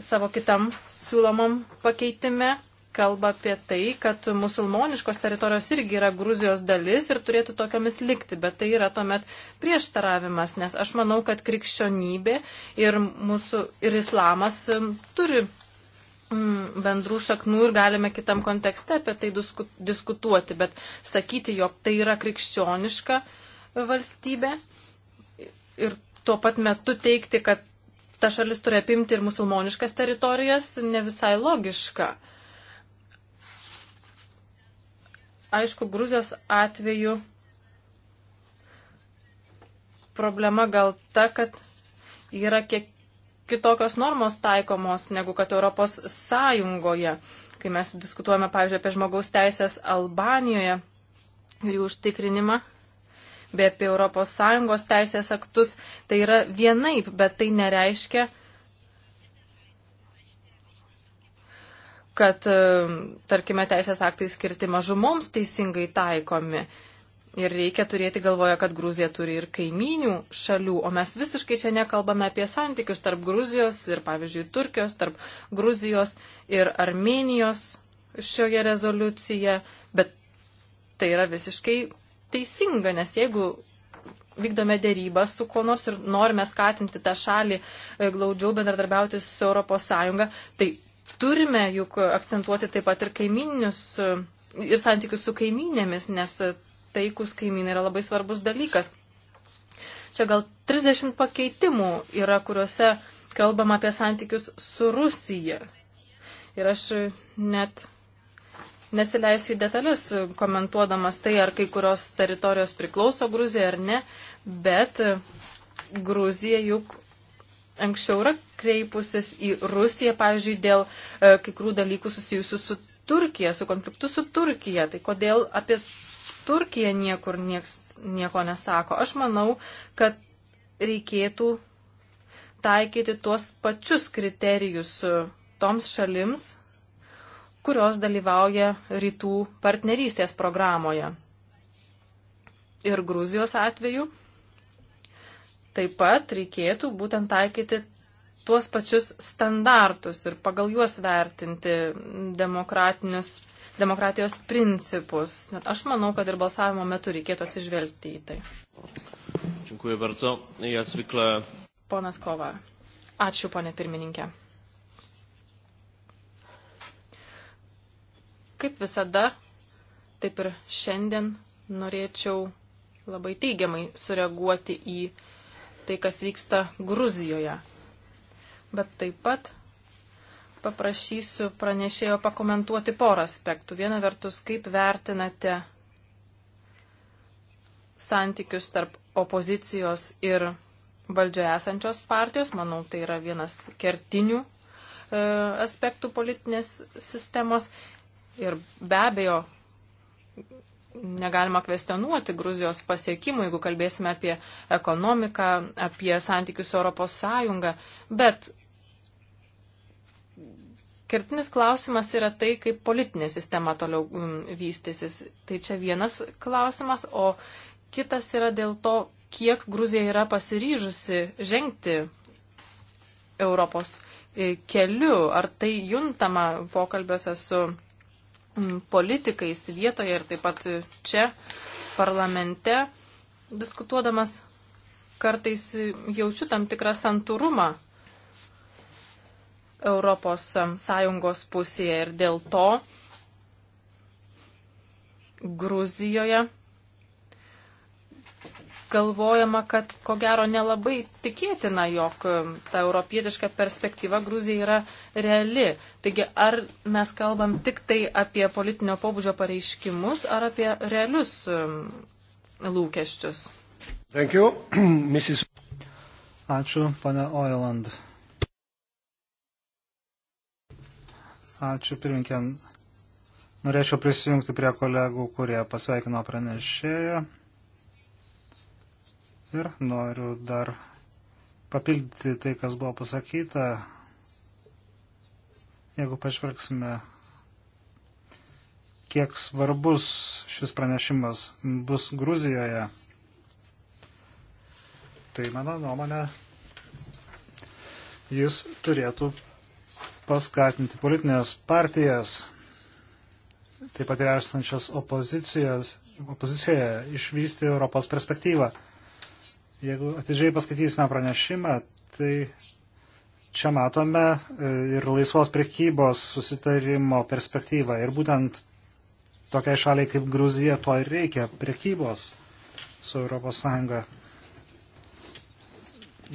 savo kitam siūlomam pakeitime kalba apie tai, kad musulmoniškos teritorijos irgi yra Gruzijos dalis ir turėtų tokiamis likti, bet tai yra tuomet prieštaravimas, nes aš manau, kad krikščionybė ir, mūsų, ir islamas um, turi mm, bendrų šaknų ir galime kitam kontekste apie tai disku, diskutuoti, bet sakyti, jog tai yra krikščioniška valstybė ir tuo pat metu teikti, kad ta šalis turi apimti ir musulmoniškas teritorijas, ne visai logiška. Aišku, Gruzijos atveju problema gal ta, kad yra kiek kitokios normos taikomos negu kad Europos Sąjungoje. Kai mes diskutuojame, pavyzdžiui, apie žmogaus teisės Albanijoje ir jų užtikrinimą, bei apie Europos Sąjungos teisės aktus, tai yra vienaip, bet tai nereiškia, kad, e, tarkime, teisės aktai skirti mažumoms teisingai taikomi. Ir reikia turėti galvoje, kad Gruzija turi ir kaiminių šalių, o mes visiškai čia nekalbame apie santykius tarp Gruzijos ir, pavyzdžiui, Turkijos, tarp Gruzijos ir Armenijos šioje rezoliucijoje, bet tai yra visiškai teisinga, nes jeigu vykdome dėrybą su kuo nors ir norime skatinti tą šalį e, glaudžiau bendradarbiauti su ES, tai turime juk akcentuoti taip pat ir kaimininius ir santykius su kaiminėmis, nes taikus kaimynai yra labai svarbus dalykas. Čia gal 30 pakeitimų yra, kuriuose kalbam apie santykius su Rusija. Ir aš net nesileisiu į detalės komentuodamas tai, ar kai kurios teritorijos priklauso Gruzijai ar ne, bet Gruzija juk anksčiau yra kreipusis į Rusiją, pavyzdžiui, dėl e, kai kurių dalykų susijusių su Turkija, su konfliktu su Turkija. Tai kodėl apie Turkiją niekur nieks, nieko nesako? Aš manau, kad reikėtų taikyti tuos pačius kriterijus e, toms šalims, kurios dalyvauja rytų partnerystės programoje. Ir Gruzijos atveju taip pat reikėtų būtent taikyti tuos pačius standartus ir pagal juos vertinti demokratinius, demokratijos principus. Net aš manau, kad ir balsavimo metu reikėtų atsižvelgti į tai. Dziękuję bardzo. Ja zwykle... Ponas Kova. Ačiū, ponė pirmininkė. Kaip visada, taip ir šiandien norėčiau labai teigiamai sureaguoti į tai, kas vyksta Gruzijoje. Bet taip pat paprašysiu pranešėjo pakomentuoti porą aspektų. Viena vertus, kaip vertinate santykius tarp opozicijos ir valdžioje esančios partijos. Manau, tai yra vienas kertinių e, aspektų politinės sistemos. Ir be abejo, negalima kvestionuoti Gruzijos pasiekimų, jeigu kalbėsime apie ekonomiką, apie santykius su Europos Sąjunga. Bet kertinis klausimas yra tai, kaip politinė sistema toliau mm, vystysis. Tai čia vienas klausimas, o kitas yra dėl to, kiek Gruzija yra pasiryžusi žengti Europos e, keliu. Ar tai juntama pokalbiuose su politikais vietoje ir taip pat čia parlamente diskutuodamas kartais jaučiu tam tikrą santūrumą Europos Sąjungos pusėje ir dėl to Gruzijoje galvojama, kad ko gero nelabai tikėtina, jog e, ta europietiška perspektyva Gruzija yra reali. Taigi, ar mes kalbam tik tai apie politinio pobūdžio pareiškimus, ar apie realius e, lūkesčius? Thank you, Mrs. Ačiū, pane Oiland. Ačiū, pirminkė. Norėčiau prisijungti prie kolegų, kurie pasveikino pranešėją Ir noriu dar papildyti tai, kas buvo pasakyta. Jeigu pažvelgsime, kiek svarbus šis pranešimas bus Gruzijoje, tai mano nuomonė, jis turėtų paskatinti politinės partijas, taip pat ir esančias opozicijas, opozicijoje išvysti Europos perspektyvą. Jeigu atidžiai paskaitysime pranešimą, tai čia matome e, ir laisvos prekybos susitarimo perspektyvą. Ir būtent tokiai šaliai kaip Gruzija to ir reikia - prekybos su ES.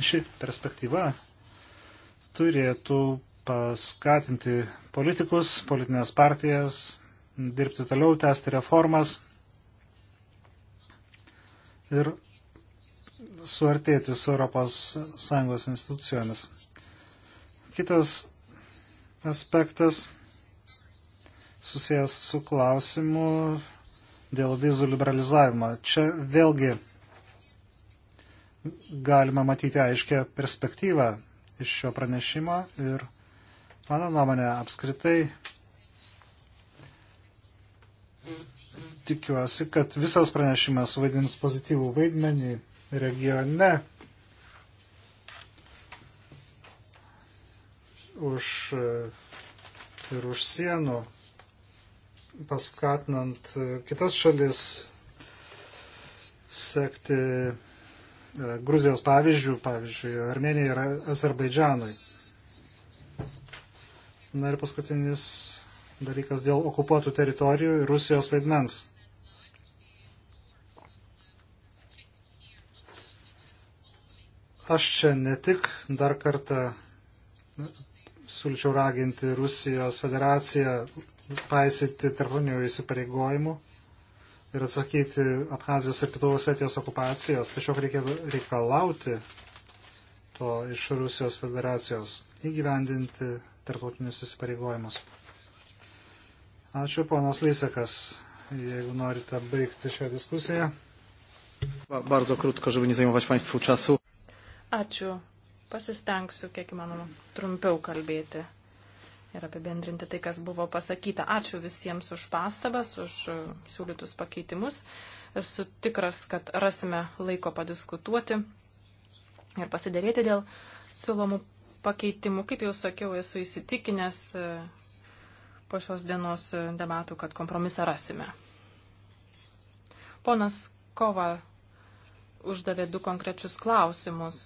Ši perspektyva turėtų paskatinti politikus, politinės partijas dirbti toliau, tęsti reformas ir suartėti su ES institucijomis. Kitas aspektas susijęs su klausimu dėl vizų liberalizavimo. Čia vėlgi galima matyti aiškę perspektyvą iš šio pranešimo ir mano nuomonė apskritai tikiuosi, kad visas pranešimas suvaidins pozityvų vaidmenį regione už ir už sienų, paskatinant kitas šalis sekti e, Gruzijos pavyzdžių, pavyzdžiui, Armenijai ir Azerbaidžianui. Na ir paskutinis dalykas dėl okupuotų teritorijų ir Rusijos vaidmens. Aš čia ne tik dar kartą sulčiau raginti Rusijos federaciją paisyti tarptautinių įsipareigojimų ir atsakyti Abhazijos ir kitų Osetijos okupacijos, tačiau reikia reikalauti to iš Rusijos federacijos įgyvendinti tarptautinius įsipareigojimus. Ačiū, ponas Lysekas, jeigu norite baigti šią diskusiją. Bardzo krótko, żeby nie zajmować Państwu czasu. Ačiū. Pasistengsiu, kiek įmanoma, trumpiau kalbėti ir apibendrinti tai, kas buvo pasakyta. Ačiū visiems už pastabas, už e, siūlytus pakeitimus. Esu tikras, kad rasime laiko padiskutuoti ir pasidaryti dėl siūlomų pakeitimų. Kaip jau sakiau, esu įsitikinęs e, po šios dienos e, debatų, kad kompromisą rasime. Ponas Kova uždavė du konkrečius klausimus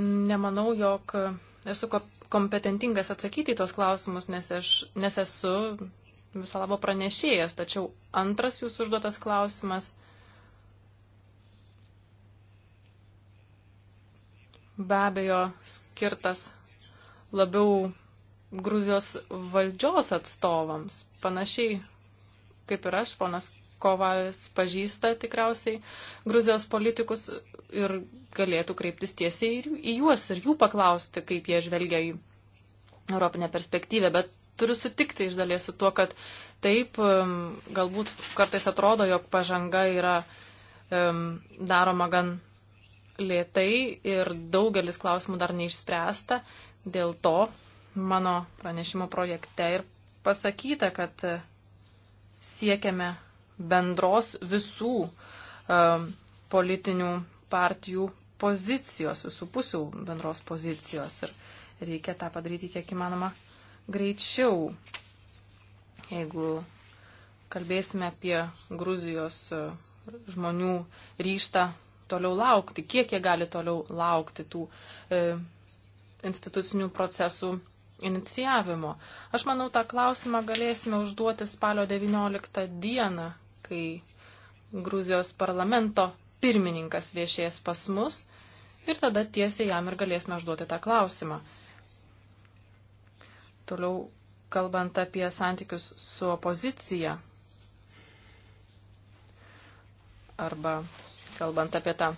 nemanau, jog esu kompetentingas atsakyti į tos klausimus, nes, aš, nes esu viso labo pranešėjas. Tačiau antras jūsų užduotas klausimas be abejo skirtas labiau Gruzijos valdžios atstovams. Panašiai kaip ir aš, ponas Kovas pažįsta tikriausiai Gruzijos politikus ir galėtų kreiptis tiesiai į juos ir jų paklausti, kaip jie žvelgia į Europinę perspektyvę. Bet turiu sutikti iš dalies su tuo, kad taip galbūt kartais atrodo, jog pažanga yra um, daroma gan lėtai ir daugelis klausimų dar neišspręsta. Dėl to mano pranešimo projekte ir pasakyta, kad siekiame bendros visų uh, politinių partijų pozicijos, visų pusių bendros pozicijos. Ir reikia tą padaryti kiek įmanoma greičiau. Jeigu kalbėsime apie Gruzijos e, žmonių ryštą toliau laukti, kiek jie gali toliau laukti tų e, institucinių procesų inicijavimo. Aš manau, tą klausimą galėsime užduoti spalio 19 dieną, kai Gruzijos parlamento pirmininkas viešės pas mus ir tada tiesiai jam ir galėsime užduoti tą klausimą. Toliau kalbant apie santykius su opozicija arba kalbant apie tą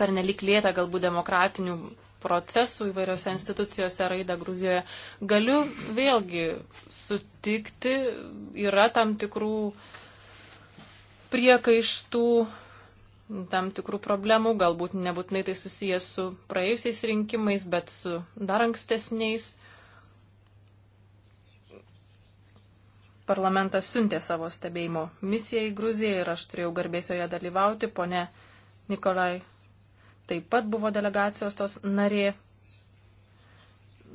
pernelik lėtą galbūt demokratinių procesų įvairiose institucijose raidą Gruzijoje, galiu vėlgi sutikti, yra tam tikrų uh, priekaištų, tam tikrų problemų, galbūt nebūtinai tai susijęs su praėjusiais rinkimais, bet su dar ankstesniais. Parlamentas siuntė savo stebėjimo misiją į Gruziją ir aš turėjau garbės joje dalyvauti. Pone Nikolai taip pat buvo delegacijos tos narė.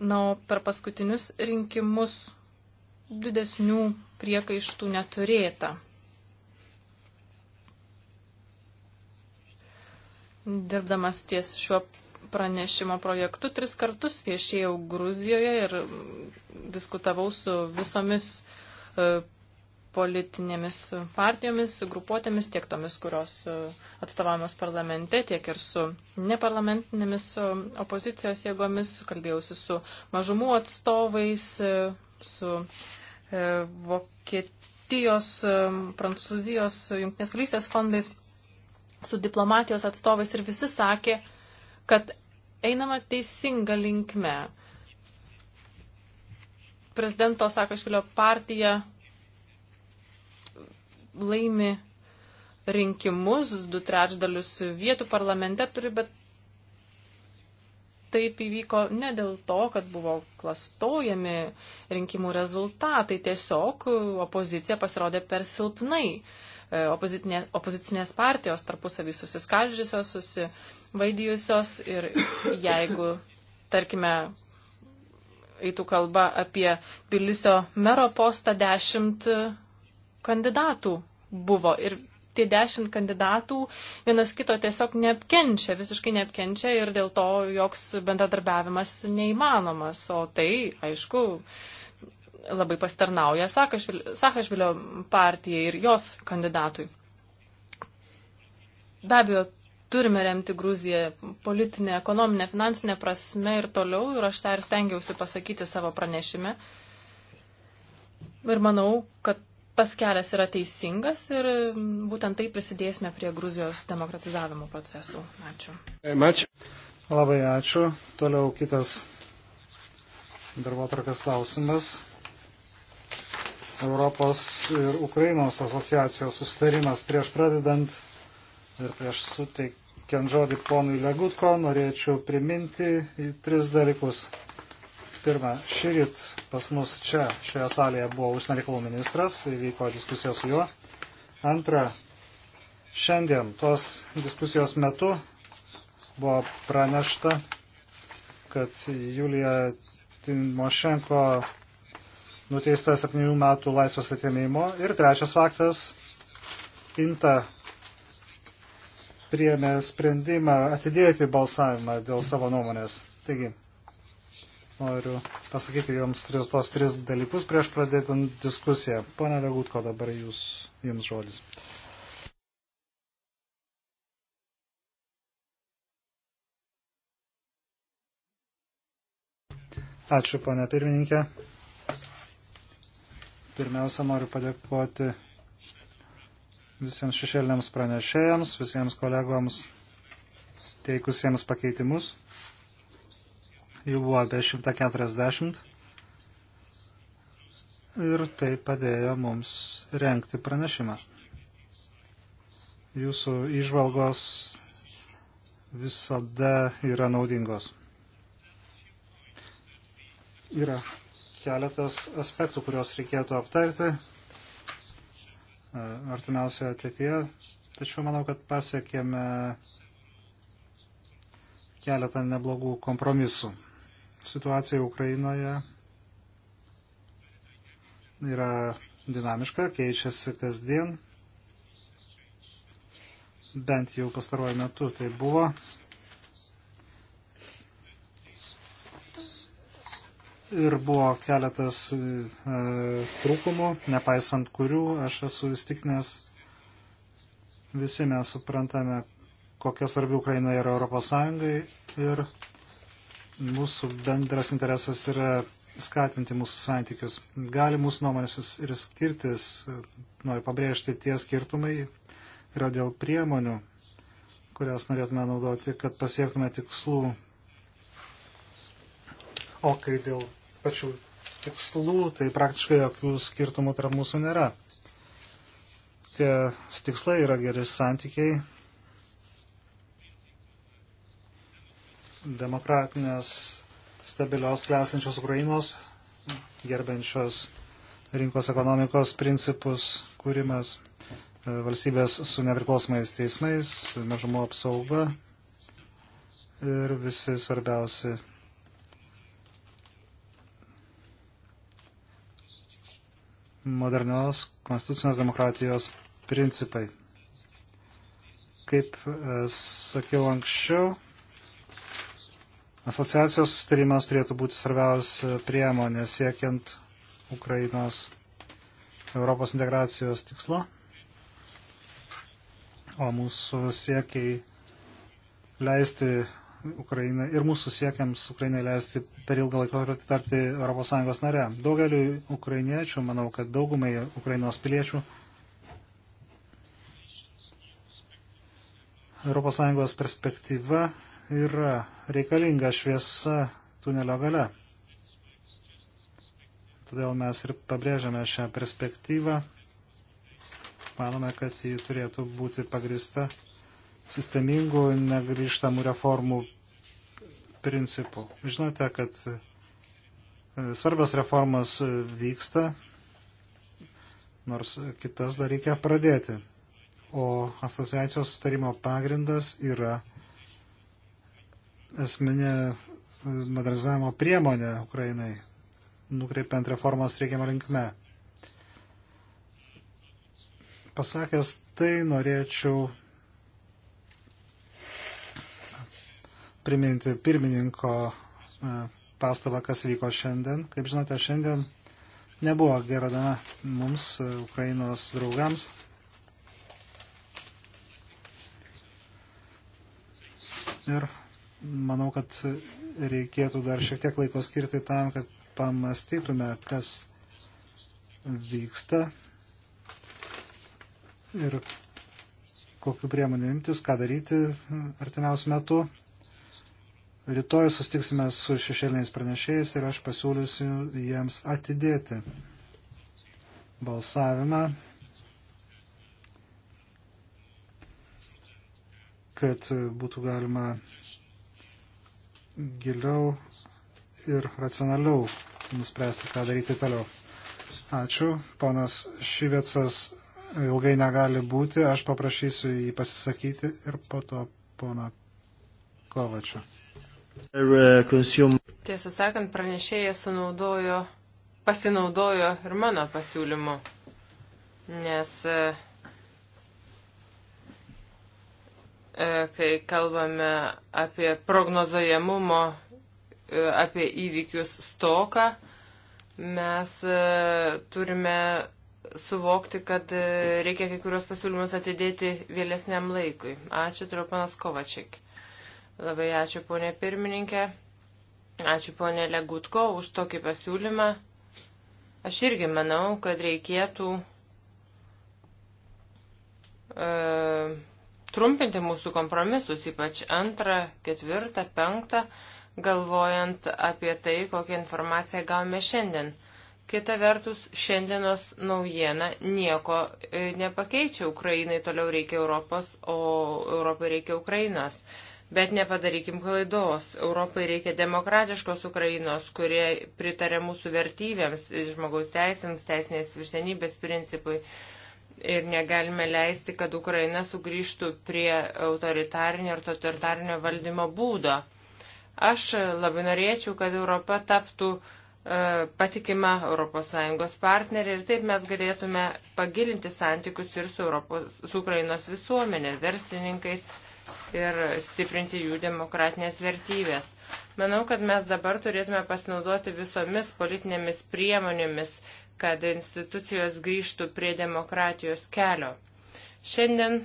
Na, o per paskutinius rinkimus didesnių priekaištų neturėta. dirbdamas ties šiuo pranešimo projektu tris kartus viešėjau Gruzijoje ir diskutavau su visomis e, politinėmis partijomis, grupuotėmis, tiek tomis, kurios e, atstovavimas parlamente, tiek ir su neparlamentinėmis e, opozicijos jėgomis, kalbėjausi su mažumų atstovais, su Vokietijos, Prancūzijos, Junktinės karalystės fondais su diplomatijos atstovais ir visi sakė, kad einama teisinga linkme. Prezidento Sakašvilio partija laimi rinkimus, du trečdalius vietų parlamente turi, bet taip įvyko ne dėl to, kad buvo klastojami rinkimų rezultatai, tiesiog opozicija pasirodė per silpnai. E, opozicinė, opozicinės partijos tarpusavį susiskaldžiusios, susivaidijusios ir jeigu, tarkime, eitų kalba apie Bilisio mero postą, dešimt kandidatų buvo ir tie dešimt kandidatų vienas kito tiesiog neapkenčia, visiškai neapkenčia ir dėl to joks bendradarbiavimas neįmanomas. O tai, aišku, labai pastarnauja Sakašvilio partijai ir jos kandidatui. Be abejo, turime remti Gruziją politinė, ekonominė, finansinė prasme ir toliau, ir aš tą ir stengiausi pasakyti savo pranešime. Ir manau, kad tas kelias yra teisingas ir mm, būtent tai prisidėsime prie Gruzijos demokratizavimo procesų. Ačiū. Ačiū. Labai ačiū. Toliau kitas darbo trakas klausimas. Europos ir Ukrainos asociacijos sustarimas. Prieš pradedant ir prieš suteikiant žodį ponui Legutko, norėčiau priminti tris dalykus. Pirma, šįryt pas mus čia, šioje salėje buvo užsienio reikalų ministras, vyko diskusija su juo. Antra, šiandien tos diskusijos metu buvo pranešta, kad Julija Timošenko nuteista 7 metų laisvės atėmimo. Ir trečias faktas, Inta priėmė sprendimą atidėti balsavimą dėl savo nuomonės. Taigi, noriu pasakyti jums tris, tos tris dalykus prieš pradėtant diskusiją. Pone Legutko, dabar jūs, jums žodis. Ačiū, pane pirmininkė. Pirmiausia, noriu padėkoti visiems šešėliniams pranešėjams, visiems kolegoms teikusiems pakeitimus. Jų buvo apie 140. Ir tai padėjo mums renkti pranešimą. Jūsų išvalgos visada yra naudingos. Yra keletas aspektų, kuriuos reikėtų aptarti e, artimiausioje ateityje. Tačiau manau, kad pasiekėme keletą neblogų kompromisų. Situacija Ukrainoje yra dinamiška, keičiasi kasdien. Bent jau pastaruoju metu tai buvo. ir buvo keletas e, trūkumų, nepaisant kurių aš esu įstiknęs, visi mes suprantame, kokia svarbi Ukraina yra Europos Sąjungai ir mūsų bendras interesas yra skatinti mūsų santykius. Gali mūsų nuomonės ir skirtis, e, noriu pabrėžti, tie skirtumai yra dėl priemonių, kurias norėtume naudoti, kad pasiektume tikslų. O kai dėl pačių tikslų, tai praktiškai jokių skirtumų tarp mūsų nėra. Tie tikslai yra geri santykiai, demokratinės, stabilios, klesančios Ukrainos, gerbiančios rinkos ekonomikos principus, kūrimas e, valstybės su nepriklausomais teismais, mažumų apsauga ir visi svarbiausi modernios konstitucinės demokratijos principai. Kaip e, sakiau anksčiau, asociacijos sustarimas turėtų būti svarbiausia priemonė siekiant Ukrainos Europos integracijos tikslo, o mūsų siekiai leisti Ukrainai ir mūsų siekiams Ukrainai leisti per ilgą laikotarpį tapti ES nare. Daugeliu ukrainiečių, manau, kad daugumai Ukrainos piliečių ES perspektyva yra reikalinga šviesa tunelio gale. Todėl mes ir pabrėžiame šią perspektyvą. Manome, kad ji turėtų būti pagrista sistemingų, negryžtamų reformų principų. Žinote, kad e, svarbios reformos vyksta, nors kitas dar reikia pradėti. O asociacijos sustarimo pagrindas yra esminė e, modernizavimo priemonė Ukrainai, nukreipiant reformas reikiamą linkme. Pasakęs tai norėčiau priminti pirmininko e, pastabą, kas vyko šiandien. Kaip žinote, šiandien nebuvo gera diena mums, e, Ukrainos draugams. Ir manau, kad reikėtų dar šiek tiek laiko skirti tam, kad pamastytume, kas vyksta ir kokiu priemonių imtis, ką daryti artimiausiu metu. Rytoj sustiksime su šešėliniais pranešėjais ir aš pasiūlysiu jiems atidėti balsavimą, kad būtų galima giliau ir racionaliau nuspręsti, ką daryti toliau. Ačiū. Ponas Šivetsas ilgai negali būti. Aš paprašysiu jį pasisakyti ir po to pono Kovačio. Tiesą sakant, pranešėjas sunaudojo, pasinaudojo ir mano pasiūlymu, nes e, e, kai kalbame apie prognozojamumo, e, apie įvykius stoką, mes turime suvokti, kad reikia kai kurios pasiūlymus atidėti vėlesniam laikui. Ačiū, turiu panas Kovačik. Labai ačiū ponė pirmininkė. Ačiū ponė Legutko už tokį pasiūlymą. Aš irgi manau, kad reikėtų e, trumpinti mūsų kompromisus, ypač antrą, ketvirtą, penktą, galvojant apie tai, kokią informaciją gavome šiandien. Kita vertus, šiandienos naujiena nieko e, nepakeičia. Ukrainai toliau reikia Europos, o Europai reikia Ukrainos. E, Bet nepadarykim klaidos. Europai reikia demokratiškos Ukrainos, kurie pritarė mūsų vertybėms, žmogaus teisėms, teisinės viršenybės principui. Ir negalime leisti, kad Ukraina sugrįžtų prie autoritarnio ir totalitarnio valdymo būdo. Aš labai norėčiau, kad Europa taptų e, patikima ES partnerė ir taip mes galėtume pagilinti santykius ir su, Europos, su Ukrainos visuomenė, verslininkais, ir stiprinti jų demokratinės vertybės. Manau, kad mes dabar turėtume pasinaudoti visomis politinėmis priemonėmis, kad institucijos grįžtų prie demokratijos kelio. Šiandien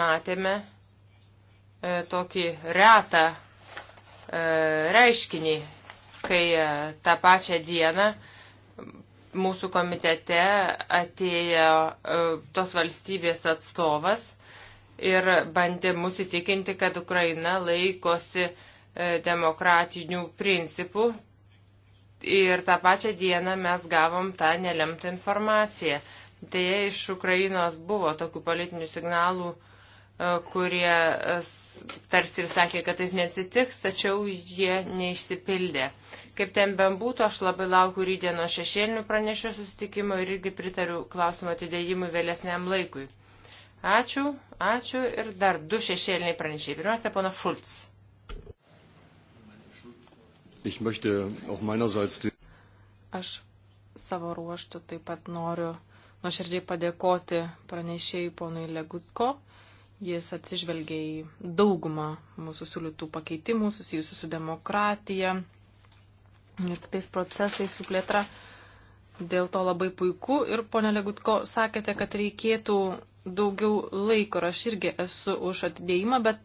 matėme e, tokį retą e, reiškinį, kai e, tą pačią dieną mūsų komitete atėjo e, tos valstybės atstovas ir bandė mus įtikinti, kad Ukraina laikosi e, demokratinių principų. Ir tą pačią dieną mes gavom tą nelemtą informaciją. Deja, iš Ukrainos buvo tokių politinių signalų, e, kurie e, tarsi ir sakė, kad taip nesitiks, tačiau jie neišsipildė. Kaip ten bebūtų, aš labai laukiu rydieno šešėlinių pranešio susitikimo ir irgi pritariu klausimo atidėjimui vėlesniam laikui. Ačiū, ačiū ir dar du šešėliniai pranešiai. Pirmiausia, pono Šulc. Aš savo ruoštų taip pat noriu nuoširdžiai padėkoti pranešėjai ponui Legutko. Jis atsižvelgia į daugumą mūsų siūlytų pakeitimų susijusių su demokratija ir kitais procesais su plėtra. Dėl to labai puiku ir, ponė Legutko, sakėte, kad reikėtų daugiau laiko ir aš irgi esu už atidėjimą, bet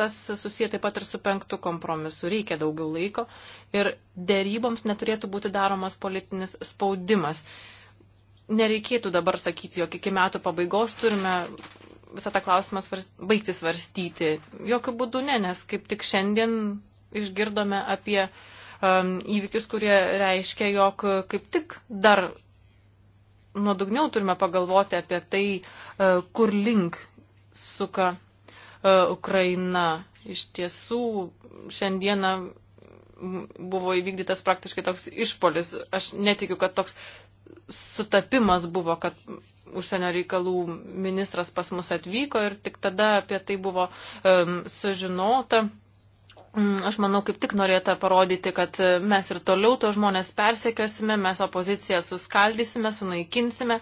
tas susiję taip pat ir su penktu kompromisu. Reikia daugiau laiko ir dėryboms neturėtų būti daromas politinis spaudimas. Nereikėtų dabar sakyti, jog iki metų pabaigos turime visą tą klausimą svarst, baigti svarstyti. Jokių būdų ne, nes kaip tik šiandien išgirdome apie um, įvykius, kurie reiškia, jog kaip tik dar nuodugniau turime pagalvoti apie tai, e, kur link suka e, Ukraina. Iš tiesų, šiandieną buvo įvykdytas praktiškai toks išpolis. Aš netikiu, kad toks sutapimas buvo, kad užsienio reikalų ministras pas mus atvyko ir tik tada apie tai buvo um, sužinota. Mm, aš manau, kaip tik norėta parodyti, kad mes ir toliau to žmonės persekiosime, mes opoziciją suskaldysime, sunaikinsime.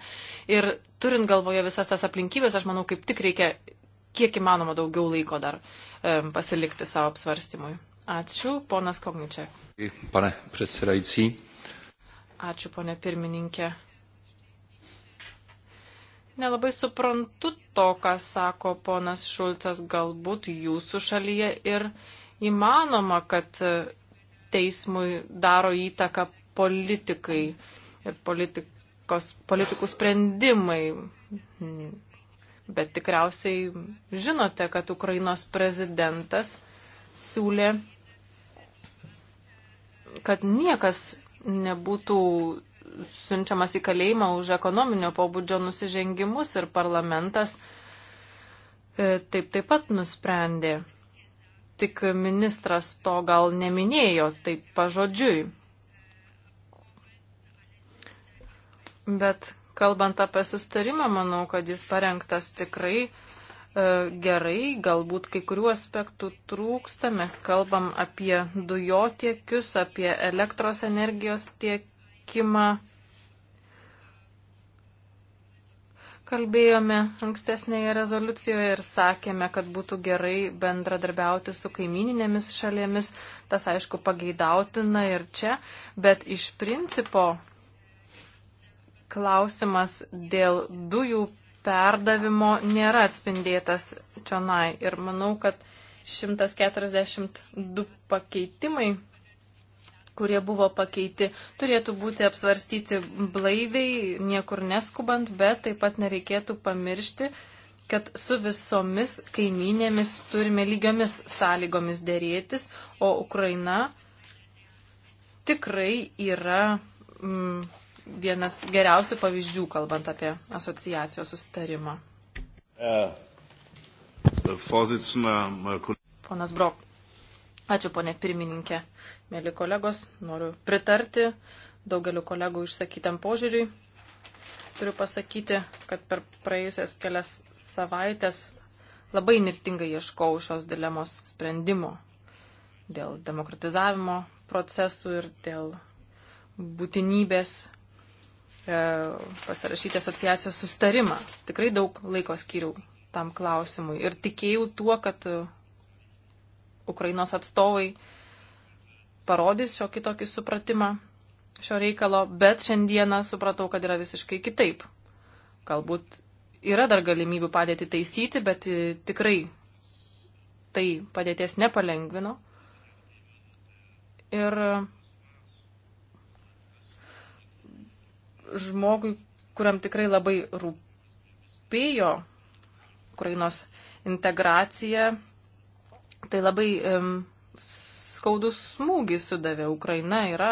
Ir turint galvoje visas tas aplinkybės, aš manau, kaip tik reikia kiek įmanoma daugiau laiko dar e, pasilikti savo apsvarstymui. Ačiū, ponas Kogničiak. Pane Pretsiraicy. Ačiū, ponė pirmininkė. Nelabai suprantu to, ką sako ponas Šulcas, galbūt jūsų šalyje ir. Ir įmanoma, kad e, teismui daro įtaką politikai ir politikos, politikų sprendimai. Bet tikriausiai žinote, kad Ukrainos prezidentas siūlė, kad niekas nebūtų siunčiamas į kalėjimą už ekonominio pobūdžio nusižengimus ir parlamentas e, taip taip pat nusprendė tik ministras to gal neminėjo, taip pažodžiui. Bet kalbant apie sustarimą, manau, kad jis parengtas tikrai e, gerai, galbūt kai kuriuo aspektų trūksta, mes kalbam apie dujotiekius, apie elektros energijos tiekimą kalbėjome ankstesnėje rezoliucijoje ir sakėme, kad būtų gerai bendradarbiauti su kaimininėmis šalėmis. Tas aišku pageidautina ir čia, bet iš principo klausimas dėl dujų perdavimo nėra atspindėtas čionai. Ir manau, kad 142 pakeitimai kurie buvo pakeiti, turėtų būti apsvarstyti blaiviai, niekur neskubant, bet taip pat nereikėtų pamiršti, kad su visomis kaiminėmis turime lygiomis sąlygomis dėrėtis, o Ukraina tikrai yra mm, vienas geriausių pavyzdžių, kalbant apie asociacijos susitarimą. Uh, uh, Ponas Brok. Ačiū, ponė pirmininkė. Mėly kolegos, noriu pritarti daugeliu kolegų išsakytam požiūriui. Turiu pasakyti, kad per praėjusias kelias savaitės labai nirtingai ieškau šios dilemos sprendimo dėl demokratizavimo procesų ir dėl būtinybės e, pasirašyti asociacijos sustarimą. Tikrai daug laiko skiriau tam klausimui ir tikėjau tuo, kad Ukrainos atstovai parodys šiokį tokį supratimą šio reikalo, bet šiandieną supratau, kad yra visiškai kitaip. Galbūt yra dar galimybių padėti taisyti, bet e, tikrai tai padėties nepalengvino. Ir e, žmogui, kuriam tikrai labai rūpėjo Ukrainos integracija, Tai labai um, skaudus smūgis sudavė. Ukraina yra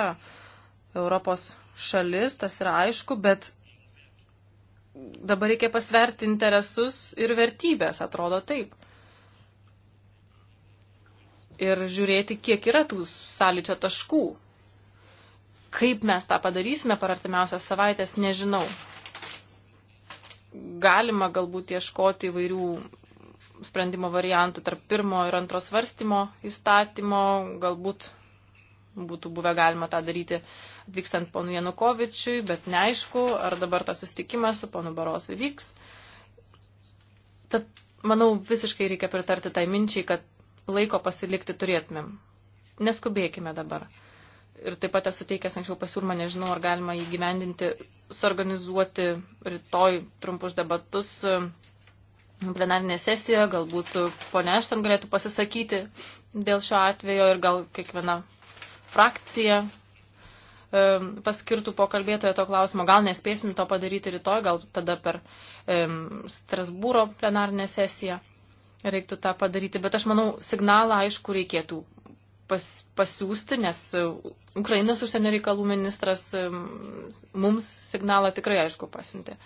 Europos šalis, tas yra aišku, bet dabar reikia pasverti interesus ir vertybės, atrodo taip. Ir žiūrėti, kiek yra tų sąlyčio taškų. Kaip mes tą padarysime per artimiausias savaitės, nežinau. Galima galbūt ieškoti įvairių sprendimo variantų tarp pirmo ir antro svarstymo įstatymo. Galbūt būtų buvę galima tą daryti atvykstant ponu Janukovičiui, bet neaišku, ar dabar tas sustikimas su ponu Barosu vyks. Tad, manau, visiškai reikia pritarti tai minčiai, kad laiko pasilikti turėtumėm. Neskubėkime dabar. Ir taip pat esu teikęs anksčiau pasiūlymą, nežinau, ar galima įgyvendinti, suorganizuoti rytoj trumpus debatus plenarinėje sesijoje, galbūt ponia Ešton galėtų pasisakyti dėl šio atvejo ir gal kiekviena frakcija e, paskirtų po kalbėtojo to klausimo. Gal nespėsim to padaryti rytoj, gal tada per um, Strasbūro plenarinę sesiją reiktų tą padaryti. Bet aš manau, signalą aišku reikėtų pas, pasiūsti, nes Ukrainos užsienio reikalų ministras um, mums signalą tikrai aišku pasiuntė.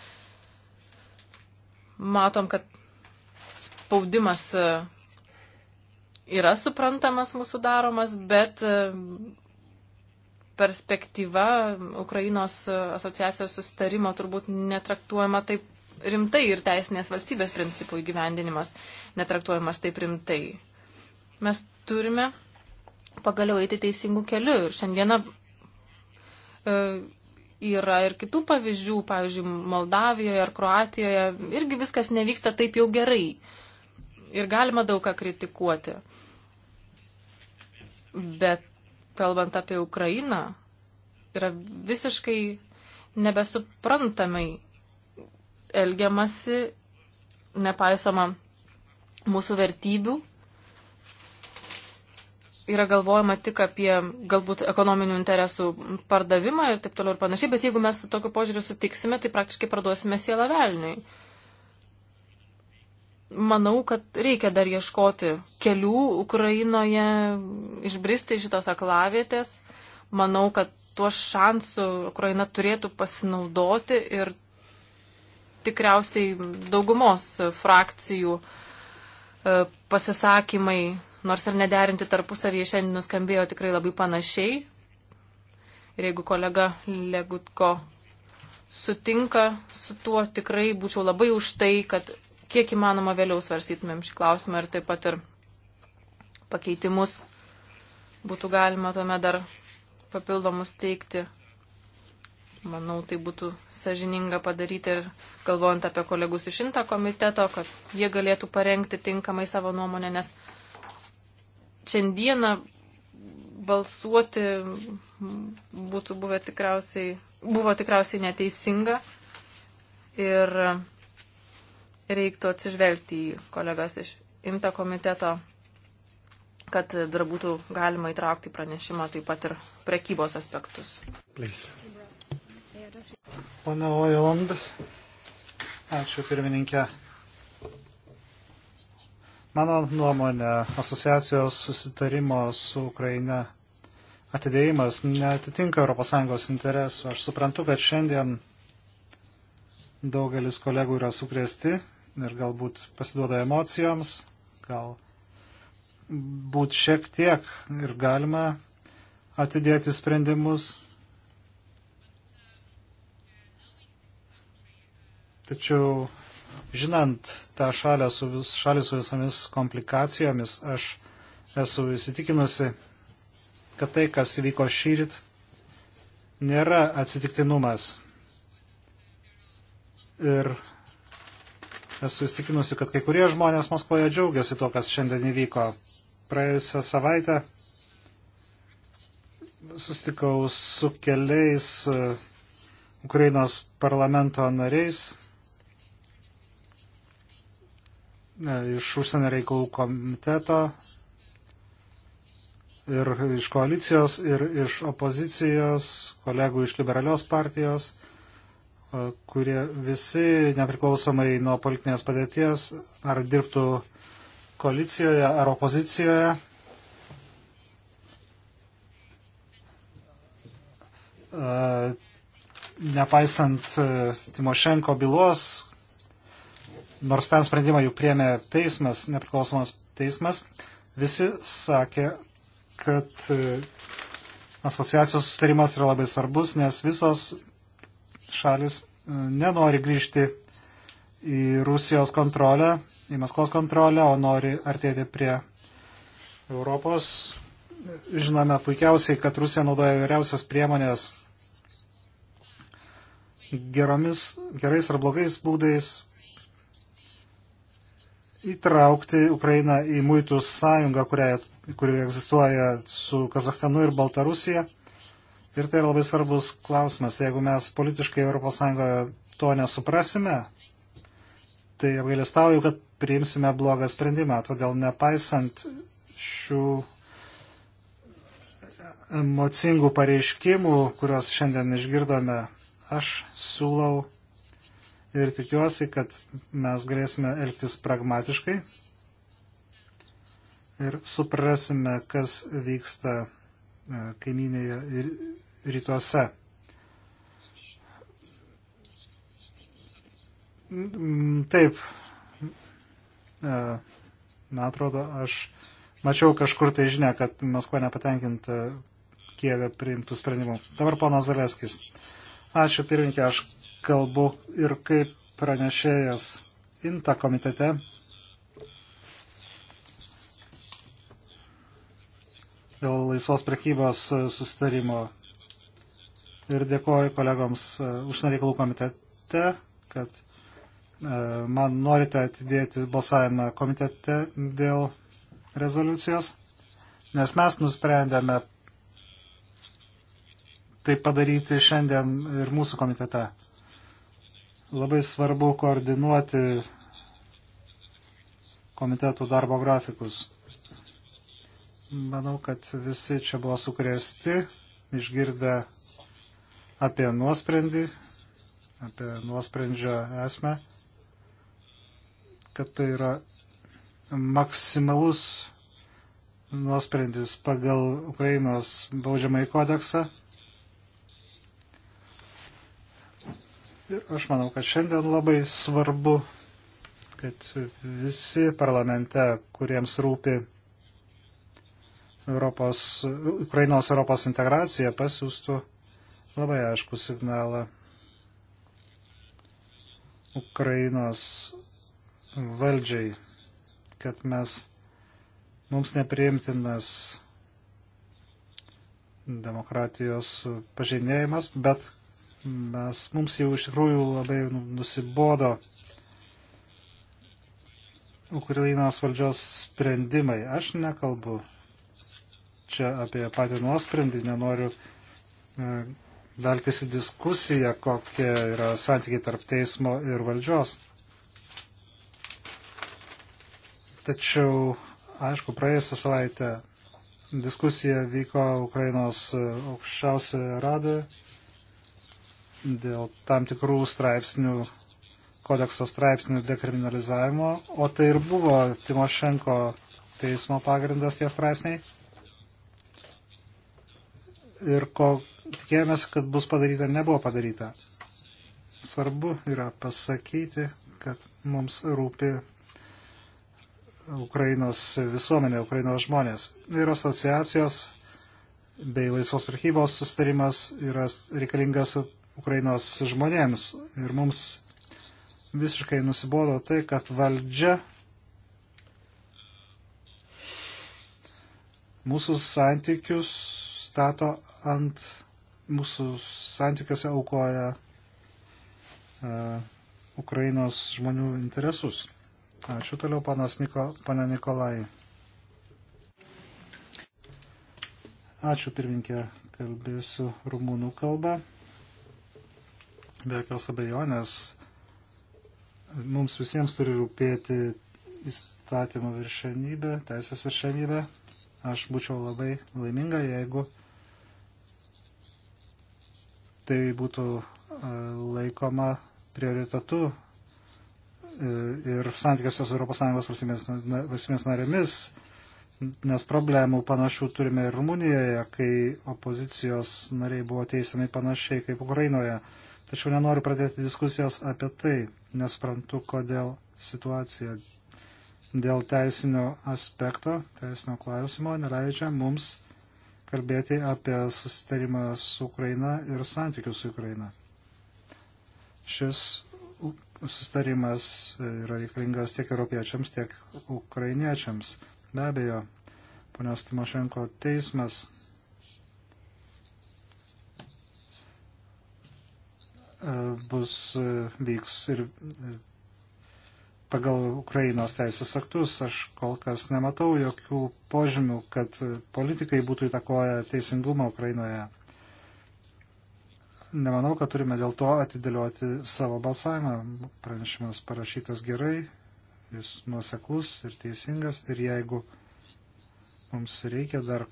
Matom, kad spaudimas e, yra suprantamas mūsų daromas, bet e, perspektyva Ukrainos asociacijos sustarimo turbūt netraktuojama taip rimtai ir teisinės valstybės principų įgyvendinimas netraktuojamas taip rimtai. Mes turime pagaliau eiti teisingų kelių ir šiandieną e, yra ir kitų pavyzdžių, pavyzdžiui, Moldavijoje ar Kroatijoje, irgi viskas nevyksta taip jau gerai. Uh, ir galima daug ką kritikuoti. Bet kalbant apie Ukrainą, yra visiškai nebesuprantamai elgiamasi, nepaisoma mūsų vertybių. Yra galvojama tik apie galbūt ekonominių interesų pardavimą ir taip toliau ir panašiai, bet jeigu mes su tokiu požiūriu sutiksime, tai praktiškai parduosime sielą velniui manau, kad reikia dar ieškoti kelių Ukrainoje, išbristi iš šitos aklavietės. Manau, kad tuo šansu Ukraina turėtų pasinaudoti ir tikriausiai daugumos frakcijų e, pasisakymai, nors ir nederinti tarpusavyje šiandien nuskambėjo tikrai labai panašiai. Ir jeigu kolega Legutko sutinka su tuo, tikrai būčiau labai už tai, kad kiek įmanoma vėliau svarstytumėm šį klausimą ir taip pat ir pakeitimus būtų galima tuomet dar papildomus teikti. Manau, tai būtų sažininga padaryti ir galvojant apie kolegus iš šimtą komiteto, kad jie galėtų parengti tinkamai savo nuomonę, nes šiandieną balsuoti būtų buvę tikriausiai, buvo tikriausiai neteisinga. Ir reiktų atsižvelgti į kolegas iš imta komiteto, kad dar būtų galima įtraukti pranešimą taip pat ir prekybos aspektus. Please. Pana Ojoland, ačiū pirmininkė. Mano nuomonė, asociacijos susitarimo su Ukraina atidėjimas netitinka ES interesų. Aš suprantu, kad šiandien daugelis kolegų yra sukrėsti ir galbūt pasiduoda emocijoms, gal būt šiek tiek ir galima atidėti sprendimus. Tačiau žinant tą šalį su, vis, šalį su visomis komplikacijomis, aš esu įsitikinusi, kad tai, kas įvyko šyrit, nėra atsitiktinumas. Ir Esu įstikinusi, kad kai kurie žmonės Maskvoje džiaugiasi to, kas šiandien įvyko. Praėjusią savaitę susitikau su keliais e, Ukrainos parlamento nariais e, iš užsienio reikalų komiteto ir iš koalicijos, ir iš opozicijos, kolegų iš liberalios partijos kurie visi nepriklausomai nuo politinės padėties ar dirbtų koalicijoje ar opozicijoje. Nepaisant Timošenko bylos, nors ten sprendimą jų priemė teismas, nepriklausomas teismas, visi sakė, kad asociacijos sustarimas yra labai svarbus, nes visos šalis e, nenori grįžti į Rusijos kontrolę, į Maskvos kontrolę, o nori artėti prie Europos. Žinome puikiausiai, kad Rusija naudoja vairiausias priemonės geromis, gerais ar blogais būdais įtraukti Ukrainą į muitų sąjungą, kurioje egzistuoja su Kazakstanu ir Baltarusija. Ir tai labai svarbus klausimas. Jeigu mes politiškai ES to nesuprasime, tai apgailestauju, kad priimsime blogą sprendimą. Todėl nepaisant šių emocingų pareiškimų, kuriuos šiandien išgirdome, aš siūlau ir tikiuosi, kad mes galėsime elgtis pragmatiškai ir suprasime, kas vyksta e, kaiminėje ir rytuose. Mm, taip, man e, atrodo, aš mačiau kažkur tai žinia, kad Maskva nepatenkinta Kievė priimtų sprendimų. Dabar ponas Zaleskis. Ačiū pirmininkė, aš kalbu ir kaip pranešėjas INTA komitete. Dėl laisvos prekybos susitarimo ir dėkoju kolegoms e, užsienio reikalų komitete, kad e, man norite atidėti balsavimą komitete dėl rezoliucijos, nes mes nusprendėme tai padaryti šiandien ir mūsų komitete. Labai svarbu koordinuoti komitetų darbo grafikus. Manau, kad visi čia buvo sukrėsti, išgirdę apie nuosprendį, apie nuosprendžio esmę, kad tai yra maksimalus nuosprendis pagal Ukrainos baudžiamąjį kodeksą. Ir aš manau, kad šiandien labai svarbu, kad visi parlamente, kuriems rūpi Europos, Ukrainos Europos integracija, pasiūstų labai aišku signalą Ukrainos valdžiai, kad mes mums nepriimtinas demokratijos pažinėjimas, bet mes, mums jau iš tikrųjų labai nusibodo Ukrainos valdžios sprendimai. Aš nekalbu čia apie patį nuosprendį, nenoriu e, veltis į diskusiją, kokie yra santykiai tarp teismo ir valdžios. Tačiau, aišku, praėjusią savaitę diskusija vyko Ukrainos aukščiausioje radoje dėl tam tikrų straipsnių, kodekso straipsnių dekriminalizavimo, o tai ir buvo Timošenko teismo pagrindas tie straipsniai. Ir ko, tikėjomės, kad bus padaryta, nebuvo padaryta. Svarbu yra pasakyti, kad mums rūpi Ukrainos visuomenė, Ukrainos žmonės. Ir asociacijos bei laisvos prekybos sustarimas yra reikalingas Ukrainos žmonėms. Ir mums visiškai nusibodo tai, kad valdžia mūsų santykius stato ant mūsų santykiuose aukoja uh, Ukrainos žmonių interesus. Ačiū toliau, panas Niko, pana Nikolai. Ačiū pirminkė, kalbėsiu rumūnų kalbą. Be jokios abejonės, mums visiems turi rūpėti įstatymo viršenybė, teisės viršenybė. Aš būčiau labai laiminga, jeigu uh, tai būtų e, laikoma prioritetu e, ir santykiuose su ES valstybės narėmis, nes problemų panašių turime ir Rumunijoje, kai opozicijos nariai buvo teisiami panašiai kaip Ukrainoje. Tačiau nenoriu pradėti diskusijos apie tai, nesprantu, kodėl situacija dėl teisinio aspekto, teisinio klausimo neleidžia mums kalbėti apie susitarimą su Ukraina ir santykius su Ukraina. Šis susitarimas yra reikalingas tiek europiečiams, tiek ukrainiečiams. Be abejo, ponios Timošenko teismas bus vyks ir pagal Ukrainos teisės aktus. Aš kol kas nematau jokių požymių, kad politikai būtų įtakoję teisingumą Ukrainoje. Nemanau, kad turime dėl to atidėlioti savo balsavimą. Pranešimas parašytas gerai, jis nuoseklus ir teisingas. Ir jeigu mums reikia dar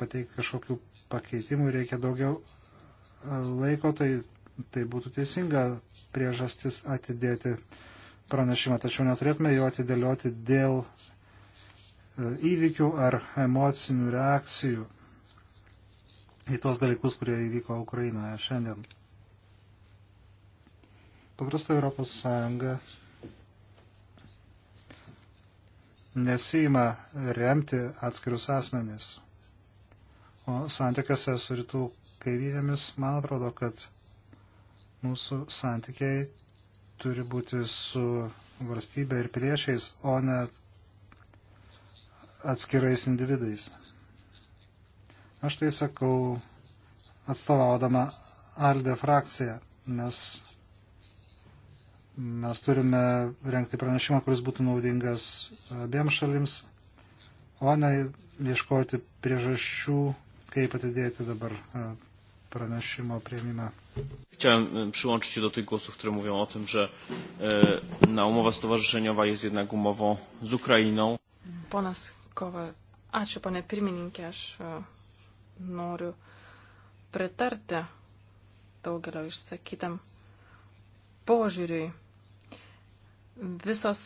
pateikti kažkokių pakeitimų, reikia daugiau e, laiko, tai, tai būtų teisinga priežastis atidėti pranešimą, tačiau neturėtume jo atidėlioti dėl e, įvykių ar emocinių reakcijų į tuos dalykus, kurie įvyko Ukrainoje šiandien. Paprastai Europos Sąjunga nesima remti atskirius asmenys. O santykiuose su rytų kaivynėmis, man atrodo, kad mūsų santykiai turi būti su valstybė ir priešiais, o ne atskirais individais. Aš tai sakau atstovaudama Alde frakciją, nes mes turime renkti pranešimą, kuris būtų naudingas abiems šalims, o ne ieškoti priežasčių, kaip atidėti dabar e, pranešimo prieimimą. Chciałem e, przyłączyć się do tych głosów, które mówią o tym, że e, na umowa stowarzyszeniowa jest jednak umową z Ukrainą. Ponas Kova, ačiū, ponė pirmininkė, aš e, noriu pritarti daugelio išsakytam požiūriui. Visos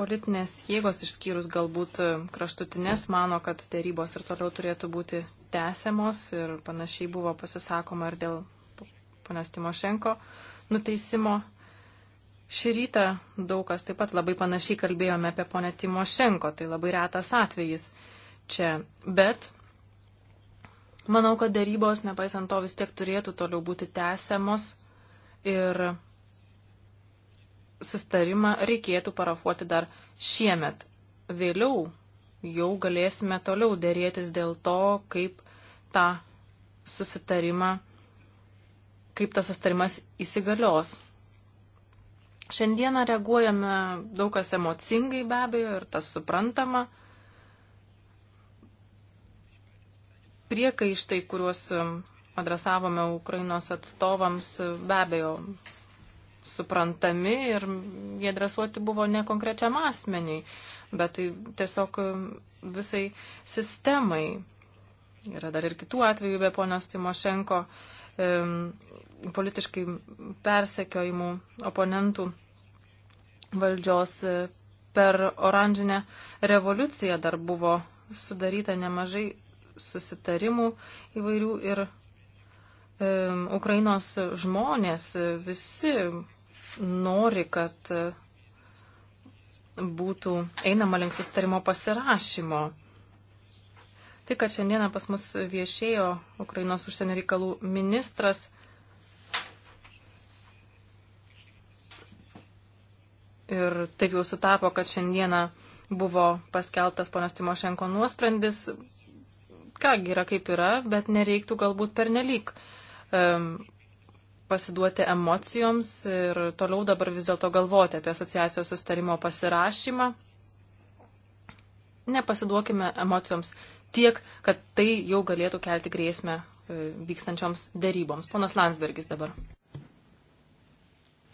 politinės jėgos išskyrus galbūt kraštutinės mano, kad dėrybos ir toliau turėtų būti tęsiamos ir panašiai buvo pasisakoma ir dėl ponios Timošenko nuteisimo. Šį rytą daug kas taip pat labai panašiai kalbėjome apie ponę Timošenko, tai labai retas atvejis čia. Bet manau, kad darybos, nepaisant to, vis tiek turėtų toliau būti tęsiamos ir sustarimą reikėtų parafuoti dar šiemet. Vėliau jau galėsime toliau dėrėtis dėl to, kaip tą susitarimą kaip tas sustarimas įsigalios. Šiandieną reaguojame daug kas emocingai be abejo ir tas suprantama. Priekaištai, kuriuos um, adresavome Ukrainos atstovams, be abejo suprantami ir jie adresuoti buvo ne konkrečiam asmeniui, bet tai tiesiog um, visai sistemai. Yra dar ir kitų atvejų be ponios Timošenko. Uh, politiškai persekiojimų oponentų valdžios e, per oranžinę revoliuciją dar buvo sudaryta nemažai susitarimų įvairių ir e, Ukrainos žmonės e, visi nori, kad e, būtų einama link sustarimo pasirašymo. Tai, kad šiandieną pas mus viešėjo Ukrainos užsienio reikalų ministras, ir taip jau sutapo, kad šiandieną buvo paskelbtas ponios Timošenko nuosprendis. Kągi yra kaip yra, bet nereiktų galbūt pernelyg um, pasiduoti emocijoms ir toliau dabar vis dėlto galvoti apie asociacijos sustarimo pasirašymą. Nepasiduokime emocijoms, tiek, kad tai jau galėtų kelti grėsmę e, vykstančioms daryboms. Ponas Landsbergis dabar.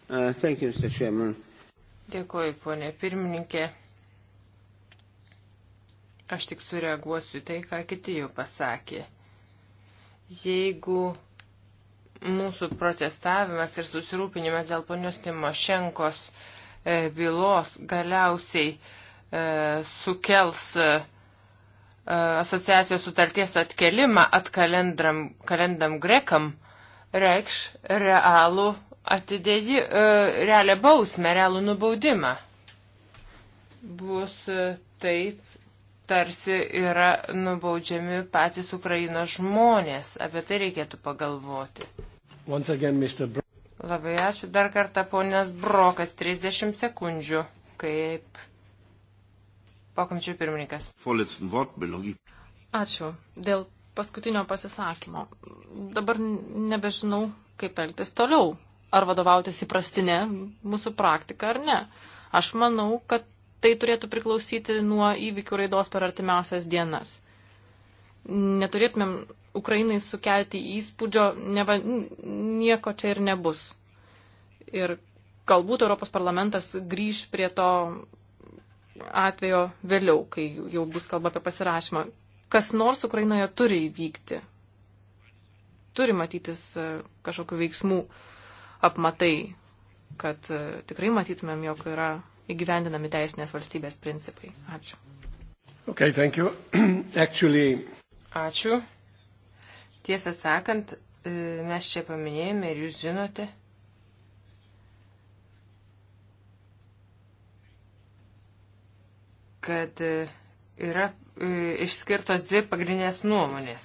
Uh, you, Dėkuoju, ponė pirmininkė. Aš tik sureaguosiu tai, ką kiti jau pasakė. Jeigu mūsų protestavimas ir susirūpinimas dėl ponios Timošenkos e, bylos galiausiai e, sukels asociacijos sutarties atkelimą atkalendram kalendam grekam reikš realų atidėji, e, realią bausmę, realų nubaudimą. Bus e, taip, tarsi yra nubaudžiami patys Ukrainos žmonės. Apie tai reikėtų pagalvoti. Again, Labai ačiū dar kartą, ponės Brokas, 30 sekundžių, kaip Pokomčių pirmininkas. Ačiū. Dėl paskutinio pasisakymo. Dabar nebežinau, kaip elgtis toliau. Ar vadovautis įprastinė mūsų praktika ar ne. Aš manau, kad tai turėtų priklausyti nuo įvykių raidos per artimiausias dienas. Neturėtumėm Ukrainai sukelti įspūdžio, neva, nieko čia ir nebus. Ir galbūt Europos parlamentas grįž prie to atvejo vėliau, kai jau bus kalba apie pasirašymą. Kas nors Ukrainoje turi įvykti. Turi matytis e, kažkokiu veiksmu apmatai, kad e, tikrai matytumėm, jog yra įgyvendinami teisinės valstybės principai. Ačiū. Okay, thank you. Actually... Ačiū. Tiesą sakant, e, mes čia paminėjome ir jūs žinote, kad e, yra e, išskirtos dvi pagrindinės nuomonės.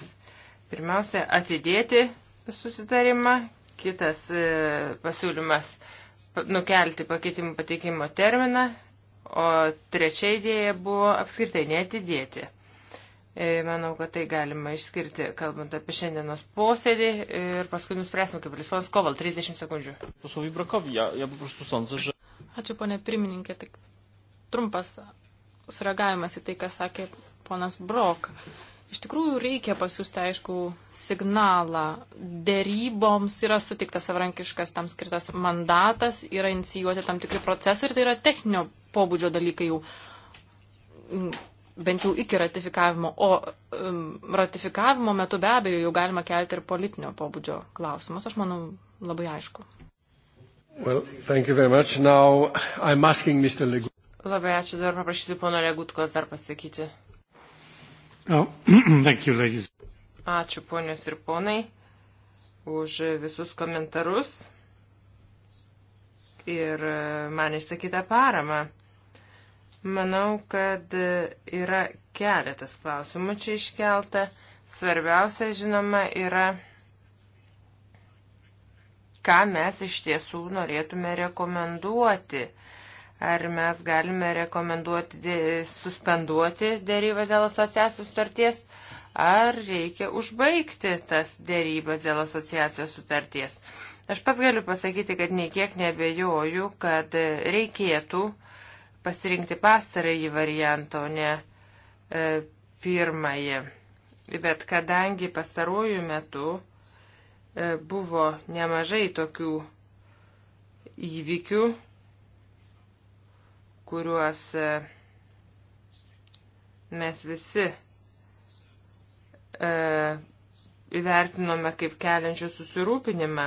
Pirmiausia, atidėti susitarimą, kitas e, pasiūlymas nukelti pakeitimų pateikimo terminą, o trečia idėja buvo apskritai neatidėti. Manau, kad tai galima išskirti, kalbant apie šiandienos posėdį ir paskui nuspręsim, kaip Lisvonas Koval, 30 sekundžių. Ačiū, ponė pirmininkė, tik trumpas sureagavimas į tai, ką sakė ponas Brok. Iš tikrųjų, reikia pasiūsti aišku signalą. Deryboms yra sutiktas savarankiškas tam skirtas mandatas, yra inicijuoti tam tikri procesai ir tai yra techninio pobūdžio dalykai jau bent jau iki ratifikavimo, o um, ratifikavimo metu be abejo jau galima kelti ir politinio pobūdžio klausimus. Aš manau, labai aišku. Well, thank you very much. Now I'm asking Mr. Legu. Labai ačiū dar paprašyti pono Legutkos dar pasakyti. Oh, thank you, ladies. Ačiū ponios ir ponai už visus komentarus ir e, man išsakytą paramą. Manau, kad e, yra keletas klausimų čia iškelta. Svarbiausia, žinoma, yra, ką mes iš tiesų norėtume rekomenduoti ar mes galime rekomenduoti suspenduoti dėrybas dėl asociacijos sutarties, ar reikia užbaigti tas dėrybas dėl asociacijos sutarties. Aš pats galiu pasakyti, kad nei kiek nebejoju, kad reikėtų pasirinkti pastarąjį variantą, o ne e, pirmąjį. Bet kadangi pastarųjų metų e, buvo nemažai tokių įvykių, kuriuos e, mes visi e, įvertinome kaip keliančių susirūpinimą,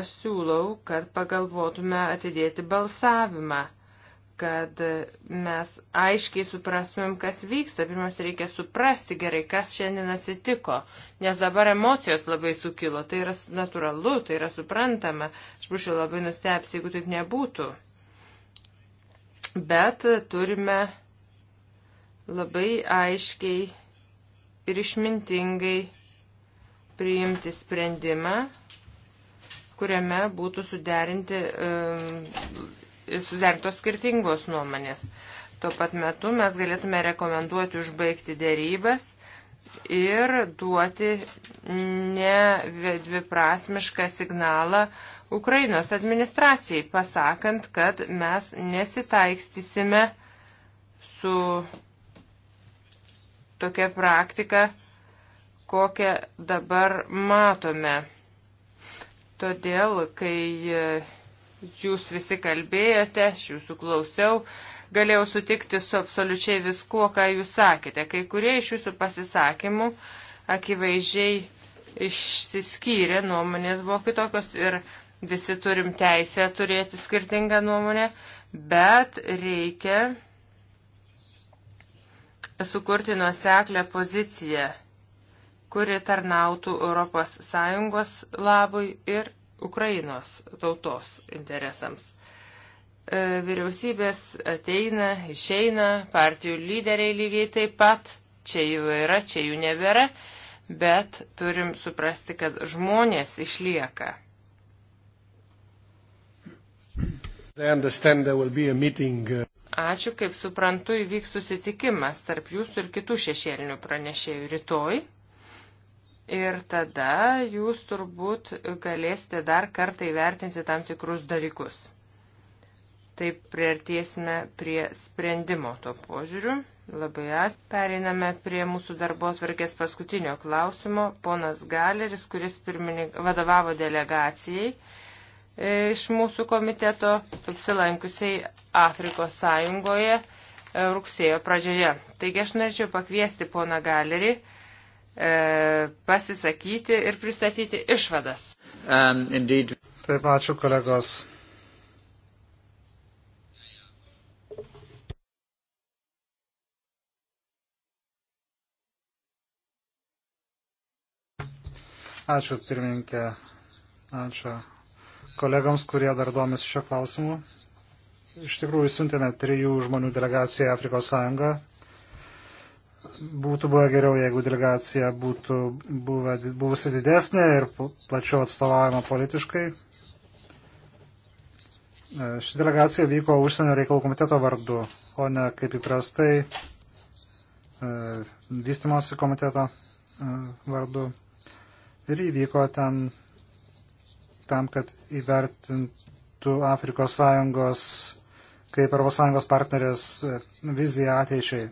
aš siūlau, kad pagalvotume atidėti balsavimą, kad e, mes aiškiai suprastumėm, kas vyksta. Pirmiausia, reikia suprasti gerai, kas šiandien atsitiko, nes dabar emocijos labai sukilo. Tai yra natūralu, tai yra suprantama. Aš būčiau labai nustebsi, jeigu taip nebūtų bet turime labai aiškiai ir išmintingai priimti sprendimą, kuriame būtų suderinti, suderintos skirtingos nuomonės. Tuo pat metu mes galėtume rekomenduoti užbaigti dėrybas ir duoti ne dviprasmišką signalą Ukrainos administracijai, pasakant, kad mes nesitaikstysime su tokia praktika, kokią dabar matome. Todėl, kai jūs visi kalbėjote, aš jūsų klausiau, galėjau sutikti su absoliučiai viskuo, ką jūs sakėte. Kai kurie iš jūsų pasisakymų akivaizdžiai išsiskyrė, nuomonės buvo kitokios ir visi turim teisę turėti skirtingą nuomonę, bet reikia sukurti nuoseklę poziciją, kuri tarnautų ES labui ir Ukrainos tautos interesams. E, vyriausybės ateina, išeina, partijų lyderiai lygiai taip pat, čia jų yra, čia jų nebėra, bet turim suprasti, kad žmonės išlieka. Uh, Ačiū, kaip suprantu, įvyks susitikimas tarp jūsų ir kitų šešėlinių pranešėjų rytoj. Ir tada jūs turbūt galėsite dar kartą įvertinti tam tikrus dalykus. Taip priartėsime prie sprendimo to požiūriu. Labai ačiū. Pereiname prie mūsų darbo atvarkės paskutinio klausimo. Ponas Galeris, kuris pirmininink... vadovavo delegacijai e, iš mūsų komiteto, apsilankusiai Afrikos Sąjungoje e, rugsėjo pradžioje. Taigi aš norėčiau pakviesti poną Galerį e, pasisakyti ir pristatyti išvadas. Um, indeed. Taip, ačiū kolegos. Ačiū pirmininkė, ačiū kolegams, kurie dar domės šio klausimu. Iš tikrųjų, siuntėme trijų žmonių delegaciją į Afrikos Sąjungą. Būtų buvę geriau, jeigu delegacija būtų buvę, buvusi didesnė ir plačiau atstovavimo politiškai. E, ši delegacija vyko užsienio reikalų komiteto vardu, o ne kaip įprastai e, vystimosi komiteto e, vardu ir įvyko ten tam, kad įvertintų Afrikos sąjungos kaip Europos sąjungos partnerės e, viziją ateičiai.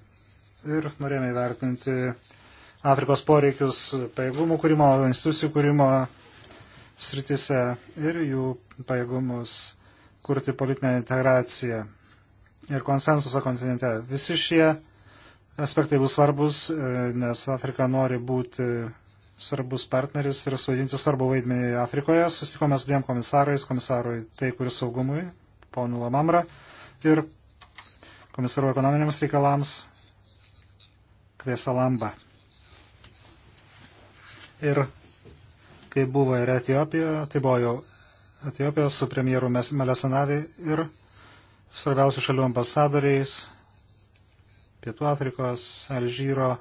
Ir norėjome įvertinti Afrikos poreikius pajėgumų kūrimo, institucijų kūrimo sritise ir jų pajėgumus kurti politinę integraciją ir konsensusą kontinente. Visi šie aspektai bus svarbus, e, nes Afrika nori būti svarbus partneris ir suvaidinti svarbu vaidmenį Afrikoje. Sustikome su dviem komisarais, komisarui taikų ir saugumui, ponu Lamamra, ir komisaru ekonominiams reikalams Kvesalamba. Ir kai buvo ir Etijopija, tai buvo jau Etijopija su premjeru Melesanavi ir svarbiausių šalių ambasadoriais Pietų Afrikos, Alžyro,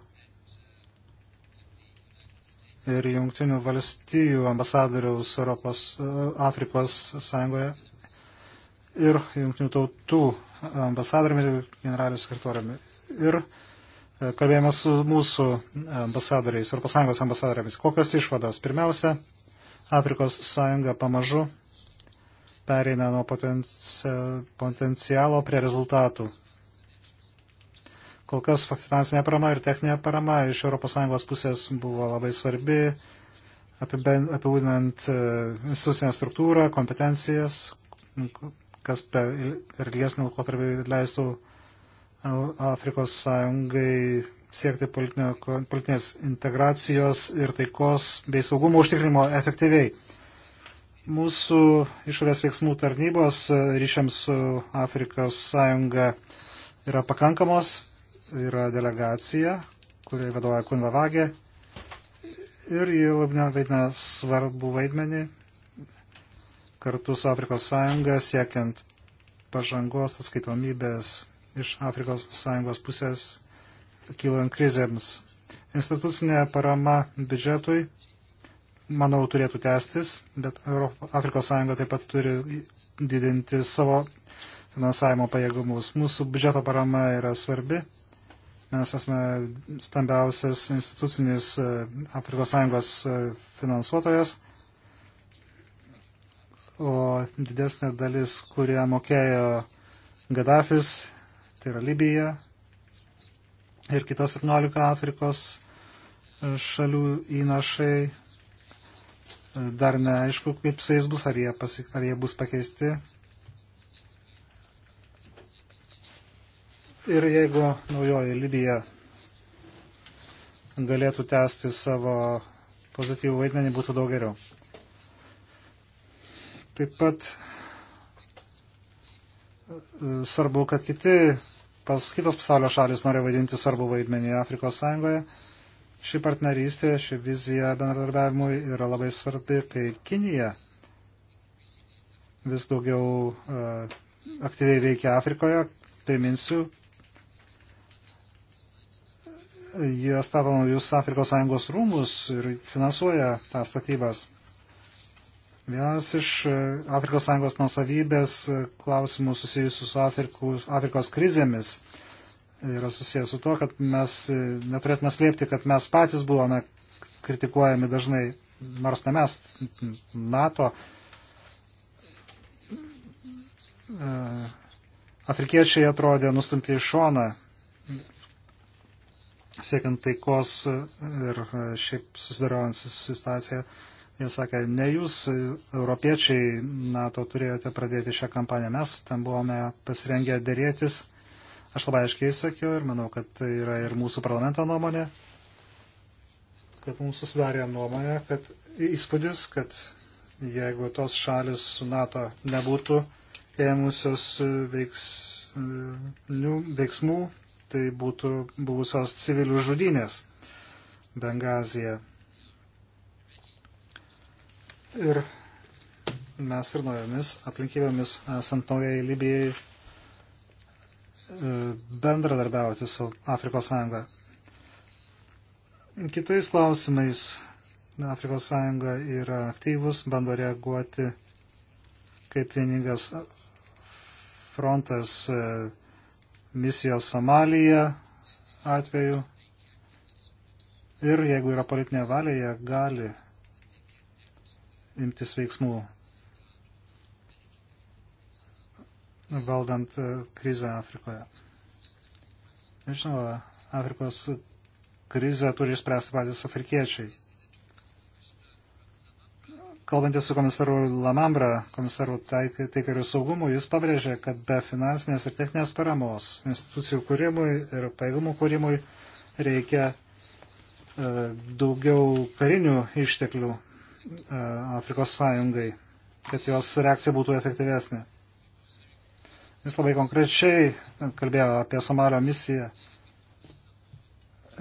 ir Junktinių valstijų ambasadoriaus Europos Afrikos sąjungoje ir Junktinių tautų ambasadoriumi ir generaliu sekretoriumi. Ir e, kalbėjome su mūsų ambasadoriais, Europos Sąjungos ambasadoriamis. Kokios išvados? Pirmiausia, Afrikos sąjunga pamažu pereina nuo potencialo prie rezultatų. Kol kas finansinė parama ir techninė parama iš ES pusės buvo labai svarbi, apibūdinant e, institucinę struktūrą, kompetencijas, kas per ilgesnį laikotarpį leistų Afrikos sąjungai siekti politinio, politinės integracijos ir taikos bei saugumo užtikrinimo efektyviai. Mūsų išorės veiksmų tarnybos e, ryšiams su Afrikos sąjunga yra pakankamos yra delegacija, kuriai vadovauja Kunva Vagė. Ir ji labai vaidina svarbu vaidmenį kartu su Afrikos Sąjunga siekiant pažangos atskaitomybės iš Afrikos Sąjungos pusės kylant krizėms. Institucinė parama biudžetui, manau, turėtų tęstis, bet Afrikos Sąjunga taip pat turi didinti savo finansavimo pajėgumus. Mūsų biudžeto parama yra svarbi Mes esame stambiausias institucinis e, Afrikos Sąjungos e, finansuotojas, o didesnė dalis, kurie mokėjo Gaddafis, tai yra Libija ir kitos 17 Afrikos e, šalių įnašai. Dar neaišku, kaip su jais bus, ar jie, pasi, ar jie bus pakeisti, Ir jeigu naujoji Libija galėtų tęsti savo pozityvų vaidmenį, būtų daug geriau. Taip pat e, svarbu, kad kiti, pas, kitos pasaulio šalis nori vaidinti svarbu vaidmenį Afrikos Sąjungoje. Ši partnerystė, ši vizija bendradarbiavimui yra labai svarbi, kai Kinija vis daugiau uh, aktyviai veikia Afrikoje. Priminsiu, jie stato naujus Afrikos Sąjungos rūmus ir finansuoja tą statybas. Vienas iš e, Afrikos Sąjungos nusavybės e, klausimų susijusių su Afrikų, Afrikos krizėmis yra susijęs su to, kad mes e, neturėtume slėpti, kad mes patys buvome kritikuojami dažnai, nors ne mes, NATO. Afrikiečiai atrodė nustumti į šoną siekiant taikos ir e, šiaip susidariojant su situacija. Jie sakė, ne jūs, e, europiečiai, NATO turėjote pradėti šią kampaniją, mes ten buvome pasirengę dėrėtis. Aš labai aiškiai sakiau ir manau, kad tai yra ir mūsų parlamento nuomonė, kad mums susidarė nuomonė, kad įspūdis, kad jeigu tos šalis su NATO nebūtų ėmusios e, veiks, veiksmų, tai būtų buvusios civilių žudynės Bengazija. Ir mes ir naujomis aplinkybėmis esant naujai Libijai e, bendradarbiauti su Afrikos Sąjunga. Kitais klausimais Afrikos Sąjunga yra aktyvus, bando reaguoti kaip vieningas frontas e, misijos Somalija atveju. Ir jeigu yra politinė valia, jie gali imtis veiksmų valdant e, krizę Afrikoje. Žinoma, Afrikos krizę turi spręsti patys afrikiečiai. Kalbantis su komisaru Lamambra, komisaru taikarių saugumų, jis pabrėžė, kad be finansinės ir techninės paramos institucijų kūrimui ir pajėgumų kūrimui reikia e, daugiau karinių išteklių e, Afrikos sąjungai, kad jos reakcija būtų efektyvesnė. Jis labai konkrečiai kalbėjo apie Somalio misiją.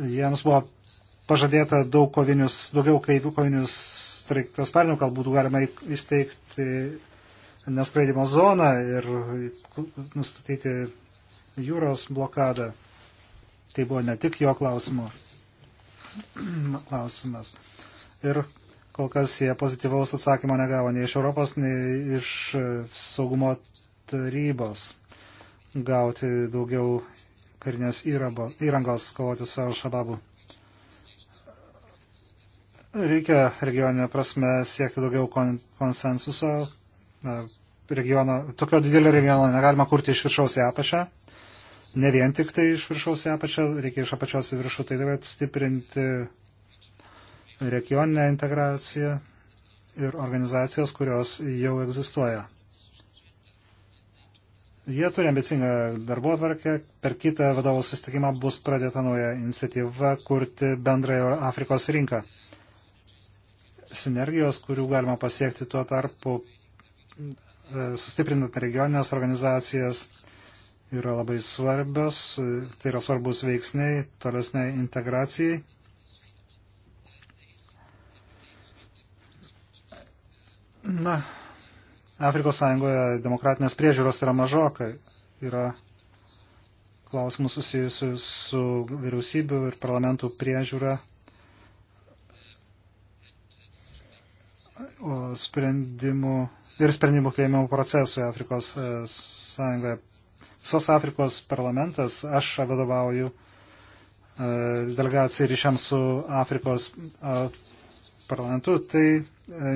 Jiems buvo pažadėta daug kovinius, daugiau kaip kovinius transparinių, kad būtų galima įsteigti neskraidimo zoną ir nustatyti jūros blokadą. Tai buvo ne tik jo klausimo. klausimas. Ir kol kas jie pozityvaus atsakymo negavo nei iš Europos, nei iš e, saugumo tarybos gauti daugiau karinės įrangos kovoti su Al-Shababu. Reikia regioninė prasme siekti daugiau kon konsensuso. Regiono, tokio didelio regiono negalima kurti iš viršaus į apačią. Ne vien tik tai iš viršaus į apačią, reikia iš apačios į viršų, tai taip stiprinti regioninę integraciją ir organizacijas, kurios jau egzistuoja. Jie turi ambicingą darbo atvarkę, per kitą vadovų sustikimą bus pradėta nauja iniciatyva kurti bendrąją Afrikos rinką sinergijos, kurių galima pasiekti tuo tarpu, e, sustiprinant regioninės organizacijas, yra labai svarbios, tai yra svarbus veiksniai tolesnei integracijai. Na, Afrikos Sąjungoje demokratinės priežiūros yra mažokai. Yra klausimų susijusių su vyriausybių ir parlamentų priežiūra sprendimų ir sprendimų prieimimų procesui Afrikos e, sąjungoje. Visos Afrikos parlamentas, aš vadovauju e, delegacijai ryšiams su Afrikos e, parlamentu, tai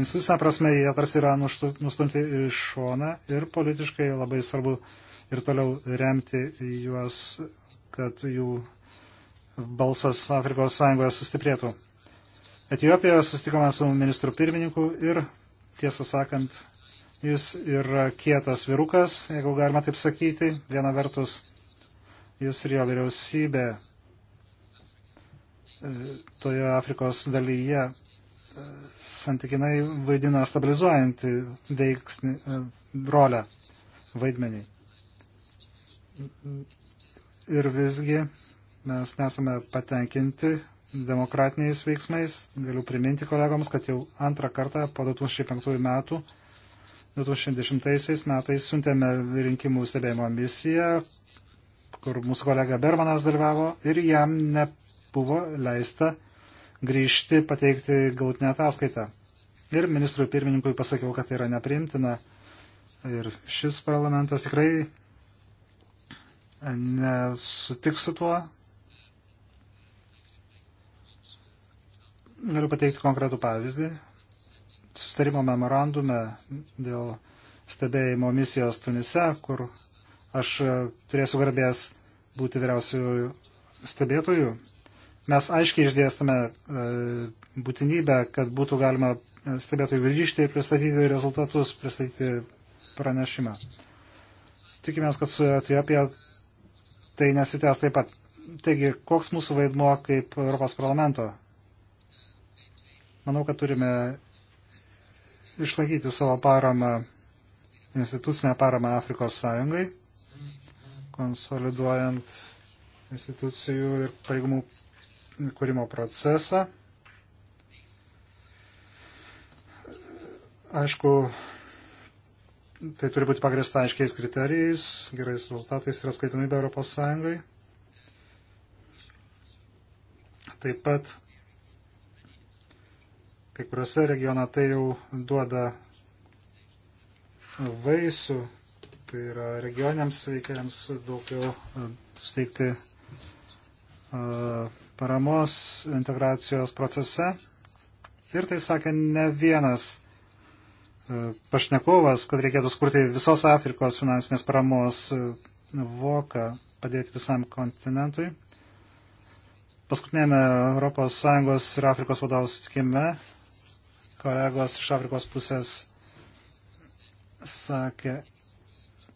institucinė prasme jie tarsi yra nustumti į šoną ir politiškai labai svarbu ir toliau remti juos, kad jų balsas Afrikos Sąjungoje sustiprėtų. Etijopijoje susitikome su ministru pirmininku ir, tiesą sakant, jis yra kietas virukas, jeigu galima taip sakyti. Viena vertus, jis ir jo vyriausybė e, toje Afrikos dalyje e, santykinai vaidina stabilizuojantį veiksnį, e, rolę vaidmenį. Ir visgi mes nesame patenkinti demokratiniais veiksmais. Galiu priminti kolegoms, kad jau antrą kartą po 2005 metų 2010 metais siuntėme rinkimų stebėjimo misiją, kur mūsų kolega Bermanas dalyvavo ir jam nebuvo leista grįžti pateikti galutinę ataskaitą. Ir ministrui pirmininkui pasakiau, kad tai yra nepriimtina. Ir šis parlamentas tikrai nesutiks su tuo, Noriu pateikti konkretų pavyzdį. Sustarimo memorandume dėl stebėjimo misijos Tunise, kur aš e, turėsiu garbės būti vyriausiųjų stebėtojų. Mes aiškiai išdėstame e, būtinybę, kad būtų galima e, stebėtojų grįžti ir pristatyti rezultatus, pristatyti pranešimą. Tikimės, kad su Etiopija tai nesitęs taip pat. Taigi, koks mūsų vaidmuo kaip Europos parlamento Manau, kad turime išlaikyti savo paramą, institucinę paramą Afrikos Sąjungai, konsoliduojant institucijų ir pajėgumų kūrimo procesą. Aišku, tai turi būti pagrįsta aiškiais kriterijais, gerais rezultatais ir atskaitomybė Europos Sąjungai. Taip pat Kai kuriuose regiona tai jau duoda vaisių, tai yra regioniams veikėjams daugiau e, suteikti e, paramos integracijos procese. Ir tai sakė ne vienas e, pašnekovas, kad reikėtų skurti visos Afrikos finansinės paramos voką, padėti visam kontinentui. Paskutinėme ES ir Afrikos vadovų sutikime kolegos iš Afrikos pusės sakė,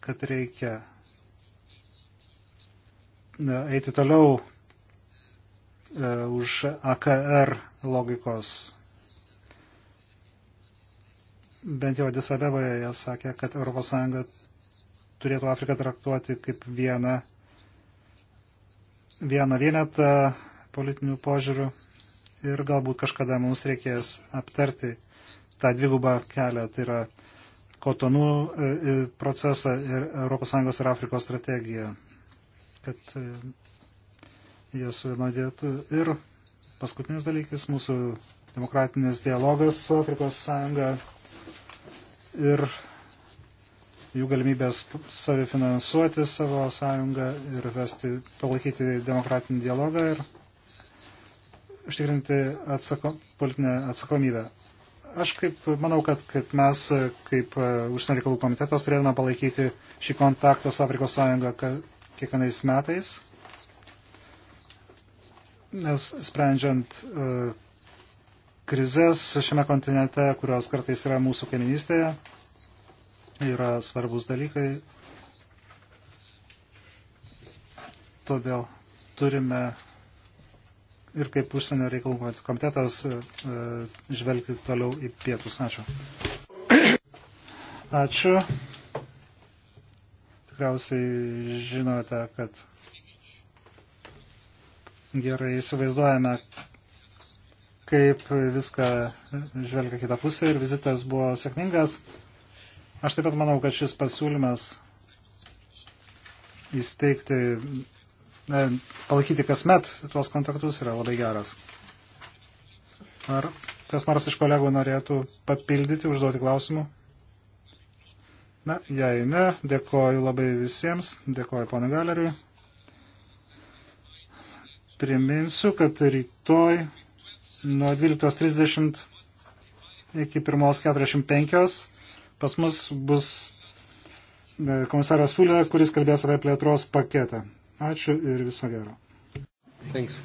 kad reikia e, eiti toliau e, už AKR logikos. Bent jau Adisabeboje jie sakė, kad ES turėtų Afriką traktuoti kaip vieną, vieną vienetą politinių požiūrių ir galbūt kažkada mums reikės aptarti tą dvigubą kelią, tai yra kotonų e, e, procesą ir ES ir Afrikos strategiją, kad e, jie suvienodėtų. Ir paskutinis dalykis, mūsų demokratinis dialogas su Afrikos Sąjunga ir jų galimybės savifinansuoti savo sąjungą ir vesti, palaikyti demokratinį dialogą ir užtikrinti atsako, politinę atsakomybę. Aš kaip, manau, kad kaip mes, kaip e, užsienio reikalų komitetas, turėtume palaikyti šį kontaktą su Afrikos Sąjunga kiekvienais metais, nes sprendžiant e, krizės šiame kontinente, kurios kartais yra mūsų kaiminystėje, yra svarbus dalykai. Todėl turime ir kaip užsienio reikalų komitetas e, e, žvelgti toliau į pietus. Ačiū. Ačiū. Tikriausiai žinote, kad gerai įsivaizduojame, kaip viską žvelgia kitą pusę ir vizitas buvo sėkmingas. Aš taip pat manau, kad šis pasiūlymas įsteigti palaikyti kasmet tuos kontaktus yra labai geras. Ar kas nors iš kolegų norėtų papildyti, užduoti klausimų? Na, jei ne, dėkoju labai visiems, dėkoju ponui galeriui. Priminsiu, kad rytoj nuo 12.30 iki 1.45 pas mus bus e, komisaras Fulė, kuris kalbės apie plėtros paketą. Ačiū ir viso gero. Thanks.